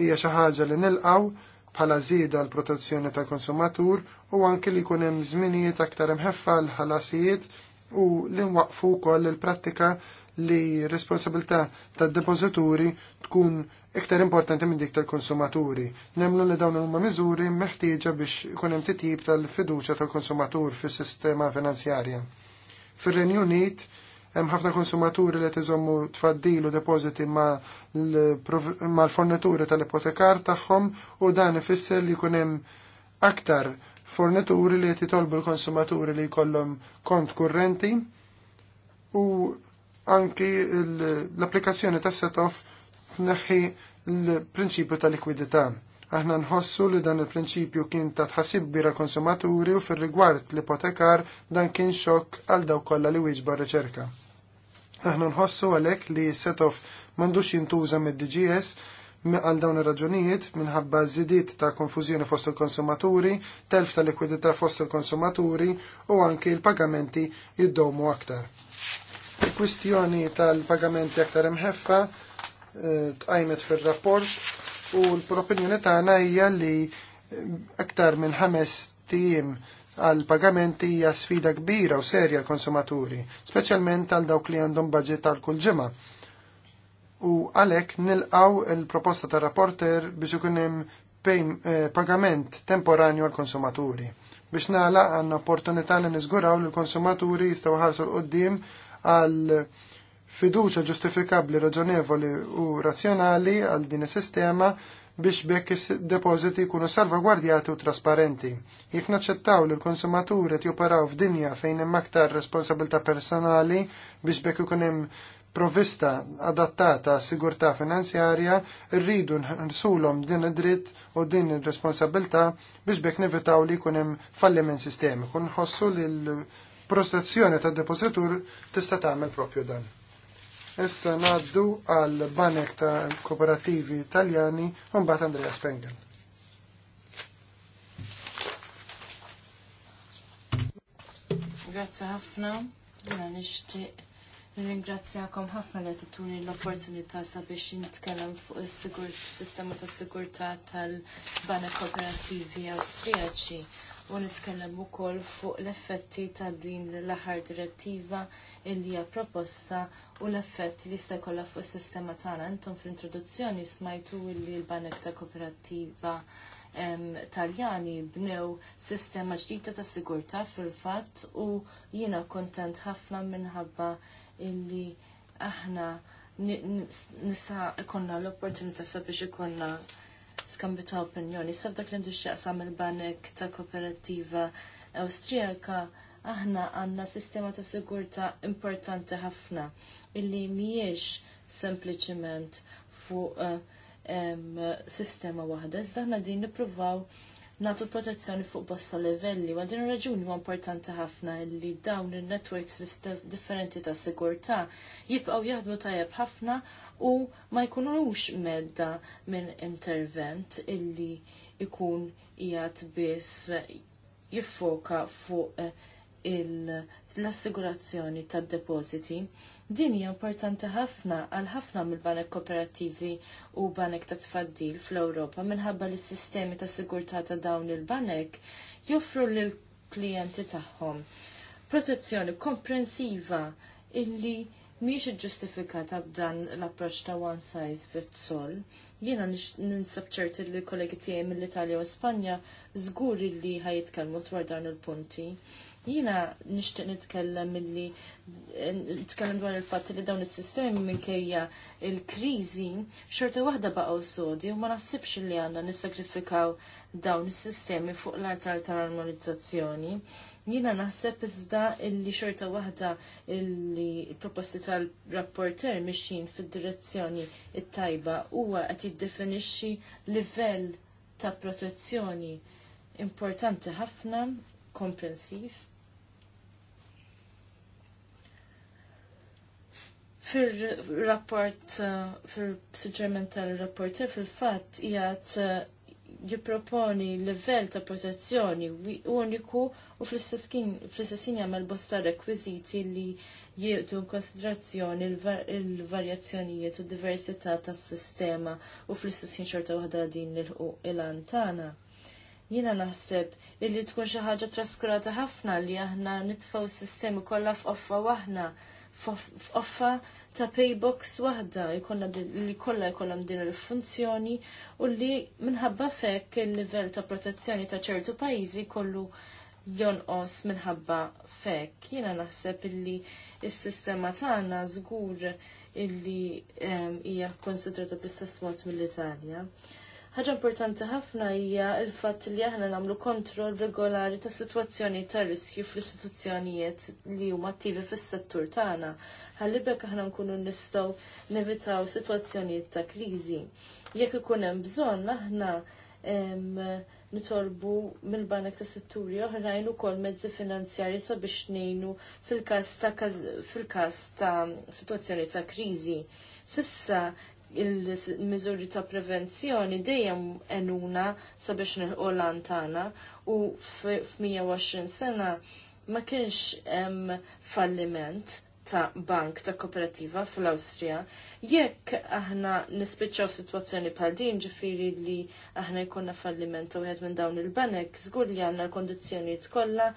hija xi ħaġa li nilqaw bħala żieda l protezzjoni tal-konsumatur u anke li jkun hemm żminijiet aktar imħeffa l ħalasijiet u li nwaqfu wkoll il-prattika il prattika li responsabilità tad depozituri tkun iktar importanti minn dik tal-konsumaturi. Nemlu li dawn huma miżuri meħtieġa biex ikun hemm titjib tal-fiduċja tal-konsumatur fis-sistema finanzjarja. Fir-Renju Unit hemm ħafna konsumaturi li tiżommu tfaddilu depożiti ma l-fornituri tal-ipotekar tagħhom u dan ifisser li jkun hemm aktar fornituri li jtitolbu l-konsumaturi li jkollhom kont kurrenti u anki l-applikazzjoni ta' set-off tneħħi l-prinċipju ta' likwidità. Aħna nħossu li dan il-prinċipju kien ta' tħassib bira konsumaturi u fil-rigward l-ipotekar dan kien xokk għal daw kollha li wieġba riċerka. Aħna nħossu għalhekk li set-off m'għandux jintuża mid-DGS għal dawn ir-raġunijiet minħabba żidiet ta' konfużjoni fost il-konsumaturi, telf ta' likwidità fost il-konsumaturi u anke il-pagamenti jiddomu aktar. Il-kwistjoni tal-pagamenti aktar imħeffa eh, tqajmet fil-rapport u l propinjoni tagħna hija li aktar minn ħames tim għal pagamenti hija sfida kbira u serja l-konsumaturi, speċjalment għal dawk li għandhom budget tal kull ġimgħa. U għalhekk nilqaw il-proposta tar rapporter biex ikun hemm eh, pagament temporanju għal konsumaturi. Biex nagħlaq għandna opportunità li niżguraw li l-konsumaturi jistgħu ħarsu l-qoddim għal fiduċa ġustifikabli raġonevoli u razzjonali għal din is-sistema biex bekk is-depożiti jkunu salvagwardjati u trasparenti. Jekk naċċettaw li l-konsumaturi qed joperaw f'dinja fejn hemm aktar responsabilità personali biex bekk ikun hemm provvista adattata sigurtà finanzjarja, rridu nsulhom din id-dritt u din ir-responsabilità biex bekk nevitaw li jkun hemm falliment sistemiku. Nħossu li l prostazzjoni tad depositur tista' tagħmel propju dan. Issa ngħaddu għal banek ta' kooperativi Taljani u mbagħad Andrea Spengel. Grazzi ħafna, jena nixtieq nirringrazzjakom ħafna li tituni l-opportunità sabiex nitkellem fuq is-sistema ta' sigurtà tal banek kooperattivi Awstrijaċi u nitkellem ukoll fuq l-effetti ta' din l-aħħar direttiva li hija proposta u l-effett li jista' jkollha fuq is-sistema tagħna. Intom fl-introduzzjoni smajtu li l-banek ta' koperattiva Taljani bnew sistema ġdida ta' sigurtà fil-fatt u jiena kontent ħafna minħabba illi aħna nista' ikonna l-opportunità sabiex ikonna skambju ta' opinjoni. Sab dak l-industrija sam il-banek ta' kooperativa Awstrijaka aħna għanna sistema ta' sigurta importanti ħafna illi miex sempliciment fuq eh, sistema waħda. Iżda aħna din nippruvaw natu protezzjoni fuq bosta livelli, Għadin din raġuni ma importanti ħafna li dawn il-networks differenti ta' sigurta jibqgħu jaħdmu tajjeb ħafna u ma jkunux medda minn intervent illi ikun jgħat biss jiffoka fuq eh, l-assigurazzjoni tad depositi Din hija importanti ħafna għal ħafna mill-banek kooperattivi u banek ta' tfaddil fl-Ewropa minħabba li s-sistemi ta' sigurtà ta' dawn il-banek joffru lill klijenti tagħhom protezzjoni komprensiva illi miex ġustifikata b'dan l-approċ ta' one size fits all. Jiena ninsab ċerti li kollegi tiegħi mill-Italja u Spanja żguri li ħajitkellmu dwar dan il-punti. Jiena nixtieq nitkellem milli nitkellem dwar il-fatt li dawn is-sistemi minkejja il-kriżi xorta waħda baqgħu sodi u ma naħsibx li għandna nissakrifikaw dawn is-sistemi fuq l artar tal-armonizzazzjoni. Jina naħseb iżda illi xorta waħda illi proposti tal-rapporter mixin fid-direzzjoni it-tajba huwa qed jiddefinixxi livell ta' protezzjoni importanti ħafna, komprensiv, fil-rapport, fil suġġerment tal-rapporter, fil-fat, jgħat jipproponi livell ta' protezzjoni uniku u fl-istessin jagħmel bosta rekwiżiti li in konsiderazzjoni il-varjazzjonijiet u diversità tas-sistema u fl-istessin xorta waħda din il-antana. Jiena naħseb illi tkun xi ħaġa traskurata ħafna li aħna nitfgħu s-sistemi kollha f'offa waħna f'offa ta' paybox waħda li kolla jkollhom din il-funzjoni u li minħabba fekk il-livell ta' protezzjoni ta' ċertu pajjiżi kollu jonqos minħabba fekk. Jiena naħseb illi s-sistema tagħna żgur illi ehm, hija konsidrata bl-istess mod mill-Italja. Ħaġa importanti ħafna hija l-fatt li aħna nagħmlu kontroll regolari ta' sitwazzjoni ta' riskju fl-istituzzjonijiet li huma attivi fis-settur tagħna. Ħalli aħna nkunu nistgħu nevitaw sitwazzjonijiet ta' kriżi. Jekk ikun hemm bżonn aħna nitolbu mill-banek ta' setturi oħrajn ukoll mezzi finanzjarji sabiex ngħinu fil-każ ta' fil-każ ta' sitwazzjoni ta' kriżi. Sissa il-mizuri ta' prevenzjoni dejjem enuna sabiex nilqu lantana u f-120 sena ma kienx hemm falliment ta' bank ta' kooperativa fl-Awstrija. Jekk aħna nispiċċaw situazzjoni bħal din ġifiri li aħna jkollna falliment ta' wieħed minn dawn il-banek, żgur li għandna l-kondizzjonijiet kollha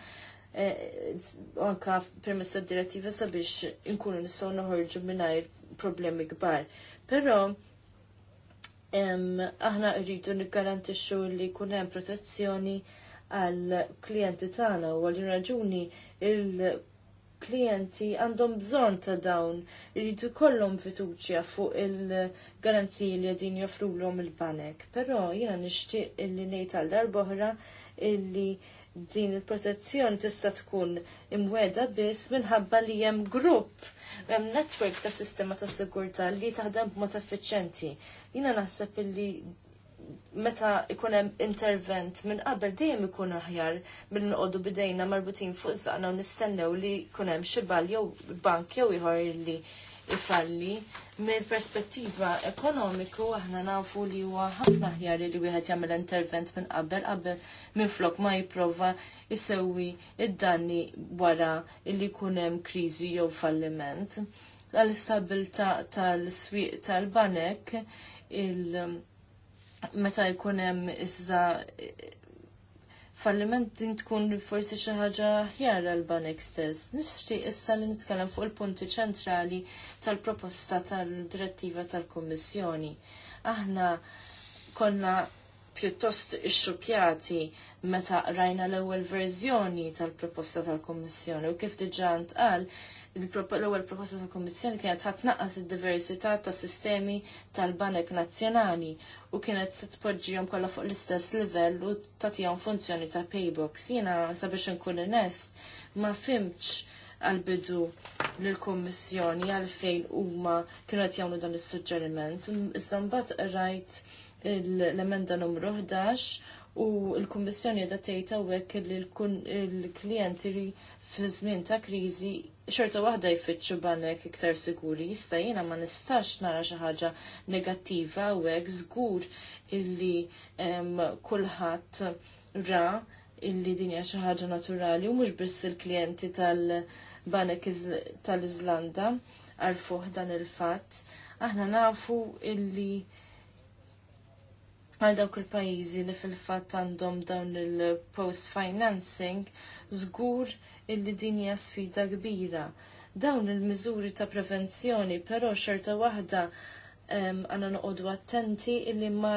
eh, anka permess tad direttiva sabiex inkunu nistgħu noħorġu mingħajr problemi kbar. Però aħna rridu niggarantixxu li jkun hemm protezzjoni għal klijenti tagħna u għal raġuni il-klijenti għandhom bżonn ta' dawn irridu kollhom fiduċja fuq il-garanziji li qegħdin joffrulhom il-banek. Però jiena nixtieq illi ngħid għal oħra illi din il-protezzjoni tista' tkun imweda biss minħabba li hemm grupp hemm netwerk ta' sistema ta' sigurtà li taħdem b'mod effiċjenti. Jiena naħseb li meta ikun hemm intervent minn qabel dejjem ikun aħjar milli noqogħdu bidejna marbutin fuq żaqna u nistennew li jkun hemm xi bal jew bank jew ieħor li ifalli mill-perspettiva ekonomiku aħna nafu li huwa ħafna ħjar li wieħed jagħmel intervent minn qabel qabel minn flok ma jipprova jsewwi id-danni wara li jkun hemm kriżi jew falliment. l istabilta tal-swieq tal-banek il- meta jkun hemm iżda falliment din tkun forsi xi ħaġa ħjar għal banek stess. Nixtieq issa li nitkellem fuq il-punti ċentrali tal-proposta tal-direttiva tal-Kummissjoni. Aħna konna pjuttost xukjati meta rajna l-ewwel verżjoni tal-proposta tal-Kummissjoni u kif diġà ntqal l-ewwel proposta tal-Kummissjoni kienet ħadd id-diversità ta' sistemi tal-Banek Nazzjonali u kienet se tpoġġihom kollha fuq l-istess livell u tagħtihom funzjoni ta' paybox. Jiena sabiex inkun onest ma fimx għal-bidu l-Kummissjoni għalfejn huma kienu qed jagħmlu dan is-suġġeriment. Iżda mbagħad rajt l-emenda numru 11 u l-Kummissjoni da tgħid hawnhekk li l li fi żmien ta' kriżi xorta waħda jfittxu banek iktar siguri, jista' jiena ma nistax nara xi ħaġa negattiva u hekk żgur illi kulħadd ra illi din hija xi ħaġa naturali u mhux biss il-klijenti tal-banek tal-Iżlanda għarfuħ dan il-fatt. Aħna nafu illi għal dawk il-pajjiżi li fil-fatt għandhom dawn il-post financing żgur illi din hija sfida kbira. Dawn il-miżuri ta' prevenzjoni però xorta waħda għanna noqogħdu attenti illi ma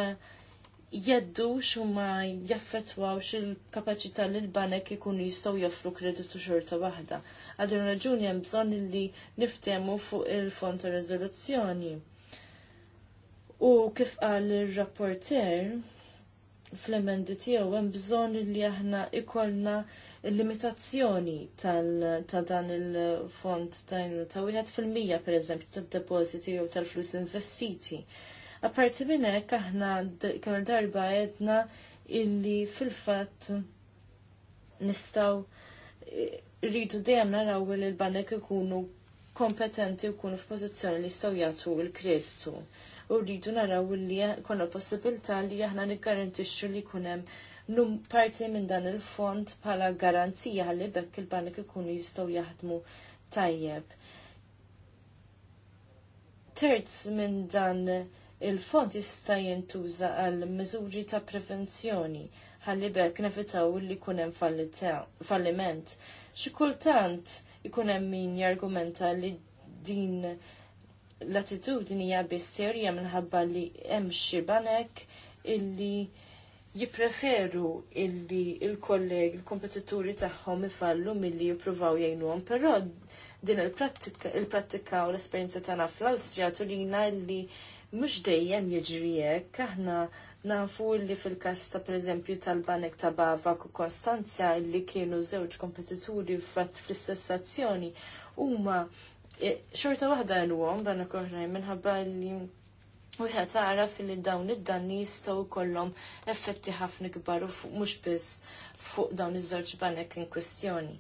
jeddux u ma jaffettwawx il-kapaċità li l-banek ikunu jistgħu joffru kreditu xorta waħda. Għadin raġuni hemm bżonn illi niftehmu fuq il-fond ta' riżoluzzjoni U kif qal il rapporter fl-emendi tiegħu hemm bżonn li aħna ikollna limitazzjoni ta' dan il-fond ta' wieħed fil-mija pereżempju tad-depożiti jew tal-flus investiti. Apparti minn hekk aħna kemm darba għedna illi fil-fatt nistgħu eh, rridu dejjem naraw li l-banek ikunu kompetenti u jkunu f'pożizzjoni li jistgħu jagħtu l-kreditu u rridu naraw li konna possibilità li aħna niggarantixxu li jkun hemm num parti minn dan il-fond bħala garanzija għalli bekk il-banek ikunu jistgħu jaħdmu tajjeb. Terz minn dan il-fond jista' jintuża għal miżuri ta' prevenzjoni ħalli bekk nefitaw li jkun hemm falliment. Xi kultant ikun hemm min jargumenta li din l-attitudni hija biss teorija minħabba li hemm xi banek illi jippreferu illi il-kolleg, il-kompetituri tagħhom ifallu milli jippruvaw jgħinuhom, però din il-prattika u l-esperjenza tagħna fl-Awstrija turina li mhux dejjem jiġri hekk aħna nafu li fil-kas ta' preżempju tal-banek ta' Bava u Konstanza li kienu żewġ kompetituri fl-istess azzjoni huma xorta waħda l wom dan ukoll minħabba li Wieħed tara li dawn id-danni jistgħu jkollhom effetti ħafna kbar u mhux biss fuq dawn iż-żewġ banek in kwestjoni.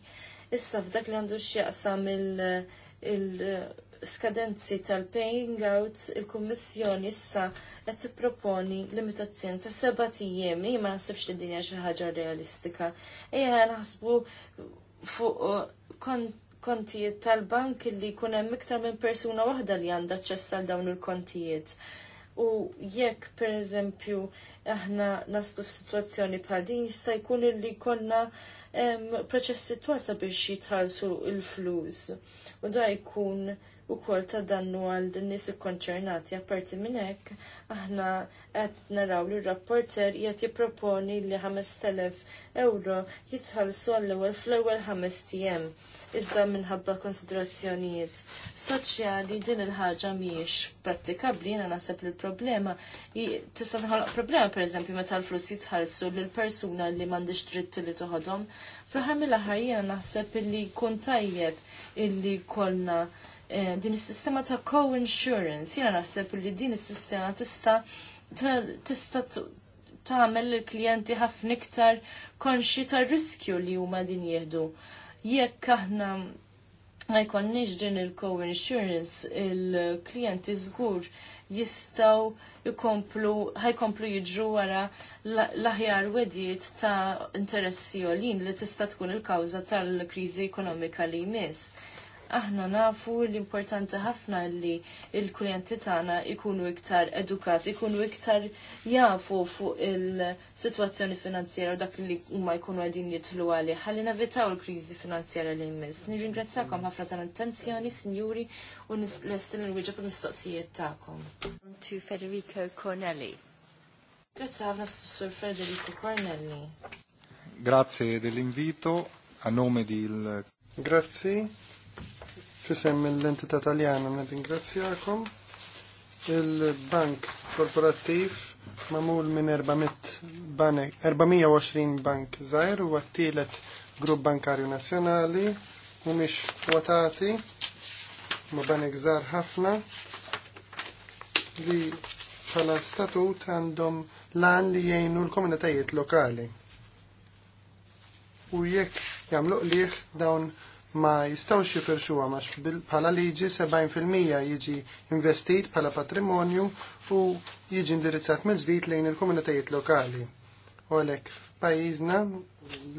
Issa f'dak li għandu x'jaqsam il-skadenzi tal-paying out, il-Kummissjoni issa qed tipproponi limitazzjoni ta' seba' tiem li ma naħsibx li dinja xi ħaġa realistika. Ejja naħsbu fuq kont kontijiet tal-bank li jkun hemm iktar minn persuna waħda li għandha aċċess għal dawn il-kontijiet. U jekk pereżempju aħna naslu f'sitwazzjoni bħal din jista' jkun li konna proċessi twasa biex jitħallsu l-flus. U da jkun u kol ta' dannu għal nis ikkonċernati. Apparti minn hekk, aħna qed naraw li r-rapporter qed jipproponi li 5,000 euro jitħallsu għall-ewwel fl-ewwel ħames tiem. Iżda minħabba konsiderazzjonijiet soċjali din il-ħaġa mhijiex prattikabbli jiena naħseb li l-problema tista' nħolq problema eżempju meta l-flus jitħallsu l persuna li m'għandix dritt li toħodhom. fraħar mill-aħħar jiena naħseb li jkun tajjeb illi kollna Eh, din is-sistema ta' co-insurance. Jiena naħseb li din is-sistema tista' tista' tagħmel il-klijenti ħafna iktar konxi tar-riskju li huma din jieħdu. Jekk aħna ma jkollniex din il-co-insurance, il-klijenti żgur jistgħu jkomplu, ħajkomplu jiġru wara l-aħjar wedjiet ta' interessi olin li tista' tkun il kawża tal-kriżi ekonomika li jmiss aħna nafu l-importanti ħafna li il klienti tagħna ikunu iktar edukati, ikunu iktar jafu fuq il-sitwazzjoni finanzjera u dak li huma jkunu għedin jitlu għali. Ħalli navitaw il-kriżi finanzjera li jmiss. Nirringrazzjakom ħafna tal attenzjoni sinjuri, u lestin il-wieġeb il-mistoqsijiet tagħkom. Tu Federico Cornelli. Grazie ħafna Sur Federico Cornelli. Grazie dell'invito a nome di il... Grazie Fisem l-entità taljana nirringrazzjakom. Il-bank korporattiv mamul minn 420 bank zaħir u għattilet grupp bankarju nazjonali u miex watati ma banek zar ħafna li bħala statut għandhom lan li jgħinu l-komunitajiet lokali. U jekk jagħmlu liħ dawn ma jistawx jifirxu għamax bħala liġi 70% jiġi investit bħala patrimonju u jiġi indirizzat mill ġdid lejn il-komunitajiet lokali. U għalhekk f'pajjiżna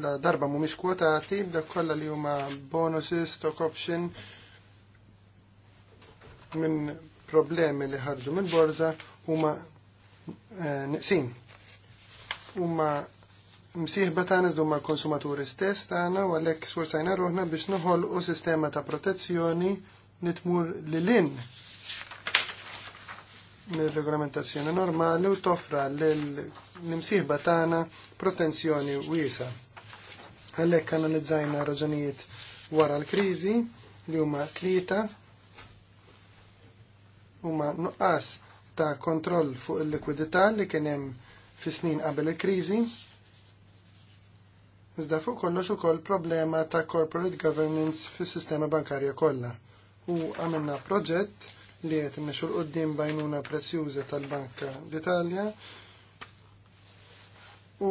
la darba mhumiex kwotati b'dak kollha li huma bonuses, stock option minn problemi li ħarġu mill borza huma eh, neqsin. Huma msieħba tagħna żdu mal konsumaturi stess tagħna u għalhekk sforzajna ruħna biex noħolqu sistema ta' protezzjoni li tmur lilin mir-regolamentazzjoni normali u toffra l-imsieħba tagħna protezzjoni wiesa. Għalhekk analizzajna raġunijiet wara l-kriżi li huma tlieta huma nuqqas ta' kontroll fuq il-likwidità li kien hemm fis snin qabel il-kriżi, Iżda fuq kollox ukoll problema ta' corporate governance fis-sistema bankarja kollha. U għamilna proġett li qed immexxu l qudiem bajnuna prezzjuża tal-Banka d'Italja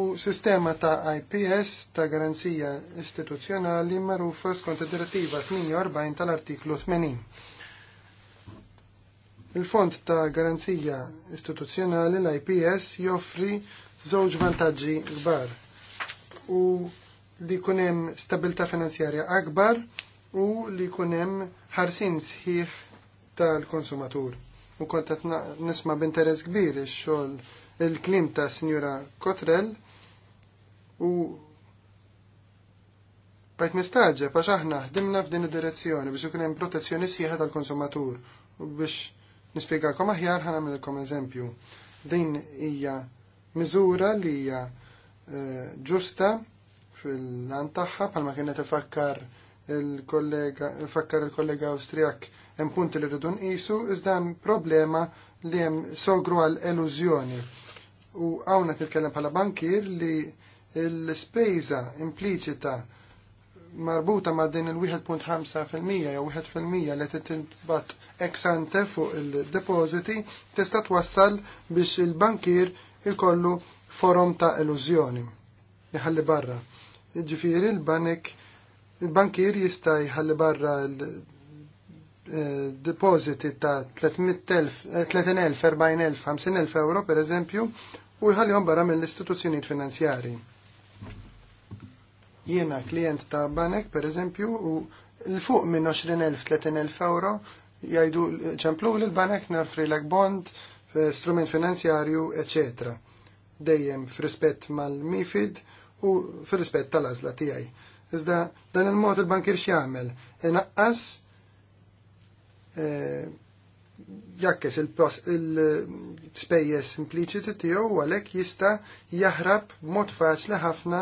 u sistema ta' IPS ta' garanzija istituzzjonali magħrufa skont id-direttiva 48 tal-artiklu 80. Il-Fond ta' Garanzija Istituzzjonali l-IPS joffri żewġ vantaġġi kbar u li kunem stabilta finanzjarja akbar u li kunem ħarsin sħiħ tal-konsumatur. U kontat nisma b'interess kbir il-xol il-klim ta' Signora Kotrell u bajt mistaġe, pax aħna ħdimna f'din id-direzzjoni biex ikun hemm protezzjoni sħiħa tal-konsumatur u biex nispjegalkom aħjar ħanamilkom eżempju. Din hija miżura li hija ġusta fil-lan tagħha bħalma kienet ifakkar il-kollega fakkar il-kollega Awstrijak hemm punti li rridu nqisu iżda hemm problema li hemm sogru għal elużjoni. U hawn qed nitkellem bħala bankier li l-spejża impliċita marbuta ma' din il-1.5% jew 1% li tintbat ex ante fuq il-depositi tista' twassal biex il-bankier ikollu forum ta' elużjoni. Jħalli barra. Ġifiri l-banek, il-bankir jista' jħalli barra eh, depositi ta' 300.000, 40.000, 50.000 euro per eżempju u jħallihom barra mill-istituzzjonijiet finanzjari. Jiena klient ta' banek per eżempju u l-fuq minn 20.000, 30.000 euro jgħidu ċemplu l-banek narfri l bond, eh, strument finanzjarju, eccetera dejjem f'rispett mal-MIFID u f'rispett tal azla tiegħi. Iżda dan il-mod il-bankir x'jagħmel inaqqas e, jakkes il-spejjeż impliċiti tiegħu għalhekk jista' jaħrab mod faċli ħafna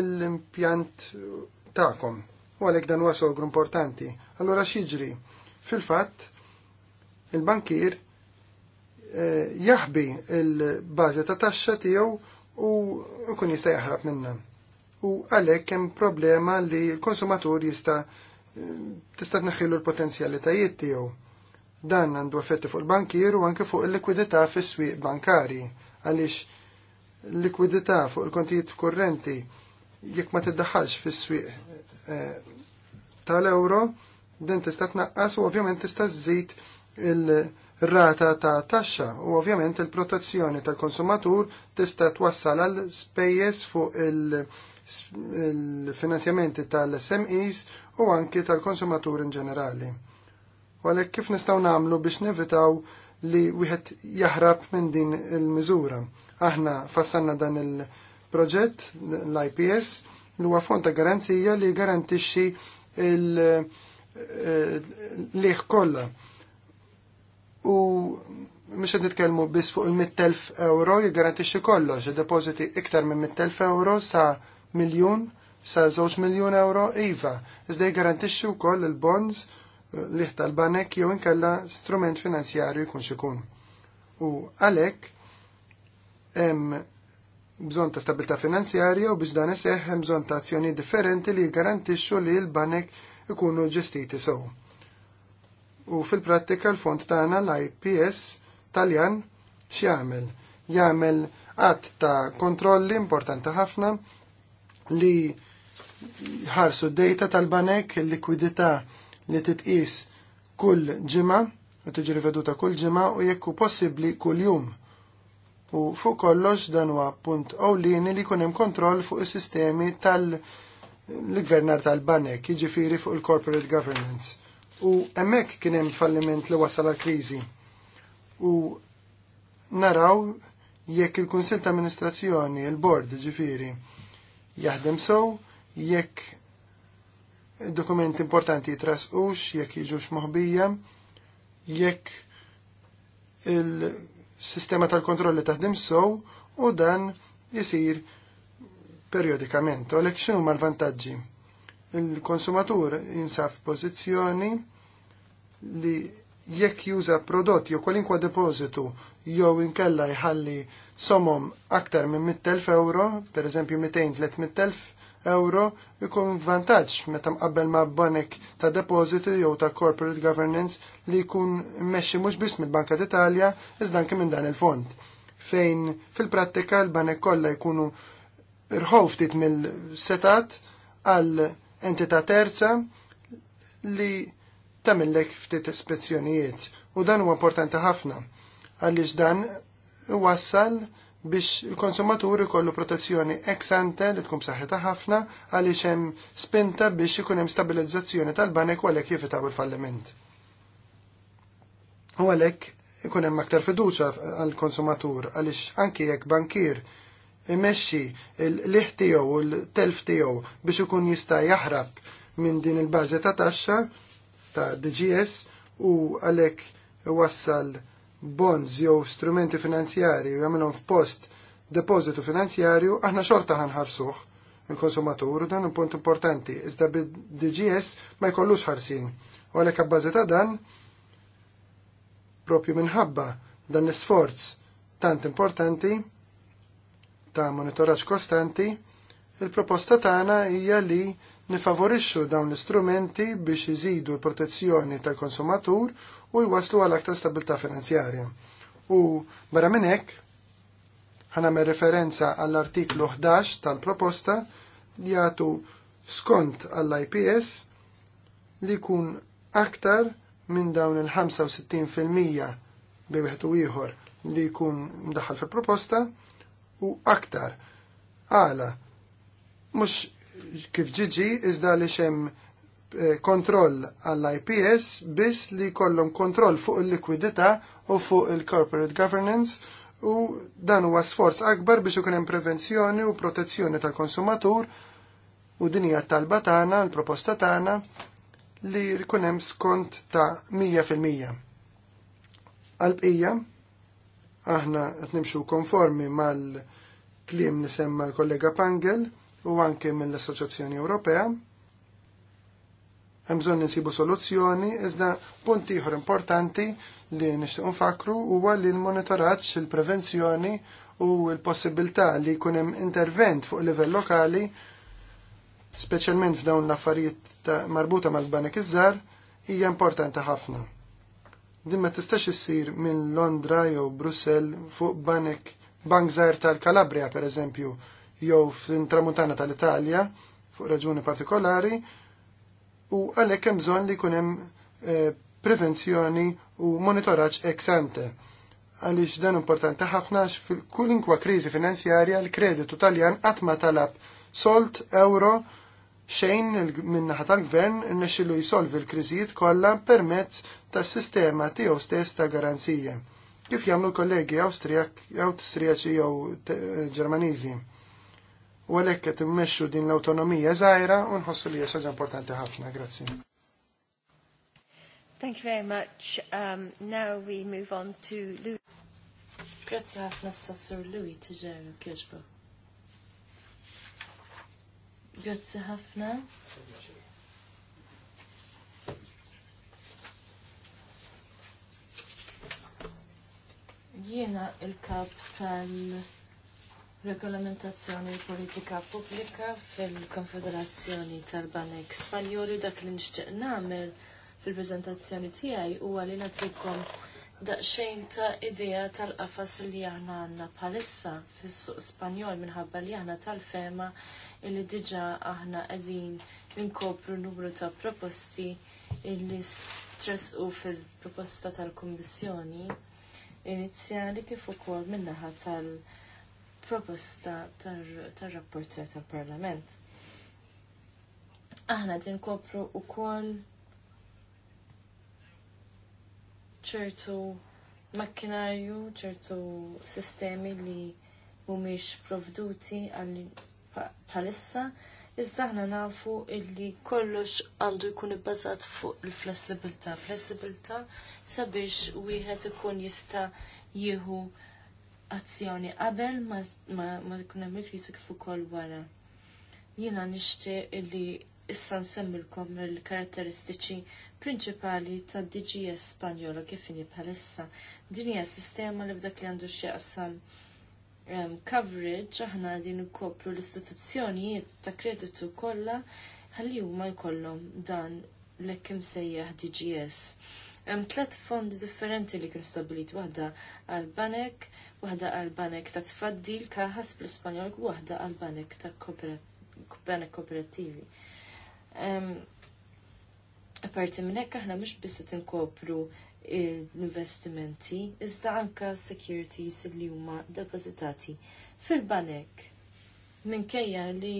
l-impjant tagħkom. U għalhekk dan huwa sogru importanti. Allura x'jiġri? Fil-fatt il-bankir jaħbi il-bażi ta' taxxa tiegħu u jkun jista' jaħrab minnha. U għalhekk hemm problema li l-konsumatur jista' tista' tneħħilu l-potenzjalitajiet tiegħu. Dan għandu effetti fuq il-bankier u anke fuq il-likwidità fis-swieq bankari għaliex l-likwidità fuq il-kontijiet kurrenti jekk ma tiddaħħalx fis-swieq eh, tal-euro din tista' tnaqqas u ovvjament tista' żżid il- rata ta' taxxa u ovvjament il-protezzjoni tal-konsumatur tista' twassal għal spejjeż fuq il-finanzjamenti tal-SMEs u anki tal-konsumatur in ġenerali. U għalhekk kif nistgħu nagħmlu biex nevitaw li wieħed jaħrab minn din il-miżura. Aħna fassanna dan il-proġett l-IPS li huwa fond ta' garanzija li garantixxi il- eh, liħ kollha u mux għed nitkelmu bis fuq il-100.000 euro jgarantixi kollox, il-depositi iktar minn 100.000 euro sa miljon sa żewġ miljon euro iva. Iżda jgarantixi u koll il-bonds eh, liħ tal-banek jew inkella strument finanzjarju jkun xikun. U għalek, hemm bżon ta' stabilta' finanzjarja u biex dan iseħ hemm bżon ta' azzjoni differenti li jgarantixxu li l-banek ikunu ġestiti sew. So U fil-prattika l-fond tagħna l-IPS Taljan x'jagħmel? Jagħmel qatt ta' kontrolli importanti ħafna li ħarsu d-dejta tal-banek, il-likwidità li titqis kull ġimgħa u tiġi riveduta kull ġimgħa u jekk possibbli kull jum. U fuq kollox dan huwa punt ewlieni li jkun hemm kontroll fuq is-sistemi tal-gvernar tal-banek, jiġifieri fuq il-corporate governance. U hemmhekk kien hemm falliment li wasal għall-kriżi. U naraw jekk il-Kunsill ta' Amministrazzjoni, il-Bord ġifiri, jaħdem sow, jekk dokumenti importanti jitrasqux, jekk jiġux moħbija, jekk il-sistema tal-kontrolli taħdem sow, u dan jisir periodikament. Olek xinu l vantaġġi il-konsumatur jinsab f'pożizzjoni li jekk juża prodott jew kwalinkwa depożitu jew inkella jħalli somom aktar minn 100.000 euro, per eżempju 200-300.000 euro, jkun vantaġġ meta mqabbel ma' banek ta' depositu jew ta' corporate governance li jkun mmexxi mhux biss mill-Banka d'Italja iżda anke minn dan il-fond. Fejn fil-prattika l-banek kollha jkunu irħow ftit mill-setat għal entità terza li tamillek ftit ispezzjonijiet u dan huwa importanti ħafna għaliex dan wassal biex il-konsumatur ikollu protezzjoni ex ante li tkun saħħita ħafna għaliex hemm spinta biex ikun hemm stabilizzazzjoni tal-banek u għalhekk jifitaw il-falliment. U għalhekk ikun hemm aktar fiduċa għall-konsumatur għaliex anki jekk bankier imexxi l-liħ tiegħu u l-telf tiegħu biex ikun jista' jaħrab minn din il-bażi ta' taxxa ta' DGS u għalhekk wassal bonds jew strumenti finanzjarji u jagħmilhom f'post depożitu finanzjarju, aħna xorta ħanħarsuh il-konsumatur u dan un punt importanti. Iżda bid-DGS ma jkollux ħarsin. U għalhekk abbażi ta' dan propju minħabba dan l-isforz tant importanti ta' monitoraġġ kostanti, il-proposta tagħna hija li nifavorixxu dawn l-istrumenti biex iżidu l-protezzjoni tal-konsumatur u jwaslu għal aktar stabilità finanzjarja. U barra minn hekk ħanamel referenza għall-artiklu 11 tal-proposta li jagħtu skont għall-IPS li jkun aktar minn dawn il-65% bi wieħed u ieħor li jkun mdaħħal fil-proposta u aktar. Għala, mux kif ġiġi iżda li xem eh, kontroll għall-IPS biss li kollom kontroll fuq il-likwidita u fuq il-corporate governance u dan huwa sforz akbar biex ikun hemm prevenzjoni u protezzjoni tal-konsumatur u din hija talba tagħna, l-proposta tagħna li jkun hemm skont ta' 100%. Għalbqija, Aħna qed nimxu konformi mal-kliem li semma l-kollega Pangel u anke mill-Assoċjazzjoni Ewropea. Hemm bżonn insibu soluzzjoni iżda punti ieħor importanti li nixtieq nfakru huwa li l-monitoraġġ il-prevenzjoni u l-possibilità li jkun hemm intervent fuq livell lokali speċjalment f'dawn l-affarijiet marbuta mal-banek iż-żar hija importanti ħafna. Din ma tistax issir minn Londra jew Brussell fuq banek Bank Zaħir tal-Kalabria pereżempju jew f'intramuntana tal-Italja fuq raġuni partikolari u għalhekk hemm bżonn li jkun hemm eh, prevenzjoni u monitoraġġ ex ante għaliex dan importanti ħafna fil-kulinkwa kriżi finanzjarja l-kreditu Taljan qatt ma talab solt euro xejn minnaħa tal-gvern nnexilu jisolvi l-kriżijiet kollha permezz tas-sistema tiegħu stess ta' garanzija, kif jagħmlu kollegi Awstrijaċi jew Ġermaniżi. U għalhekk qed immexxu din l-awtonomija żgħira u nħossu li hija importanti ħafna. Grazzi. Thank you very much. Um, now we move on to Louis. Grazie ħafna s-sassur Louis tiġeru kieġbuk. Grazzi ħafna. Jiena il-kap tal-regolamentazzjoni politika pubblika fil-Konfederazzjoni tal-Banek Spanjoli dak li nixtieq nagħmel fil-preżentazzjoni tiegħi huwa li nagħtikom daqsxejn ta' idea tal-qafas li aħna għandna bħalissa fis-suq Spanjol minħabba li aħna tal-fema illi diġa aħna qegħdin inkopru numru ta' proposti illi u fil-proposta tal-Kummissjoni inizjali kif ukoll min-naħa tal-proposta tar-rapporter tal-Parlament. Aħna din kopru kol ċertu makkinarju, ċertu sistemi li mhumiex provduti għal bħalissa, iżda aħna nafu illi kollox għandu jkun ibbażat fuq il-flessibilità. Flessibilità sabiex wieħed ikun jista' jieħu azzjoni qabel ma jkun hemm il-kriżi kif ukoll wara. Jiena nixtieq illi issa nsemmilkom il-karatteristiċi prinċipali tad DGS Spanjola kif inhi bħalissa. Din hija sistema li b'dak li għandu xi qasam Um, coverage aħna din kopru l-istituzzjonijiet ta' kreditu kollha ħalli huma jkollhom dan l-ekkim sejjaħ DGS. Hemm tliet fondi differenti li kienu stabiliti waħda għal banek, waħda għal banek ta' tfaddil kaħas bl-Ispanjol u waħda għal banek ta' banek kooperativi. Aparti minn hekk aħna mhux biss inkopru l-investimenti, iżda anka securities li huma depositati fil-banek. Minkejja li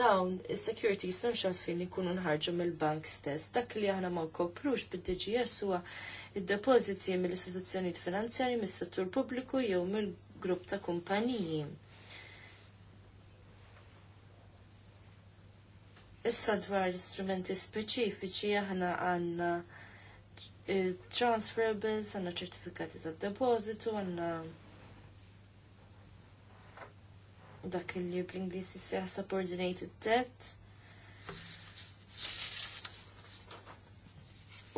dawn is-securities m'hemmx għalfejn ikunu nħarġu mill-bank stess. Dak li aħna ma nkoprux bid-DGS huwa id-depożiti mill-istituzzjonijiet finanzjarji mis-settur pubbliku jew mill-grupp ta' kumpaniji. Issa dwar l-istrumenti speċifiċi aħna għandna il-transfer bills, għanna ċertifikati ta' depositu, għanna dak li bl-Inglis jissieħ subordinated debt.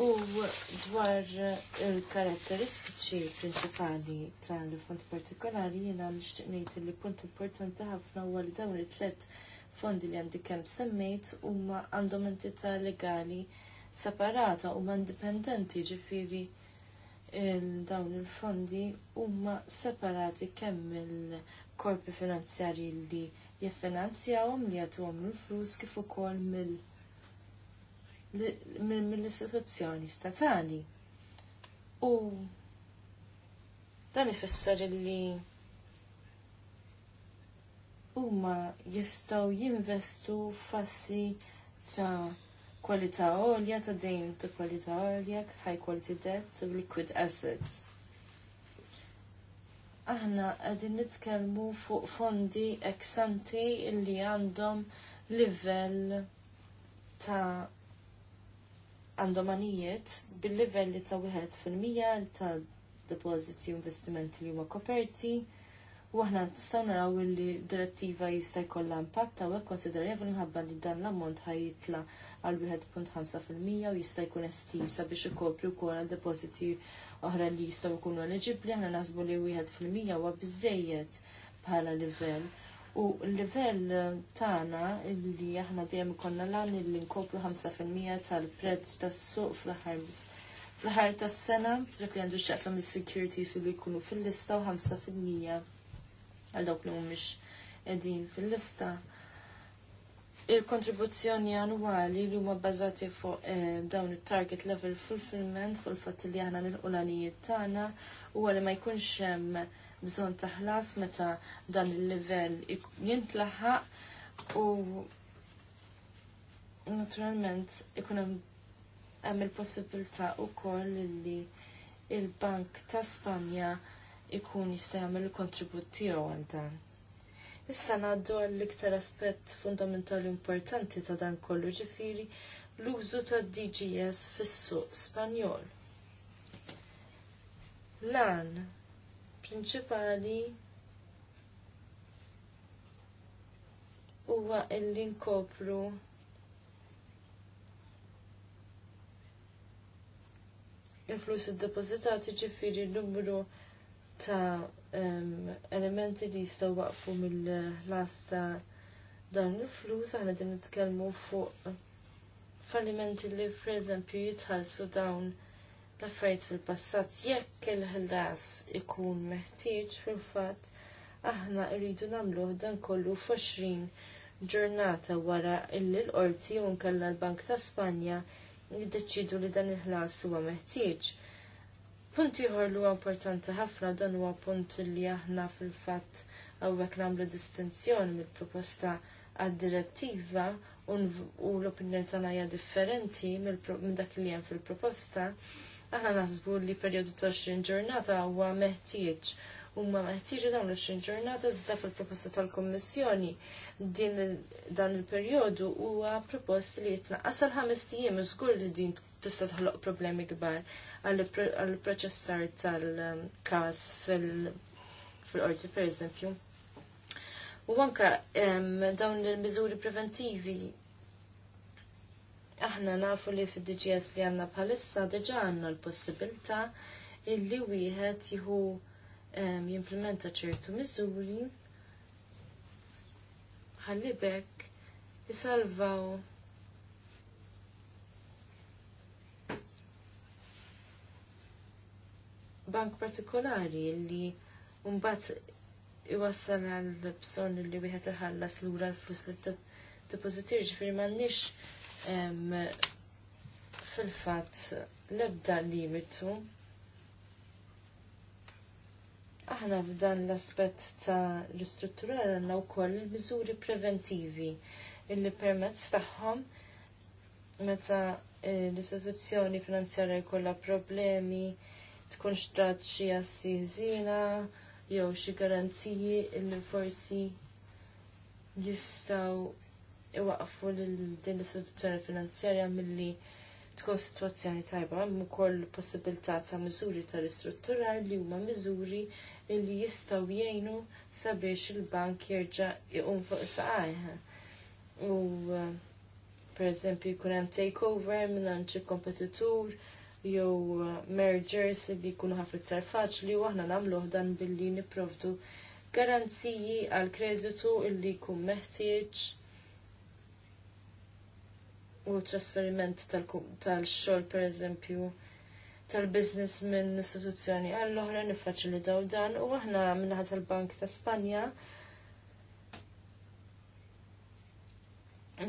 U dwar il-karatteristiċi prinċipali tal-fondi partikolari jena nishtiq ngħid li punt importanti ħafna huwa li dawn it-tlet fondi li għandi kemm semmejt huma għandhom entità legali separata huma indipendenti ġifiri dawn il-fondi huma separati kemm il korpi finanzjarji li jiffinanzjawhom li jagħtuhom il-flus kif ukoll mill-istituzzjoni statali. U dan ifisser li huma jistgħu jinvestu fassi ta' kwalità għolja ta' din ta' kwalità olja, high quality debt, liquid assets. Aħna għadin nitkellmu fuq fondi eksanti illi għandhom livell ta' għandhom għanijiet bil livelli ta' 1% ta' depositi u investimenti li huma koperti U aħna nistgħu naraw li direttiva jista' jkollha impatt hawnhekk konsiderevoli minħabba li dan l-ammont ħajitla għal 1.5% u jista' jkun estisa biex ikopri wkoll għal depożiti oħra li jistgħu jkunu eliġibbli, aħna naħsbu li wieħed fil-mija huwa biżejjed bħala livell. U l-livell tagħna li aħna dejjem ikollna lan li nkopru 5% tal-prezz tas-suq fl-aħħar fl-ħar tas-sena, dak li għandu x'aqsam is-securities li jkunu fil-lista u 5% għal dawk li mhumiex qegħdin fil-lista. Il-kontribuzzjoni annwali li huma bbażati fuq eh, dawn it-target level fulfillment fuq il-fatt li aħna nilqu l tagħna huwa li ma jkunx hemm bżonn ta' ħlas meta dan il-livell jintlaħħaq u naturalment ikun hemm hemm il-possibilità wkoll li il-Bank ta' Spanja ikun jista' jagħmel il-kontribut tiegħu għal dan. Issa ngħaddu għall iktar aspett fundamentali importanti ta' dan kollu ġifieri l-użu tad DGS fis-suq Spanjol. Lan prinċipali huwa illi nkopru il-flus id-depozitati ġifiri l-numru ta' elementi li jistgħu waqfu mill-ħlas ta' dan il-flus aħna din nitkellmu fuq fallimenti li pereżempju jitħallsu dawn l-affarijiet fil-passat jekk il-ħlas ikun meħtieġ fil-fatt aħna rridu nagħmluh dan kollu f'20 ġurnata wara illi l-qorti u nkella l-Bank ta' Spanja jiddeċidu li dan il-ħlas huwa meħtieġ. Punt ieħor li huwa importanti ħafna dan huwa punt li aħna fil-fatt hawnhekk nagħmlu distinzjoni mill-proposta għad-direttiva u l-opinjoni tagħna hija differenti minn dak li hemm fil-proposta, aħna naħsbu li perjodu ta' 20 ġurnata huwa meħtieġ. Huma meħtieġ dawn l-20 ġurnata iżda fil-proposta tal-Kummissjoni din dan il-perjodu huwa propost li jitnaqqas għal ħames ijiem iżgur li din tista' tħoloq problemi kbar għall-proċessar tal-kas fil-qorti per eżempju. U anka dawn il-miżuri preventivi aħna nafu li fil dgs li għanna bħalissa diġa għanna l-possibilta illi wieħed jieħu jimplementa ċertu miżuri ħalli bekk jisalvaw bank partikolari li mbagħad iwassal għal bżonn li wieħed iħallas lura l-flus li depozitir ġifieri m'għandniex fil-fatt l-ebda limitu. Aħna f'dan l-aspett ta' ristrutturar għandna wkoll il-miżuri preventivi illi permezz tagħhom meta eh, l-istituzzjoni finanzjarja jkollha problemi Tkun trat xi assiżina jew xi garanziji li forsi jistgħu iwaqfu lil din l-istituzzjoni finanzjarja milli tkun sitwazzjoni tajba hemm ukoll possibilità ta' miżuri ta' ristruttura li huma miżuri li jistgħu jgħinu sabiex il-bank jerġa' iqum fuq saqajh. U eh, pereżempju jkun hemm takeover minn xi kompetitur jew uh, mergers li jkunu ħafna iktar faċli u aħna nagħmluh dan billi nipprovdu garanziji għal kreditu illi jkun meħtieġ u trasferiment tal-xogħol pereżempju tal-biznis minn istituzzjoni għall-oħra niffaċilitaw dan u aħna minnaħat tal-Bank ta' Spanja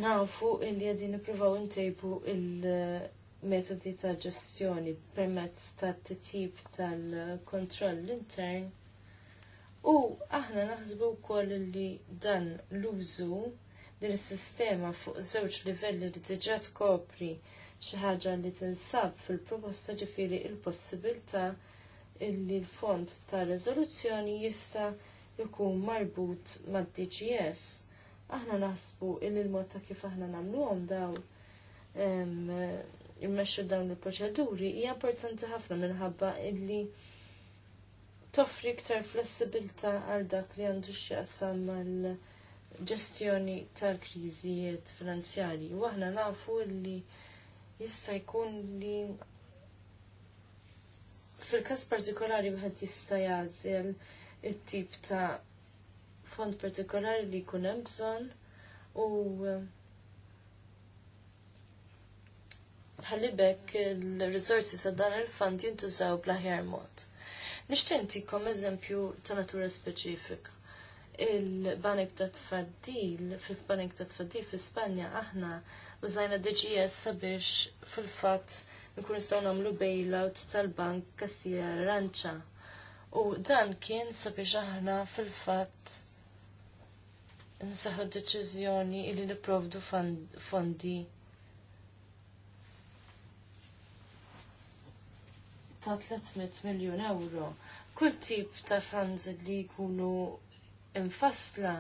nafu illi għedin niprofaw intejbu il- metodi ta' ġestjoni permezz ta' titjib tal-kontroll intern. U aħna naħsbu wkoll li dan l-użu din is-sistema fuq żewġ livelli li diġà tkopri xi ħaġa li tinsab fil-proposta ġifieri l possibilità li l-fond ta' riżoluzzjoni jista' jkun marbut mad-DGS. Aħna naħsbu li l-mod ta' kif aħna nagħmluhom dawn immexxu dawn il-proċeduri hija importanti ħafna minħabba illi toffri iktar flessibilità għal dak li għandu x'jaqsam mal ġestjoni tal-kriżijiet finanzjarji. U aħna nafu li jista' jkun li fil-każ partikolari wieħed jista' jagħżel it-tip ta' fond partikolari li jkun hemm bżonn u ħallibek il-rizorsi ta' dan il fant jintużaw blaħjar mod. kom eżempju ta' natura speċifika. Il-banek ta' tfaddil, fil-banek ta' tfaddil fi Spanja aħna użajna DGS sabiex fil-fat nkun nistgħu nagħmlu bailout tal-Bank Kastilla Ranċa. U dan kien sabiex aħna fil-fatt nsaħħu deċiżjoni li nipprovdu fondi ta' 300 miljon euro. Kull tip ta' fanz li jkunu infasla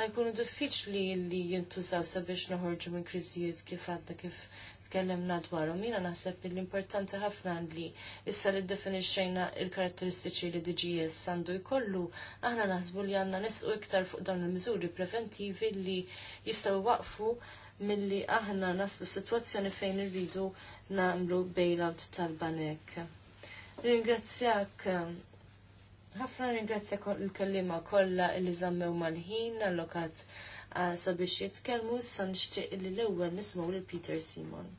ħajkunu diffiċli li jintużaw sabiex noħorġu minn kriżijiet kif għadda kif tkellimna dwarhom. Jiena naħseb li importanti ħafna li issa li ddefinixxejna il-karatteristiċi li DGS għandu jkollu, aħna naħsbu li għandna nisqu iktar fuq dawn il-miżuri preventivi li jistgħu waqfu milli aħna naslu f'sitwazzjoni fejn irridu nagħmlu bailout tal-banek. Ringrazzjak. Um, ħafna ringrazzjak il-kellima kollha li żammew mal-ħin allokat uh, sabiex jitkellmu issa nixtieq li l-ewwel nismgħu lil Peter Simon.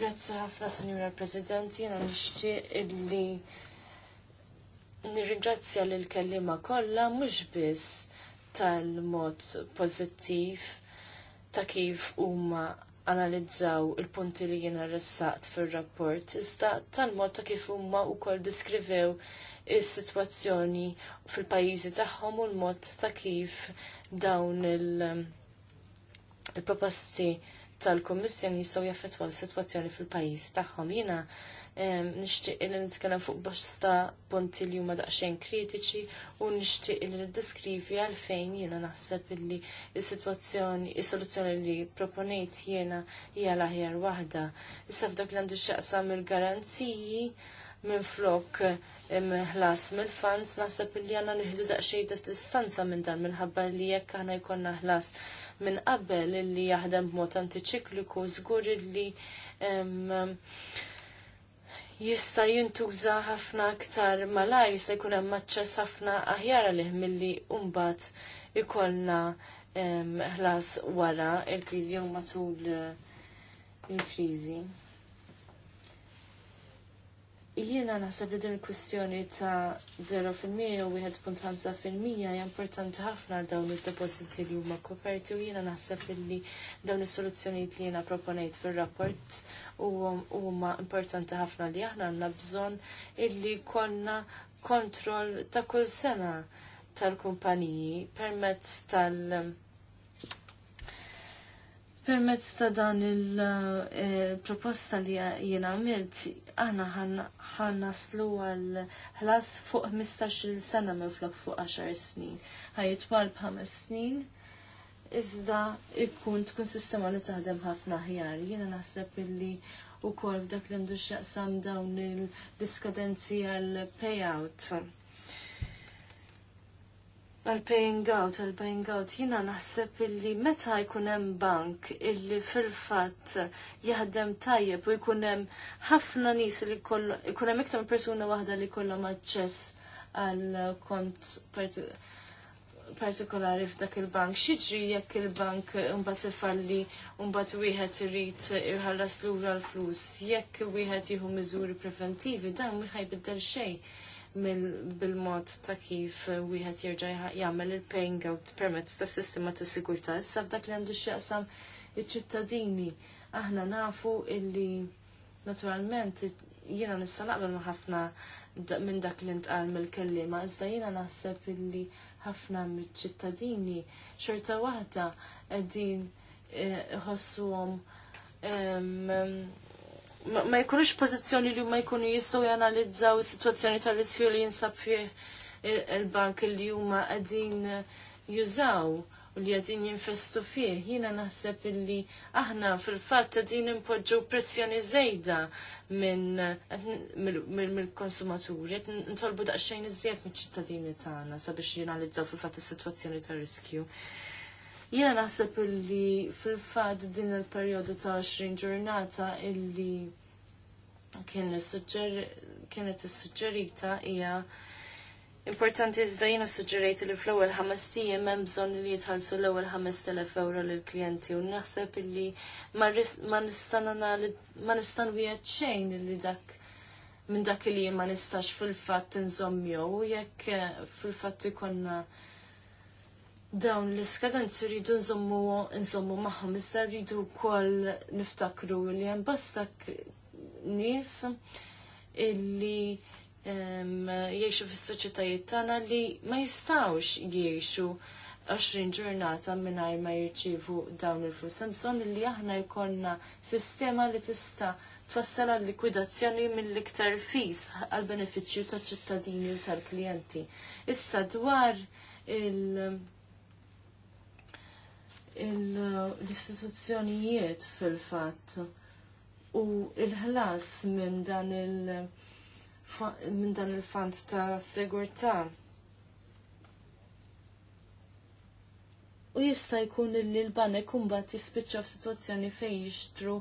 Grazzi ħafna Sinjura President, jiena nixtieq illi nirringrazzja l kellima kollha mhux biss tal-mod pożittiv ta' kif huma analizzaw il-punti li jiena ressaqt fir rapport iżda tal-mod ta' kif huma wkoll diskrivew is-sitwazzjoni fil-pajjiżi tagħhom u l-mod ta' kif dawn il-proposti tal-Kummissjoni jistgħu jaffettwaw is-sitwazzjoni fil-pajjiż tagħhom. Jiena nixtieq li nitkellem fuq bosta punti li huma daqsxejn kritiċi u nixtieq li niddiskrivi għalfejn jiena naħseb illi is-sitwazzjoni is-soluzzjoni li proponejt jiena hija l-aħjar waħda. Issa f'dak li għandu x'jaqsam il-garanziji minn flok ħlas mill-fans naħseb illi għandna nieħdu daqsxejn distanza minn dan minħabba li jekk aħna jkollna ħlas minn qabel illi jaħdem b'mod antiċikliku żgur illi jista' jintuża ħafna aktar malajr, jista' jkun hemm aċċess ħafna aħjar għalih milli mbagħad ikollna ħlas wara l kriżi jew matul eh, il-kriżi. Jiena naħseb li din il-kwistjoni ta' 0% u 1.5% hija importanti ħafna għal dawn id-depositi li huma koperti u jiena naħseb li dawn is-soluzzjonijiet li jiena proponejt fir-rapport huma importanti ħafna li aħna għandna bżonn illi konna kontroll ta' kull sena tal-kumpaniji permezz tal- Permezz ta' dan il-proposta eh, li jiena għamilt aħna slu għal ħlas fuq 15 sena miflok fuq 10 snin. Ħajitwal b'ħames snin, iżda ikkun tkun sistema li taħdem ħafna ħjar. Jiena naħseb illi u kol f'dak li għandu xaqsam dawn il-diskadenzi għal payout għal-paying out, għal-paying out, jina naħseb illi meta jkun hemm bank illi fil-fatt jaħdem tajjeb u jkun hemm ħafna nies li kollu jkun hemm iktar persuna waħda li kollu aċċess għal kont partikolari f'dak il-bank, xiġri jekk il-bank mbagħad ifalli mbagħad wieħed irrit irħallas lura l-flus, jekk wieħed jieħu miżuri preventivi, dan mhux ħajbiddel xejn minn bil-mod ta' kif wieħed jerġa' jagħmel il-paying out permezz tas sistema ta' sigurtà. Issa f'dak li għandu x'jaqsam iċ-ċittadini aħna nafu illi naturalment jiena nista' naqbel ma' ħafna minn dak li ntqal mill-kellima, iżda jiena naħseb illi ħafna mill-ċittadini xorta waħda qegħdin eh, iħossuhom ma jkunux pożizzjoni li huma jkunu jistgħu janalizzaw is-sitwazzjoni tal-riskju li jinsab fih il-bank li huma qegħdin jużaw u li qegħdin jinfestu fih. Jiena naħseb illi aħna fil-fatt qegħdin impoġġu pressjoni żejda mill-konsumaturi, qed ntolbu daqsxejn iżjed miċ-ċittadini tagħna sabiex jinalizzaw fil-fatt is-sitwazzjoni tar-riskju. Jiena naħseb illi fil-fad din il-perjodu ta' 20 ġurnata illi kienet s-sugġerita hija Importanti iżda jiena suġġerejt li fl-ewwel ħames tiem hemm bżonn li jitħallsu l-ewwel ħames telef euro lill-klijenti u naħseb illi ma nistan wieħed xejn li dak minn dak li ma nistax fil-fatt inżomm jew jekk fil-fatt ikonna dawn l-iskadenzi rridu nżommu nżommu magħhom iżda rridu wkoll niftakru li hemm bosta nis illi jgħixu fis-soċjetajiet tagħna li ma jistawx jgħixu 20 ġurnata mingħajr ma jirċievu dawn il-flus. Hemm illi li aħna jkollna sistema li tista' twassal l likwidazzjoni mill-iktar fis għal benefiċċju taċ ċittadini u tal-klijenti. Issa dwar il- l-istituzzjonijiet fil-fatt u il-ħlas minn dan il- fant ta' segurtà. U jista' jkun li l-banek kumbat jispiċċa f'sitwazzjoni fejn jixtru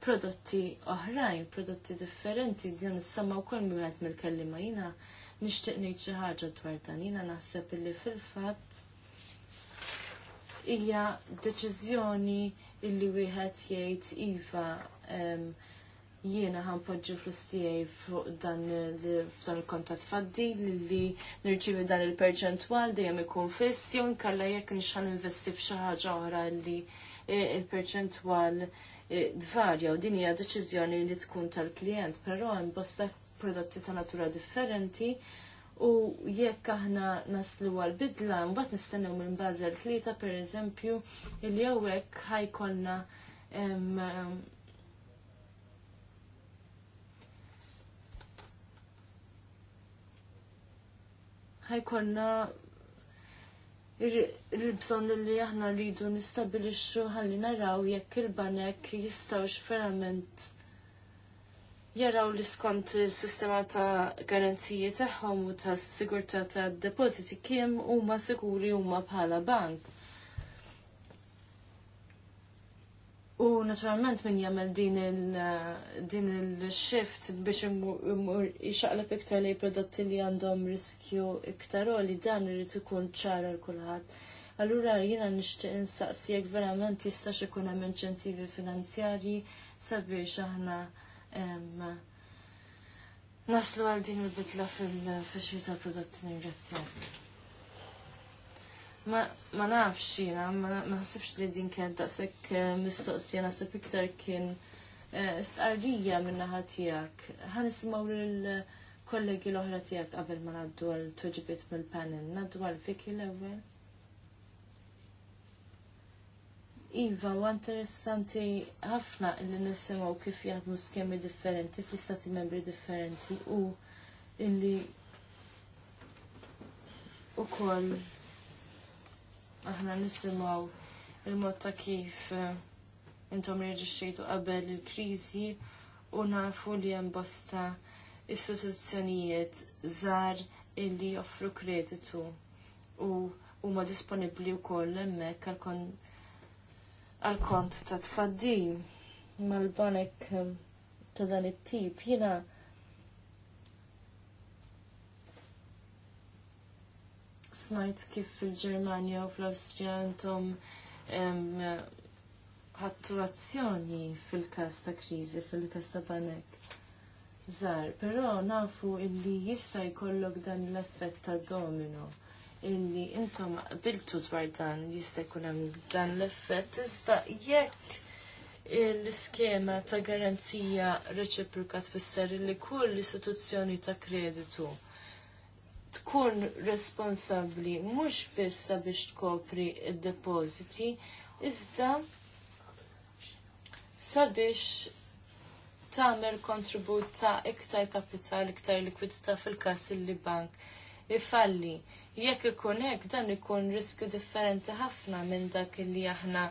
prodotti oħrajn, prodotti differenti, din nissamma wkoll minn mill-kellima jiena nixtieq ngħid xi ħaġa dwar dan jina naħseb illi fil-fatt ija deċiżjoni illi wieħed jgħid iva jiena ħan flus tiegħi fuq dan f'dan il-kontat faddi li nirċivi dan il-perċentwal dejjem ikun fiss jew inkalla jekk nixħan investi f'xi ħaġa oħra li e, il-perċentwal dvarja e, u din hija deċiżjoni li tkun tal-klijent, però hemm bosta prodotti ta' natura differenti u jekk aħna naslu għal-bidla, mbagħad nistennew minn Basel tlieta pereżempju li hawnhekk ħajkonna ħajkonna il-bżon li aħna rridu nistabilixxu ħalli naraw jekk il-banek jistgħux verament jaraw li skont is sistema ta' garanziji tagħhom u ta' sigurtà ta' depositi kemm huma sikuri huma bħala bank. U naturalment min jagħmel din il-shift biex imur iktar li prodotti li għandhom riskju iktar li dan irid ikun ċara l kulħadd. Allura jiena nixtieq insaqsi jekk verament jistax ikun hemm inċentivi finanzjarji sabiex aħna naslu għal din il-bidla fil-fisċi tal-prodotti ningrazzjak. Ma nafx jina, ma nasibx li din kien daqsek eh, mistoqsija, nasib iktar kien istqarrija eh, minnaħa tijak. Għan ismaw l-kollegi l-oħra tijak qabel ma naddu għal tuġbiet mill-panel, naddu għal fiki l-ewel. Iva, u interessanti ħafna illi nisimaw kif jaħdmu skemi differenti fl-istati membri differenti u illi u koll aħna nisimaw il-mod ta' kif eh, intom reġistrejtu qabel il-krizi u nafu li hemm bosta istituzzjonijiet żgħar illi joffru kreditu u huma disponibbli wkoll hemmhekk għal għal kont ta' tfaddim mal-banek um, ta' dan it-tip. Jina smajt kif fil-Germania u fl-Austria jentom um, ħattu azzjoni fil-kas ta' krizi, fil-kas ta' banek. Zar, pero nafu illi jista' jkollok dan l-effett ta' domino illi intom biltu dwar dan jista' jkun hemm dan l-effett iżda jekk l-iskema ta' garanzija reċiproka tfisser li kull istituzzjoni ta' kreditu tkun responsabbli mhux biss sabiex tkopri id-depożiti, iżda sabiex tagħmel kontribut ta' iktar kapital, iktar likwidità fil-każ li bank ifalli. E jekk ikun hekk dan ikun riskju differenti ħafna minn dak li aħna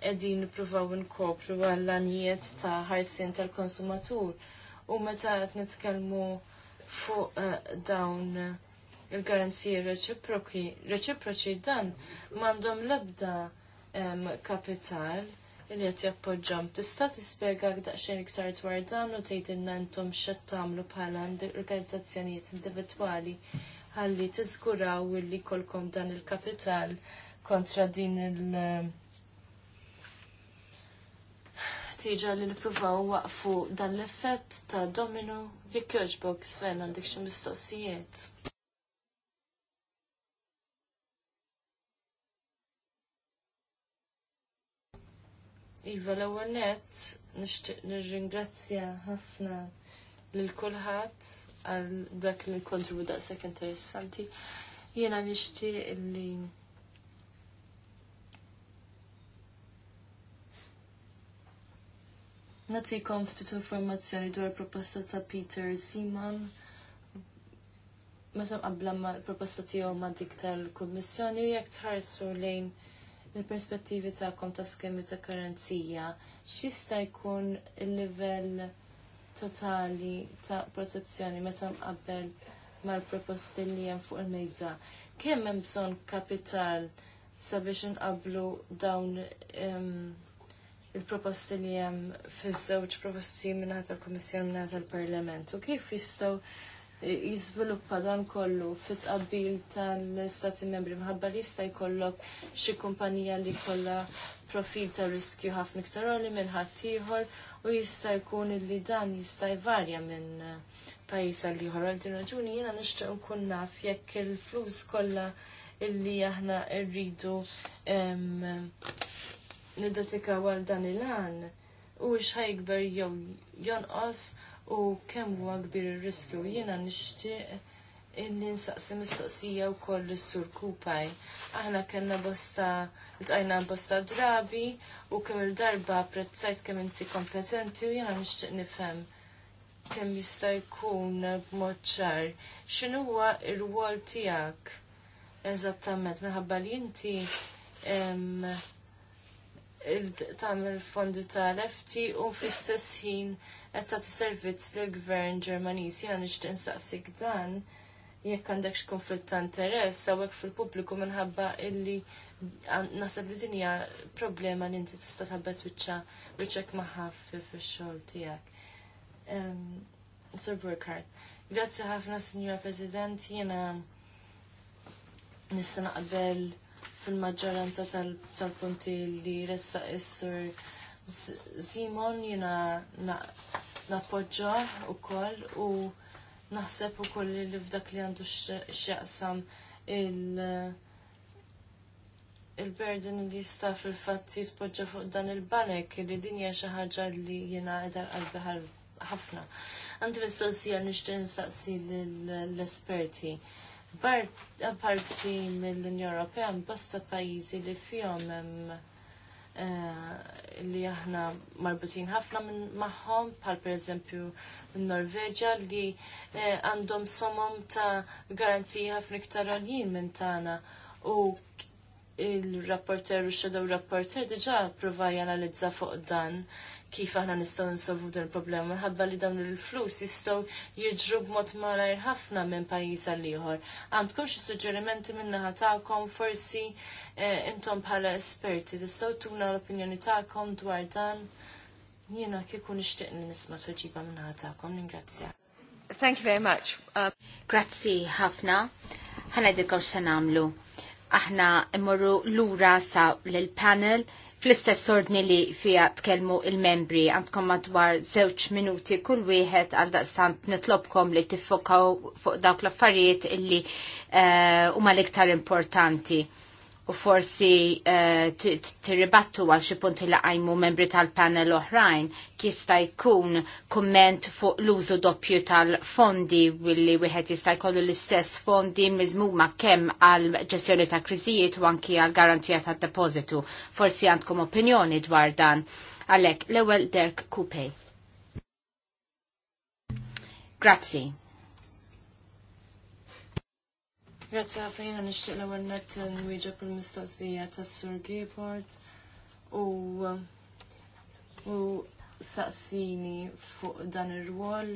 qegħdin nippruvaw inkopru għall-anijiet ta' ħarsien tal-konsumatur. U meta qed nitkellmu fuq eh, dawn il-garanziji reċiproċi dan m'għandhom l-ebda kapital li qed jappoġġom. Tista' tispjega daqsxejn iktar dwar dan u tgħidilna intom x'qed tagħmlu bħala organizzazzjonijiet individwali ħalli tiżguraw li kolkom dan il-kapital kontra din il- tiġa li nipruvaw waqfu dan l-effett ta' domino jekk joġbok Sven għandek xi mistoqsijiet. Iva l-ewwel nett nixtieq nirringrazzja ħafna lil kulħadd għal dak li kontru daqshekk interessanti. Jiena nixtieq li Natikom ftit informazzjoni dwar proposta ta' Peter Zeman. Meta qabla ma' proposta tiegħu ma' dik tal-Kummissjoni jekk tħarsu lejn il-perspettivi tagħkom ta' skemi ta' karanzija, x'jista' jkun il-livell totali ta' protezzjoni meta mqabbel mal-proposti li hemm fuq il-mejda. Kemm hemm bżonn kapital sabiex inqablu dawn il-proposti li hemm fiż-żewġ proposti minn tal-Kummissjoni minn tal-Parlament u kif jistgħu jizviluppa dan kollu fit qabbil tal-Stati Membri mħabba li jista' jkollok xi kumpanija li kollha profil ta' riskju ħafna iktar għoli minn ħaddieħor u jista' jkun li dan jista' jvarja minn pajjiż għal ieħor għal din raġuni jiena nixtieq nkun naf jekk il-flus kollha illi aħna rridu nidatika għal dan il-għan u xħajgber jew jonqos u kemm huwa kbir ir-riskju. Jiena nixtieq illi nsaqsi mistoqsija wkoll is-Sur Kupaj. Aħna kellna bosta ltqajna bosta drabi u kemm il-darba apprezzajt kemm inti kompetenti u jiena nixtieq nifhem kemm jista' jkun b'mod ċar. X'inhuwa r-rwol tiegħek? Eżattament, minħabba li inti tagħmel fondi tal ft u fl-istess ħin qed t servizz lill gvern Ġermaniż jiena nixtieq insaqsik dan jekk għandekx konflitt ta' interess sawek fil-pubbliku minħabba illi naħseb li din hija problema li inti tista' tabbet wiċċa wiċċek magħha fix-xogħol tiegħek. Sir Burkhardt, grazzi ħafna Sinjura President, jiena nista' naqbel fil-maġġoranza tal-punti li ressaq is-sur Simon jina napoġġaħ u koll u naħseb u koll li f'dak li għandu xieqsam il- il-burden li jista fil-fatt jitpoġġa fuq dan il-banek li din hija xi ħaġa li jiena qedar qalbi ħafna. Għandi mistoqsija nixtieq insaqsi l-esperti. Parti mill-Unjon Ewropea bosta pajjiżi li fihom hemm Eh, li aħna marbutin ħafna minn maħħom, pal per eżempju Norveġa li eh, għandhom somom ta' garanzija ħafna iktar għaljin minn tagħna. U il-rapporter u xedaw rapporter diġa provaj analizza fuq dan kif aħna nistgħu nsolvu din il-problema minħabba li dawn il-flus jistgħu jiġru b'mod malajr ħafna minn pajjiż għal ieħor. Għandkom xi suġġerimenti min-naħa tagħkom forsi eh, intom bħala esperti tistgħu tuna l-opinjoni tagħkom dwar dan. Jiena kieku nixtieq nisma' tweġiba minn naħa tagħkom. Ningrazzja. Thank you very much. Uh, Grazzi ħafna. Ħanedilkom x'se nagħmlu. Aħna immorru lura sa lill-panel fl-istess ordni li fija tkellmu il-membri għandkom madwar żewġ minuti kull wieħed għal daqstant nitlobkom li tiffokaw fuq dawk l-affarijiet illi eh, huma uh, l-iktar importanti u forsi eh, t-ribattu għal xi punti għajmu membri tal-panel oħrajn jista' jkun komment fuq l-użu doppju tal-fondi willi wieħed jista' jkollu l-istess fondi miżmuma kemm għal ġessjoni ta' kriżijiet u anki għal garantija tad depożitu. Forsi għandkom opinjoni dwar dan. Għalhekk l-ewwel Dirk Kupej. Grazzi. a fejna nixtieq l net nett nwieġeb il-mistoqsija tas-Sur Gayport u u saqsini fuq dan ir-rwol.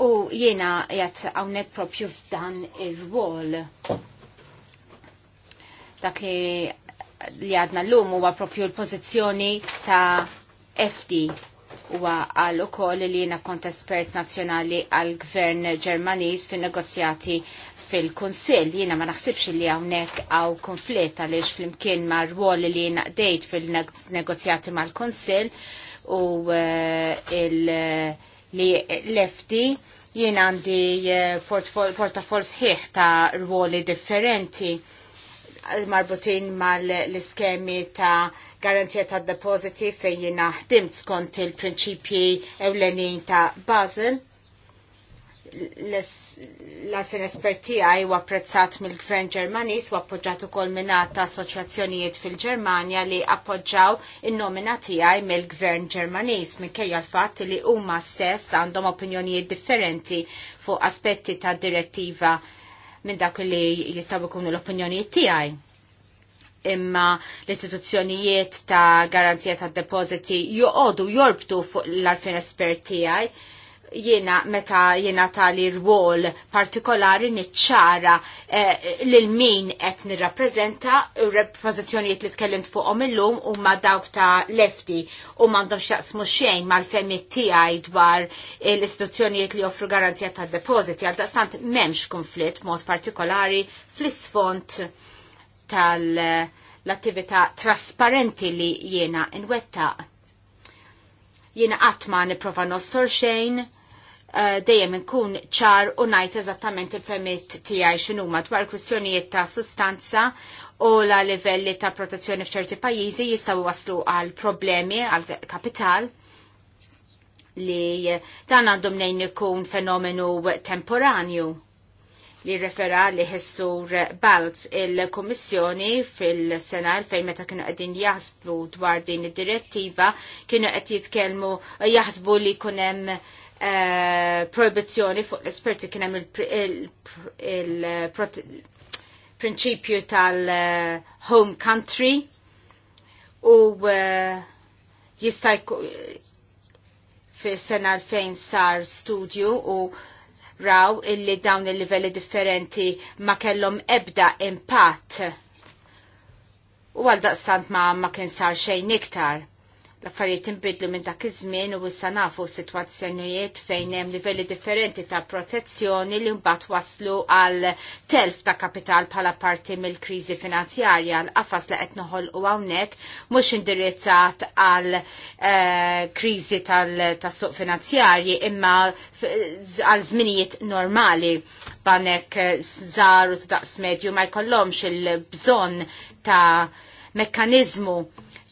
U jiena jgħat għawnek propju f'dan ir-rwol. Dak li li għadna l-lum huwa propju l-pożizzjoni ta' FD u għal u koll li jena kont espert nazjonali għal gvern ġermaniż fin negozjati fil-konsil. Jena ma naħsibx li għawnek għaw konflitt għalix fl-imkien ma rwol li jena dejt fil-negozjati mal-konsil u eh, li lefti jien għandi eh, portafol sħiħ ta' rwoli differenti eh, marbutin mal-iskemi ta' garanzija ta' depositi fejn jina ħdimt skont il-prinċipji ewlenin ta' Basel. L-arfin esperti għaj u apprezzat mill-gvern ġermanis u appoġġat u kol ta' assoċjazzjonijiet fil-ġermania li appoġġaw il-nomina għaj mill-gvern ġermanis minkejja l-fat li huma stess għandhom opinjonijiet differenti fuq aspetti ta' direttiva minn dak li jistaw ikunu l-opinjonijiet tijaj imma l-istituzzjonijiet ta' garanzija ta' depositi joqodu jorbtu fuq l-arfin espert tiegħi jiena meta jiena tali rwol partikolari niċċara eh, lil min qed nirrappreżenta u rappreżentazzjonijiet li tkellimt fuqhom illum huma dawk ta' lefti u m'għandhom x'jaqsmu xejn mal-femmiet tiegħi dwar l-istituzzjonijiet li offru garanzija tad depoziti għal daqstant m'hemmx konflitt mod partikolari fl-isfont tal-attività trasparenti li jiena inwetta. Jiena għatma niprofa nostor xejn, eh, dejjem nkun ċar u najt eżattament il-femit tiegħi x'inhuma dwar kwistjonijiet ta' sustanza u la livelli ta' protezzjoni f'ċerti pajjiżi jistgħu waslu għal problemi għal kapital li dan għandhom nejn ikun fenomenu temporanju li refera li ħessur Balz il-Kommissjoni fil-sena fejn meta kienu qegħdin jaħsbu dwar din id-direttiva kienu qed jitkellmu jaħsbu li kunem uh, eh, proibizzjoni fuq l-esperti kien hemm il-prinċipju il, il, tal-home country u uh, jista' fi sena 2000 sar studju u raw illi dawn il-livelli differenti ma kellhom ebda impatt. U għal daqstant ma, ma kien sar xejn iktar. L-affarijiet inbidlu minn dak iż-żmien u issa nafu sitwazzjonijiet fejn hemm livelli differenti ta' protezzjoni li mbagħad waslu għal telf ta' kapital bħala parti mill-kriżi finanzjarja l-qafas li qed noħolqu hawnhekk mhux indirizzat għal eh, kriżi tas-suq finanzjarji imma għal żminijiet normali banek eh, żgħar u daqs medju ma jkollhomx il-bżonn ta' mekkaniżmu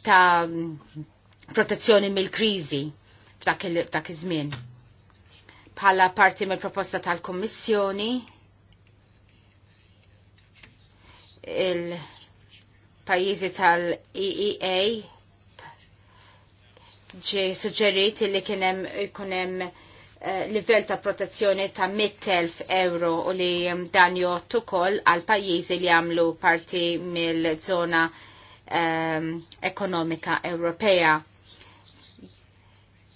ta' protezzjoni mill-kriżi f'dak iż-żmien. Bħala parti mill-proposta tal-Kummissjoni il-pajjiżi tal-EEA ġi suġġerit li kien hemm ikun hemm eh, livell ta' protezzjoni ta' 100.000 euro u li dan jott ukoll għal pajjiżi li għamlu parti mill-żona um, ehm, ekonomika Ewropea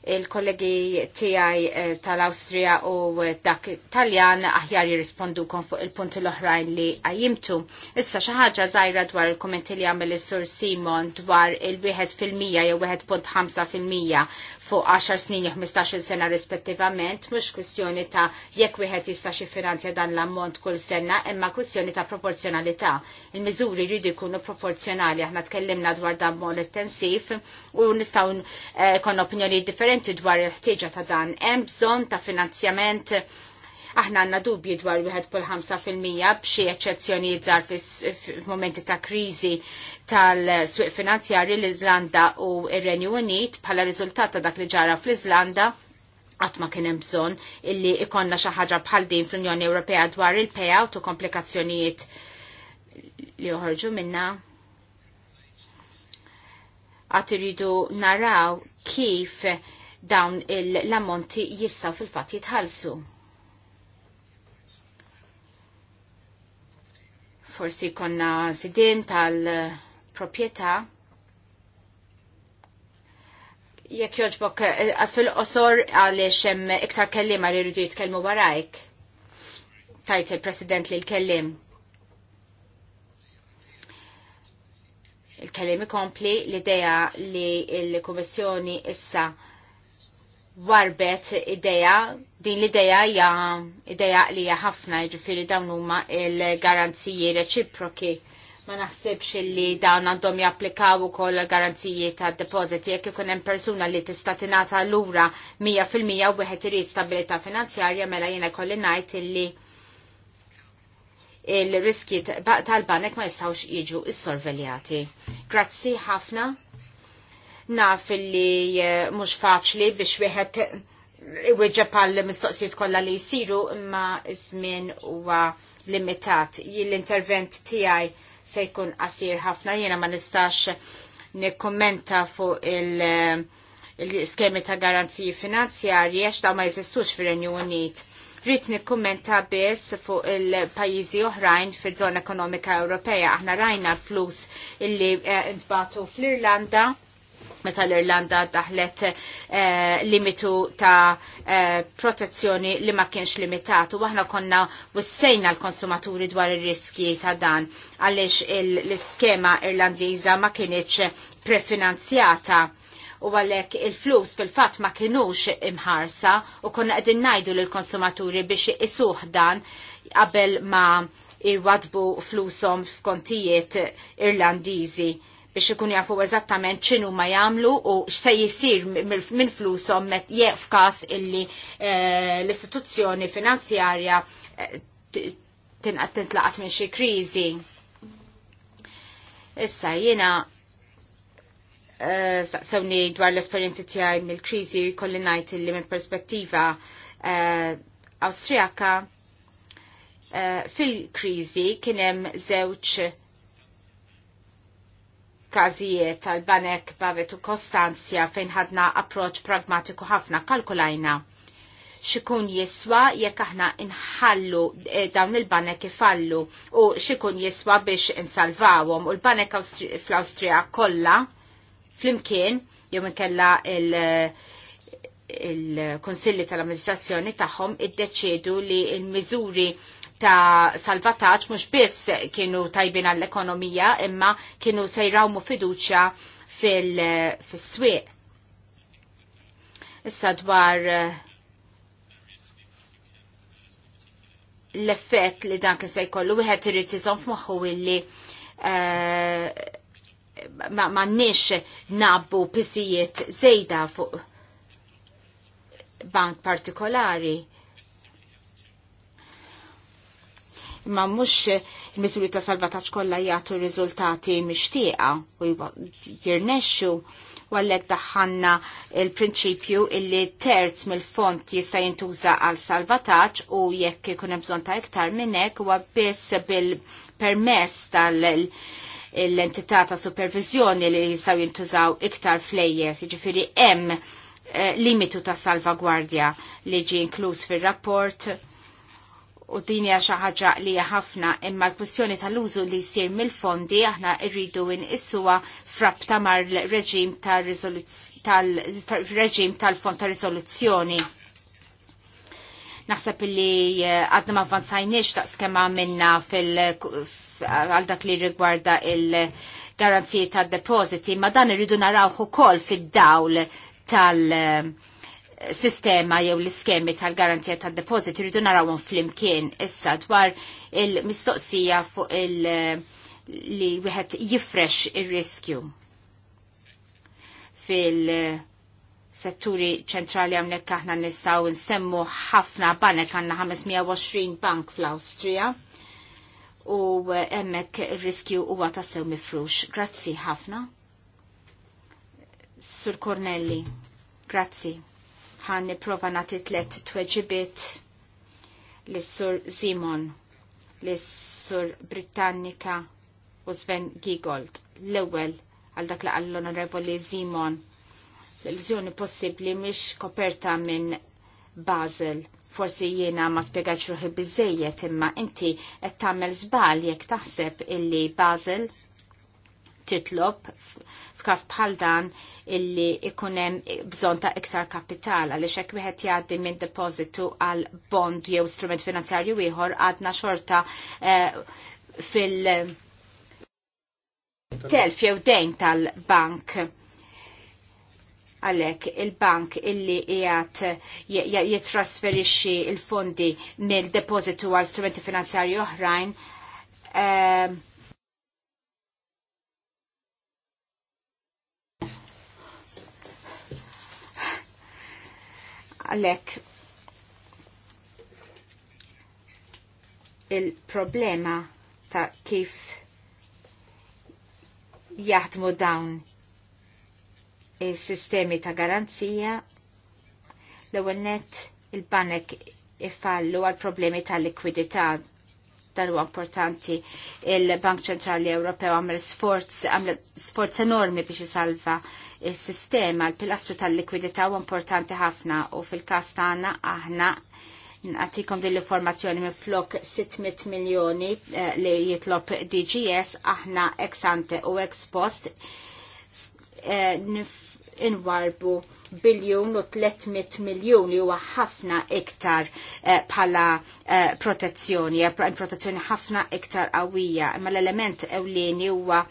il-kollegi tiegħi eh, tal austria u dak Taljan aħjar jirrispondu kon fuq il-punti l-oħrajn li għajimtu. Issa xi ħaġa dwar il kommenti li għamil il sur Simon dwar il-1 jew 1.5 fil-mija fuq 10 snin u 15 sena rispettivament, mhux kwistjoni ta' jekk wieħed jista' xi finanzja dan l-ammont kull sena, imma kwistjoni ta' proporzjonalità. Il-miżuri jridu jkunu proporzjonali, aħna tkellimna dwar dan mod intensiv u nistgħu eh, kon opinjoni differenti dwar il-ħtieġa ta' dan. Hemm bżonn ta' finanzjament aħna għanna dubji dwar 1.5% b'xi eċċezzjonijiet żgħar f'momenti ta' kriżi tal-swiq finanzjari l-Izlanda u ir-Renju Unit bħala riżultat ta' dak li ġara fl-Izlanda għat ma kien hemm bżonn illi ikonna xi ħaġa bħal din fl-Unjoni Ewropea dwar il-payout u komplikazzjonijiet li joħorġu minna. Għat irridu naraw kif dawn l-ammonti jissaw fil-fatt jitħalsu. Forsi konna sidin tal- proprjetà jekk joġbok eh, eh, fil-qosor għaliex hemm iktar kelliem li jridu jitkellmu barajk. Tajt il-President li l-kellim. Il-kellim ikompli l-idea li l-Kummissjoni issa warbet ideja, din l-ideja hija ideja li hija ħafna, jiġifieri dawn huma il-garanziji reċiproki ma naħsibx li dawn għandhom japplikaw ukoll garanziji ta' depositi jekk ikun hemm persuna li tista' tingħata lura 100% u wieħed irid stabilità finanzjarja mela jiena jkolli ngħid illi il-riski tal-banek ma jistawx jiġu is-sorveljati. Grazzi ħafna. Naf li eh, mhux faċli biex wieħed iwieġeb għall mistoqsijiet kollha li jsiru imma żmien huwa limitat. L-intervent tiegħi se jkun qasir ħafna jiena ma nistax nikkommenta fuq il- l-skemi ta' garanziji finanzjarji għax da' ma jeżistux fir-Renju Unit. Rrit nikkummenta biss fuq il-pajjiżi oħrajn fiż-żona ekonomika Ewropea. Aħna rajna l-flus illi eh, ntbatu fl-Irlanda meta l-Irlanda daħlet eh, limitu ta' eh, protezzjoni li ma kienx limitat u aħna konna wissejna l-konsumaturi dwar ir-riskji ta' dan għaliex l-iskema Irlandiża ma kienieċ prefinanzjata u għalek il-flus fil-fat ma kienux imħarsa u konna għedin najdu l-konsumaturi biex isuħ dan qabel ma iwadbu flusom f'kontijiet irlandizi biex ikun jafu eżattament ċinu ma jamlu u x'se jisir minn flusom met jefkas illi eh, l-istituzzjoni finanzjarja eh, tintlaqat minn xi kriżi. Issa jiena eh, saqsewni dwar l-esperjenzi tiegħi mill-kriżi kolli ngħid illi minn perspettiva Awstrijaka fil-kriżi kien hemm żewġ każijiet għal banek Bavet u Kostanzja fejn ħadna approċ pragmatiku ħafna kalkulajna xikun jiswa jekk aħna inħallu eh, dawn il-banek ifallu u xikun jiswa biex insalvawhom u l-banek fl-Awstrija kollha flimkien jew inkella il- il-konsilli tal-amministrazzjoni tagħhom iddeċiedu li l-miżuri il ta' salvataġġ mhux biss kienu tajbin għall-ekonomija imma kienu sejrawmu fiduċja fil-swieq. Issa dwar l-effett li dan kien se jkollu wieħed irid iżomm f'moħħu illi e, m'għandniex nabbu pisijiet zejda fuq bank partikolari imma mhux il mizuri ta' salvataġġ kollha jagħtu riżultati mixtieqa u jirnexxu u għallek daħħanna il-prinċipju illi terz mill-font jista' jintuża għal salvataġġ u jekk ikun hemm bżonn ta' iktar minn hekk huwa biss bil-permess tal- l-entità ta' supervizjoni li jistaw jintużaw iktar flejjes, jiġifieri hemm eh, limitu ta' salvagwardja li ġi inkluż fir-rapport u dini għaxa ħaġa li ħafna imma l-kwestjoni tal-użu li jsir mill-fondi aħna irridu frapp frabta mar reġim tal-reġim tal-fond ta' riżoluzzjoni. Naħseb li eh, għadna ma avvanzajniex ta' skema minna fil għal dak li rigwarda il-garanziji tad-depositi, ma dan irridu narawħu kol fid-dawl tal- uh, sistema jew l-iskemi tal-garantija tad-depożit jridu narawhom flimkien issa dwar il-mistoqsija fuq il- li wieħed jifresh ir-riskju fil-setturi ċentrali għamlek aħna nistaw nsemmu ħafna banek għanna 520 bank fl-Austria u emmek riskju u għatassew mifrux. Grazzi ħafna. Sur Cornelli, grazzi ħan niprofa nati tlet tweġibiet lis-Sur Simon, lis-Sur Britannika u Sven Giegold. L-ewwel għal dak li għall-Onorevoli Simon l-ilżjoni possibbli mhix koperta minn Basel. Forsi jiena ma spjegax ruħi biżejjed imma inti qed tagħmel żball jekk taħseb illi Basel titlob f'każ bħal dan illi ikun hemm bżonn ta' iktar kapital għaliex hekk wieħed jgħaddi minn depositu għal bond jew strument finanzjarju ieħor għadna xorta eh, fil telf jew dejn tal-bank għalek il-bank illi jgħat jitrasferixi il-fondi mill depozitu għal strumenti finanzjarju oħrajn eh, Għalek il-problema ta' kif jaħdmu dawn il-sistemi ta' garanzija l ewwel il-banek ifallu għal problemi ta' likwidità dan huwa importanti il-Bank Ċentrali Ewropew għamel sforz għamel sforz enormi biex isalva il-sistema l-pilastru tal-likwidità huwa importanti ħafna u fil-każ tagħna aħna nagħtikom din l-informazzjoni minn flok 600 miljoni eh, li jitlob DGS aħna ex ante u ex post eh, inwarbu biljun u 300 miljon li huwa ħafna iktar eh, bħala eh, protezzjoni, eh, protezzjoni ħafna iktar qawwija, imma l-element ewlieni huwa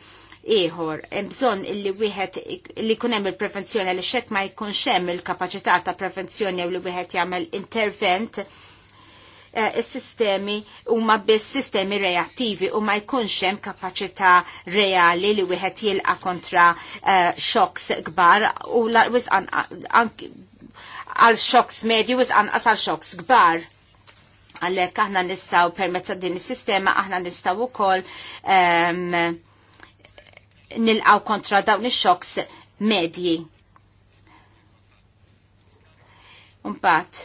ieħor, bżonn li wieħed li jkun hemm il-prevenzjoni li xek ma jkunx hemm il-kapaċità ta' prevenzjoni jew li wieħed jagħmel intervent is-sistemi eh, huma biss sistemi reattivi u ma jkunx hemm kapaċità reali li wieħed jilqa kontra xoks eh, kbar u għal xoks medju wis anqas għal xoks kbar Għalhekk aħna nistaw permezz din is-sistema aħna nistaw ukoll ehm, nilqgħu nilqaw kontra dawn ix-xoks medji. Mbagħad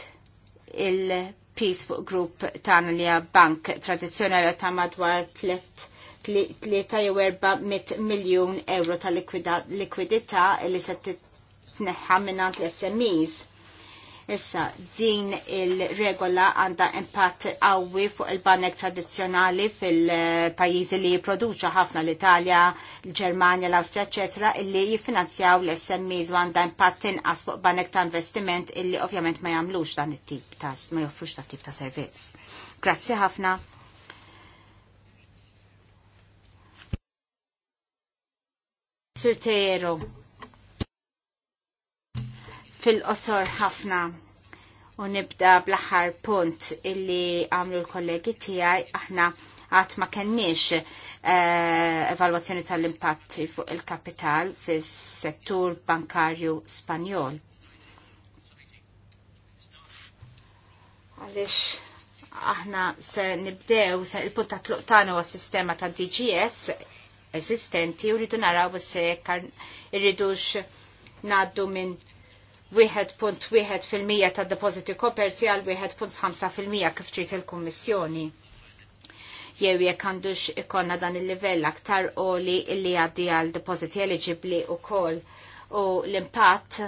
il Peace Group ta' li bank tradizjonali ta' madwar 3 jew miljon euro ta' likwidità li se tneħħa minnant l-SMEs Issa, din il-regola għanda impatt għawi fuq il-banek tradizjonali fil-pajizi li jiproduċa ħafna l-Italja, l-Germania, l-Austria, eccetera, illi jifinanzjaw l-SMEs u għanda impatt inqas fuq banek ta' investiment illi ovvjament ma jamlux dan it-tip ta' ma joffrux ta' tip ta' servizz. Grazzi ħafna. Sir Tejero fil-qosor ħafna. U nibda bl-aħħar punt illi għamlu l-kollegi tiegħi aħna għat ma kenniex eh, evalwazzjoni tal-impatti fuq il-kapital fis-settur bankarju Spanjol. Għalix aħna se nibdew se il-punt ta' tluqtana u sistema ta' DGS eżistenti u rridu naraw se irridux naddu minn 1.1 fil-mija ta' depositi koperti għal 1.5 fil-mija kif trid il-Kummissjoni. Jew jekk għandux ikonna dan il-livell aktar oli li għaddi għal depositi eligibli u kol u l-impatt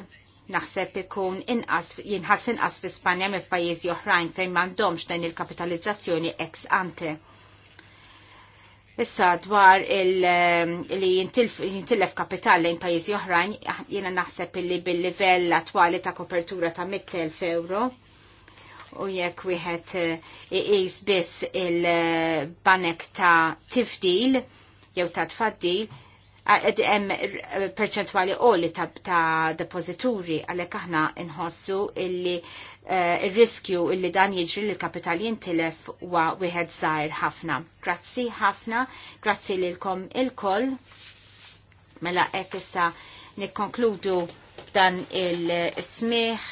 naħseb ikun inqas jinħass inqas fi Spanja minn pajjiżi oħrajn fejn m'għandhomx dan il-kapitalizzazzjoni ex ante. Issa dwar ehm, li jintilef kapital lejn pajjiżi oħrajn, ah, jiena naħseb illi bil-livell attwali ta' kopertura ta' 100.000 euro u jekk wieħed eh, iqis biss il-banek ta' tifdil jew ta' tfaddil, hemm perċentwali qoli ta' depozituri għalhekk aħna nħossu illi Eh, il-riskju illi dan jiġri li l-kapital jintilef wa wieħed żgħir ħafna. Grazzi ħafna, grazzi lilkom il-koll. Mela hekk issa nikkonkludu b'dan il-smieħ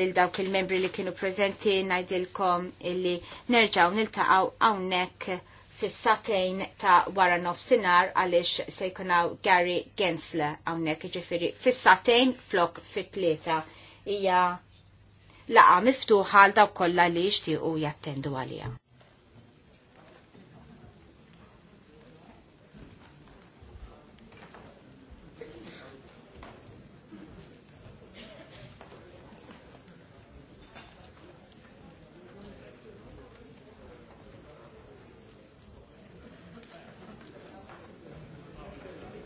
lil dawk il-membri li kienu preżenti ngħidilkom illi nerġgħu niltaqgħu hawnhekk fis-satejn ta' wara nofsinhar għaliex se jkunaw Gary Gensler hawnhekk jiġifieri fis-satejn flok fit-tlieta hija laqa miftuħa għal dawk kollha li jixtiequ jattendu għaliha.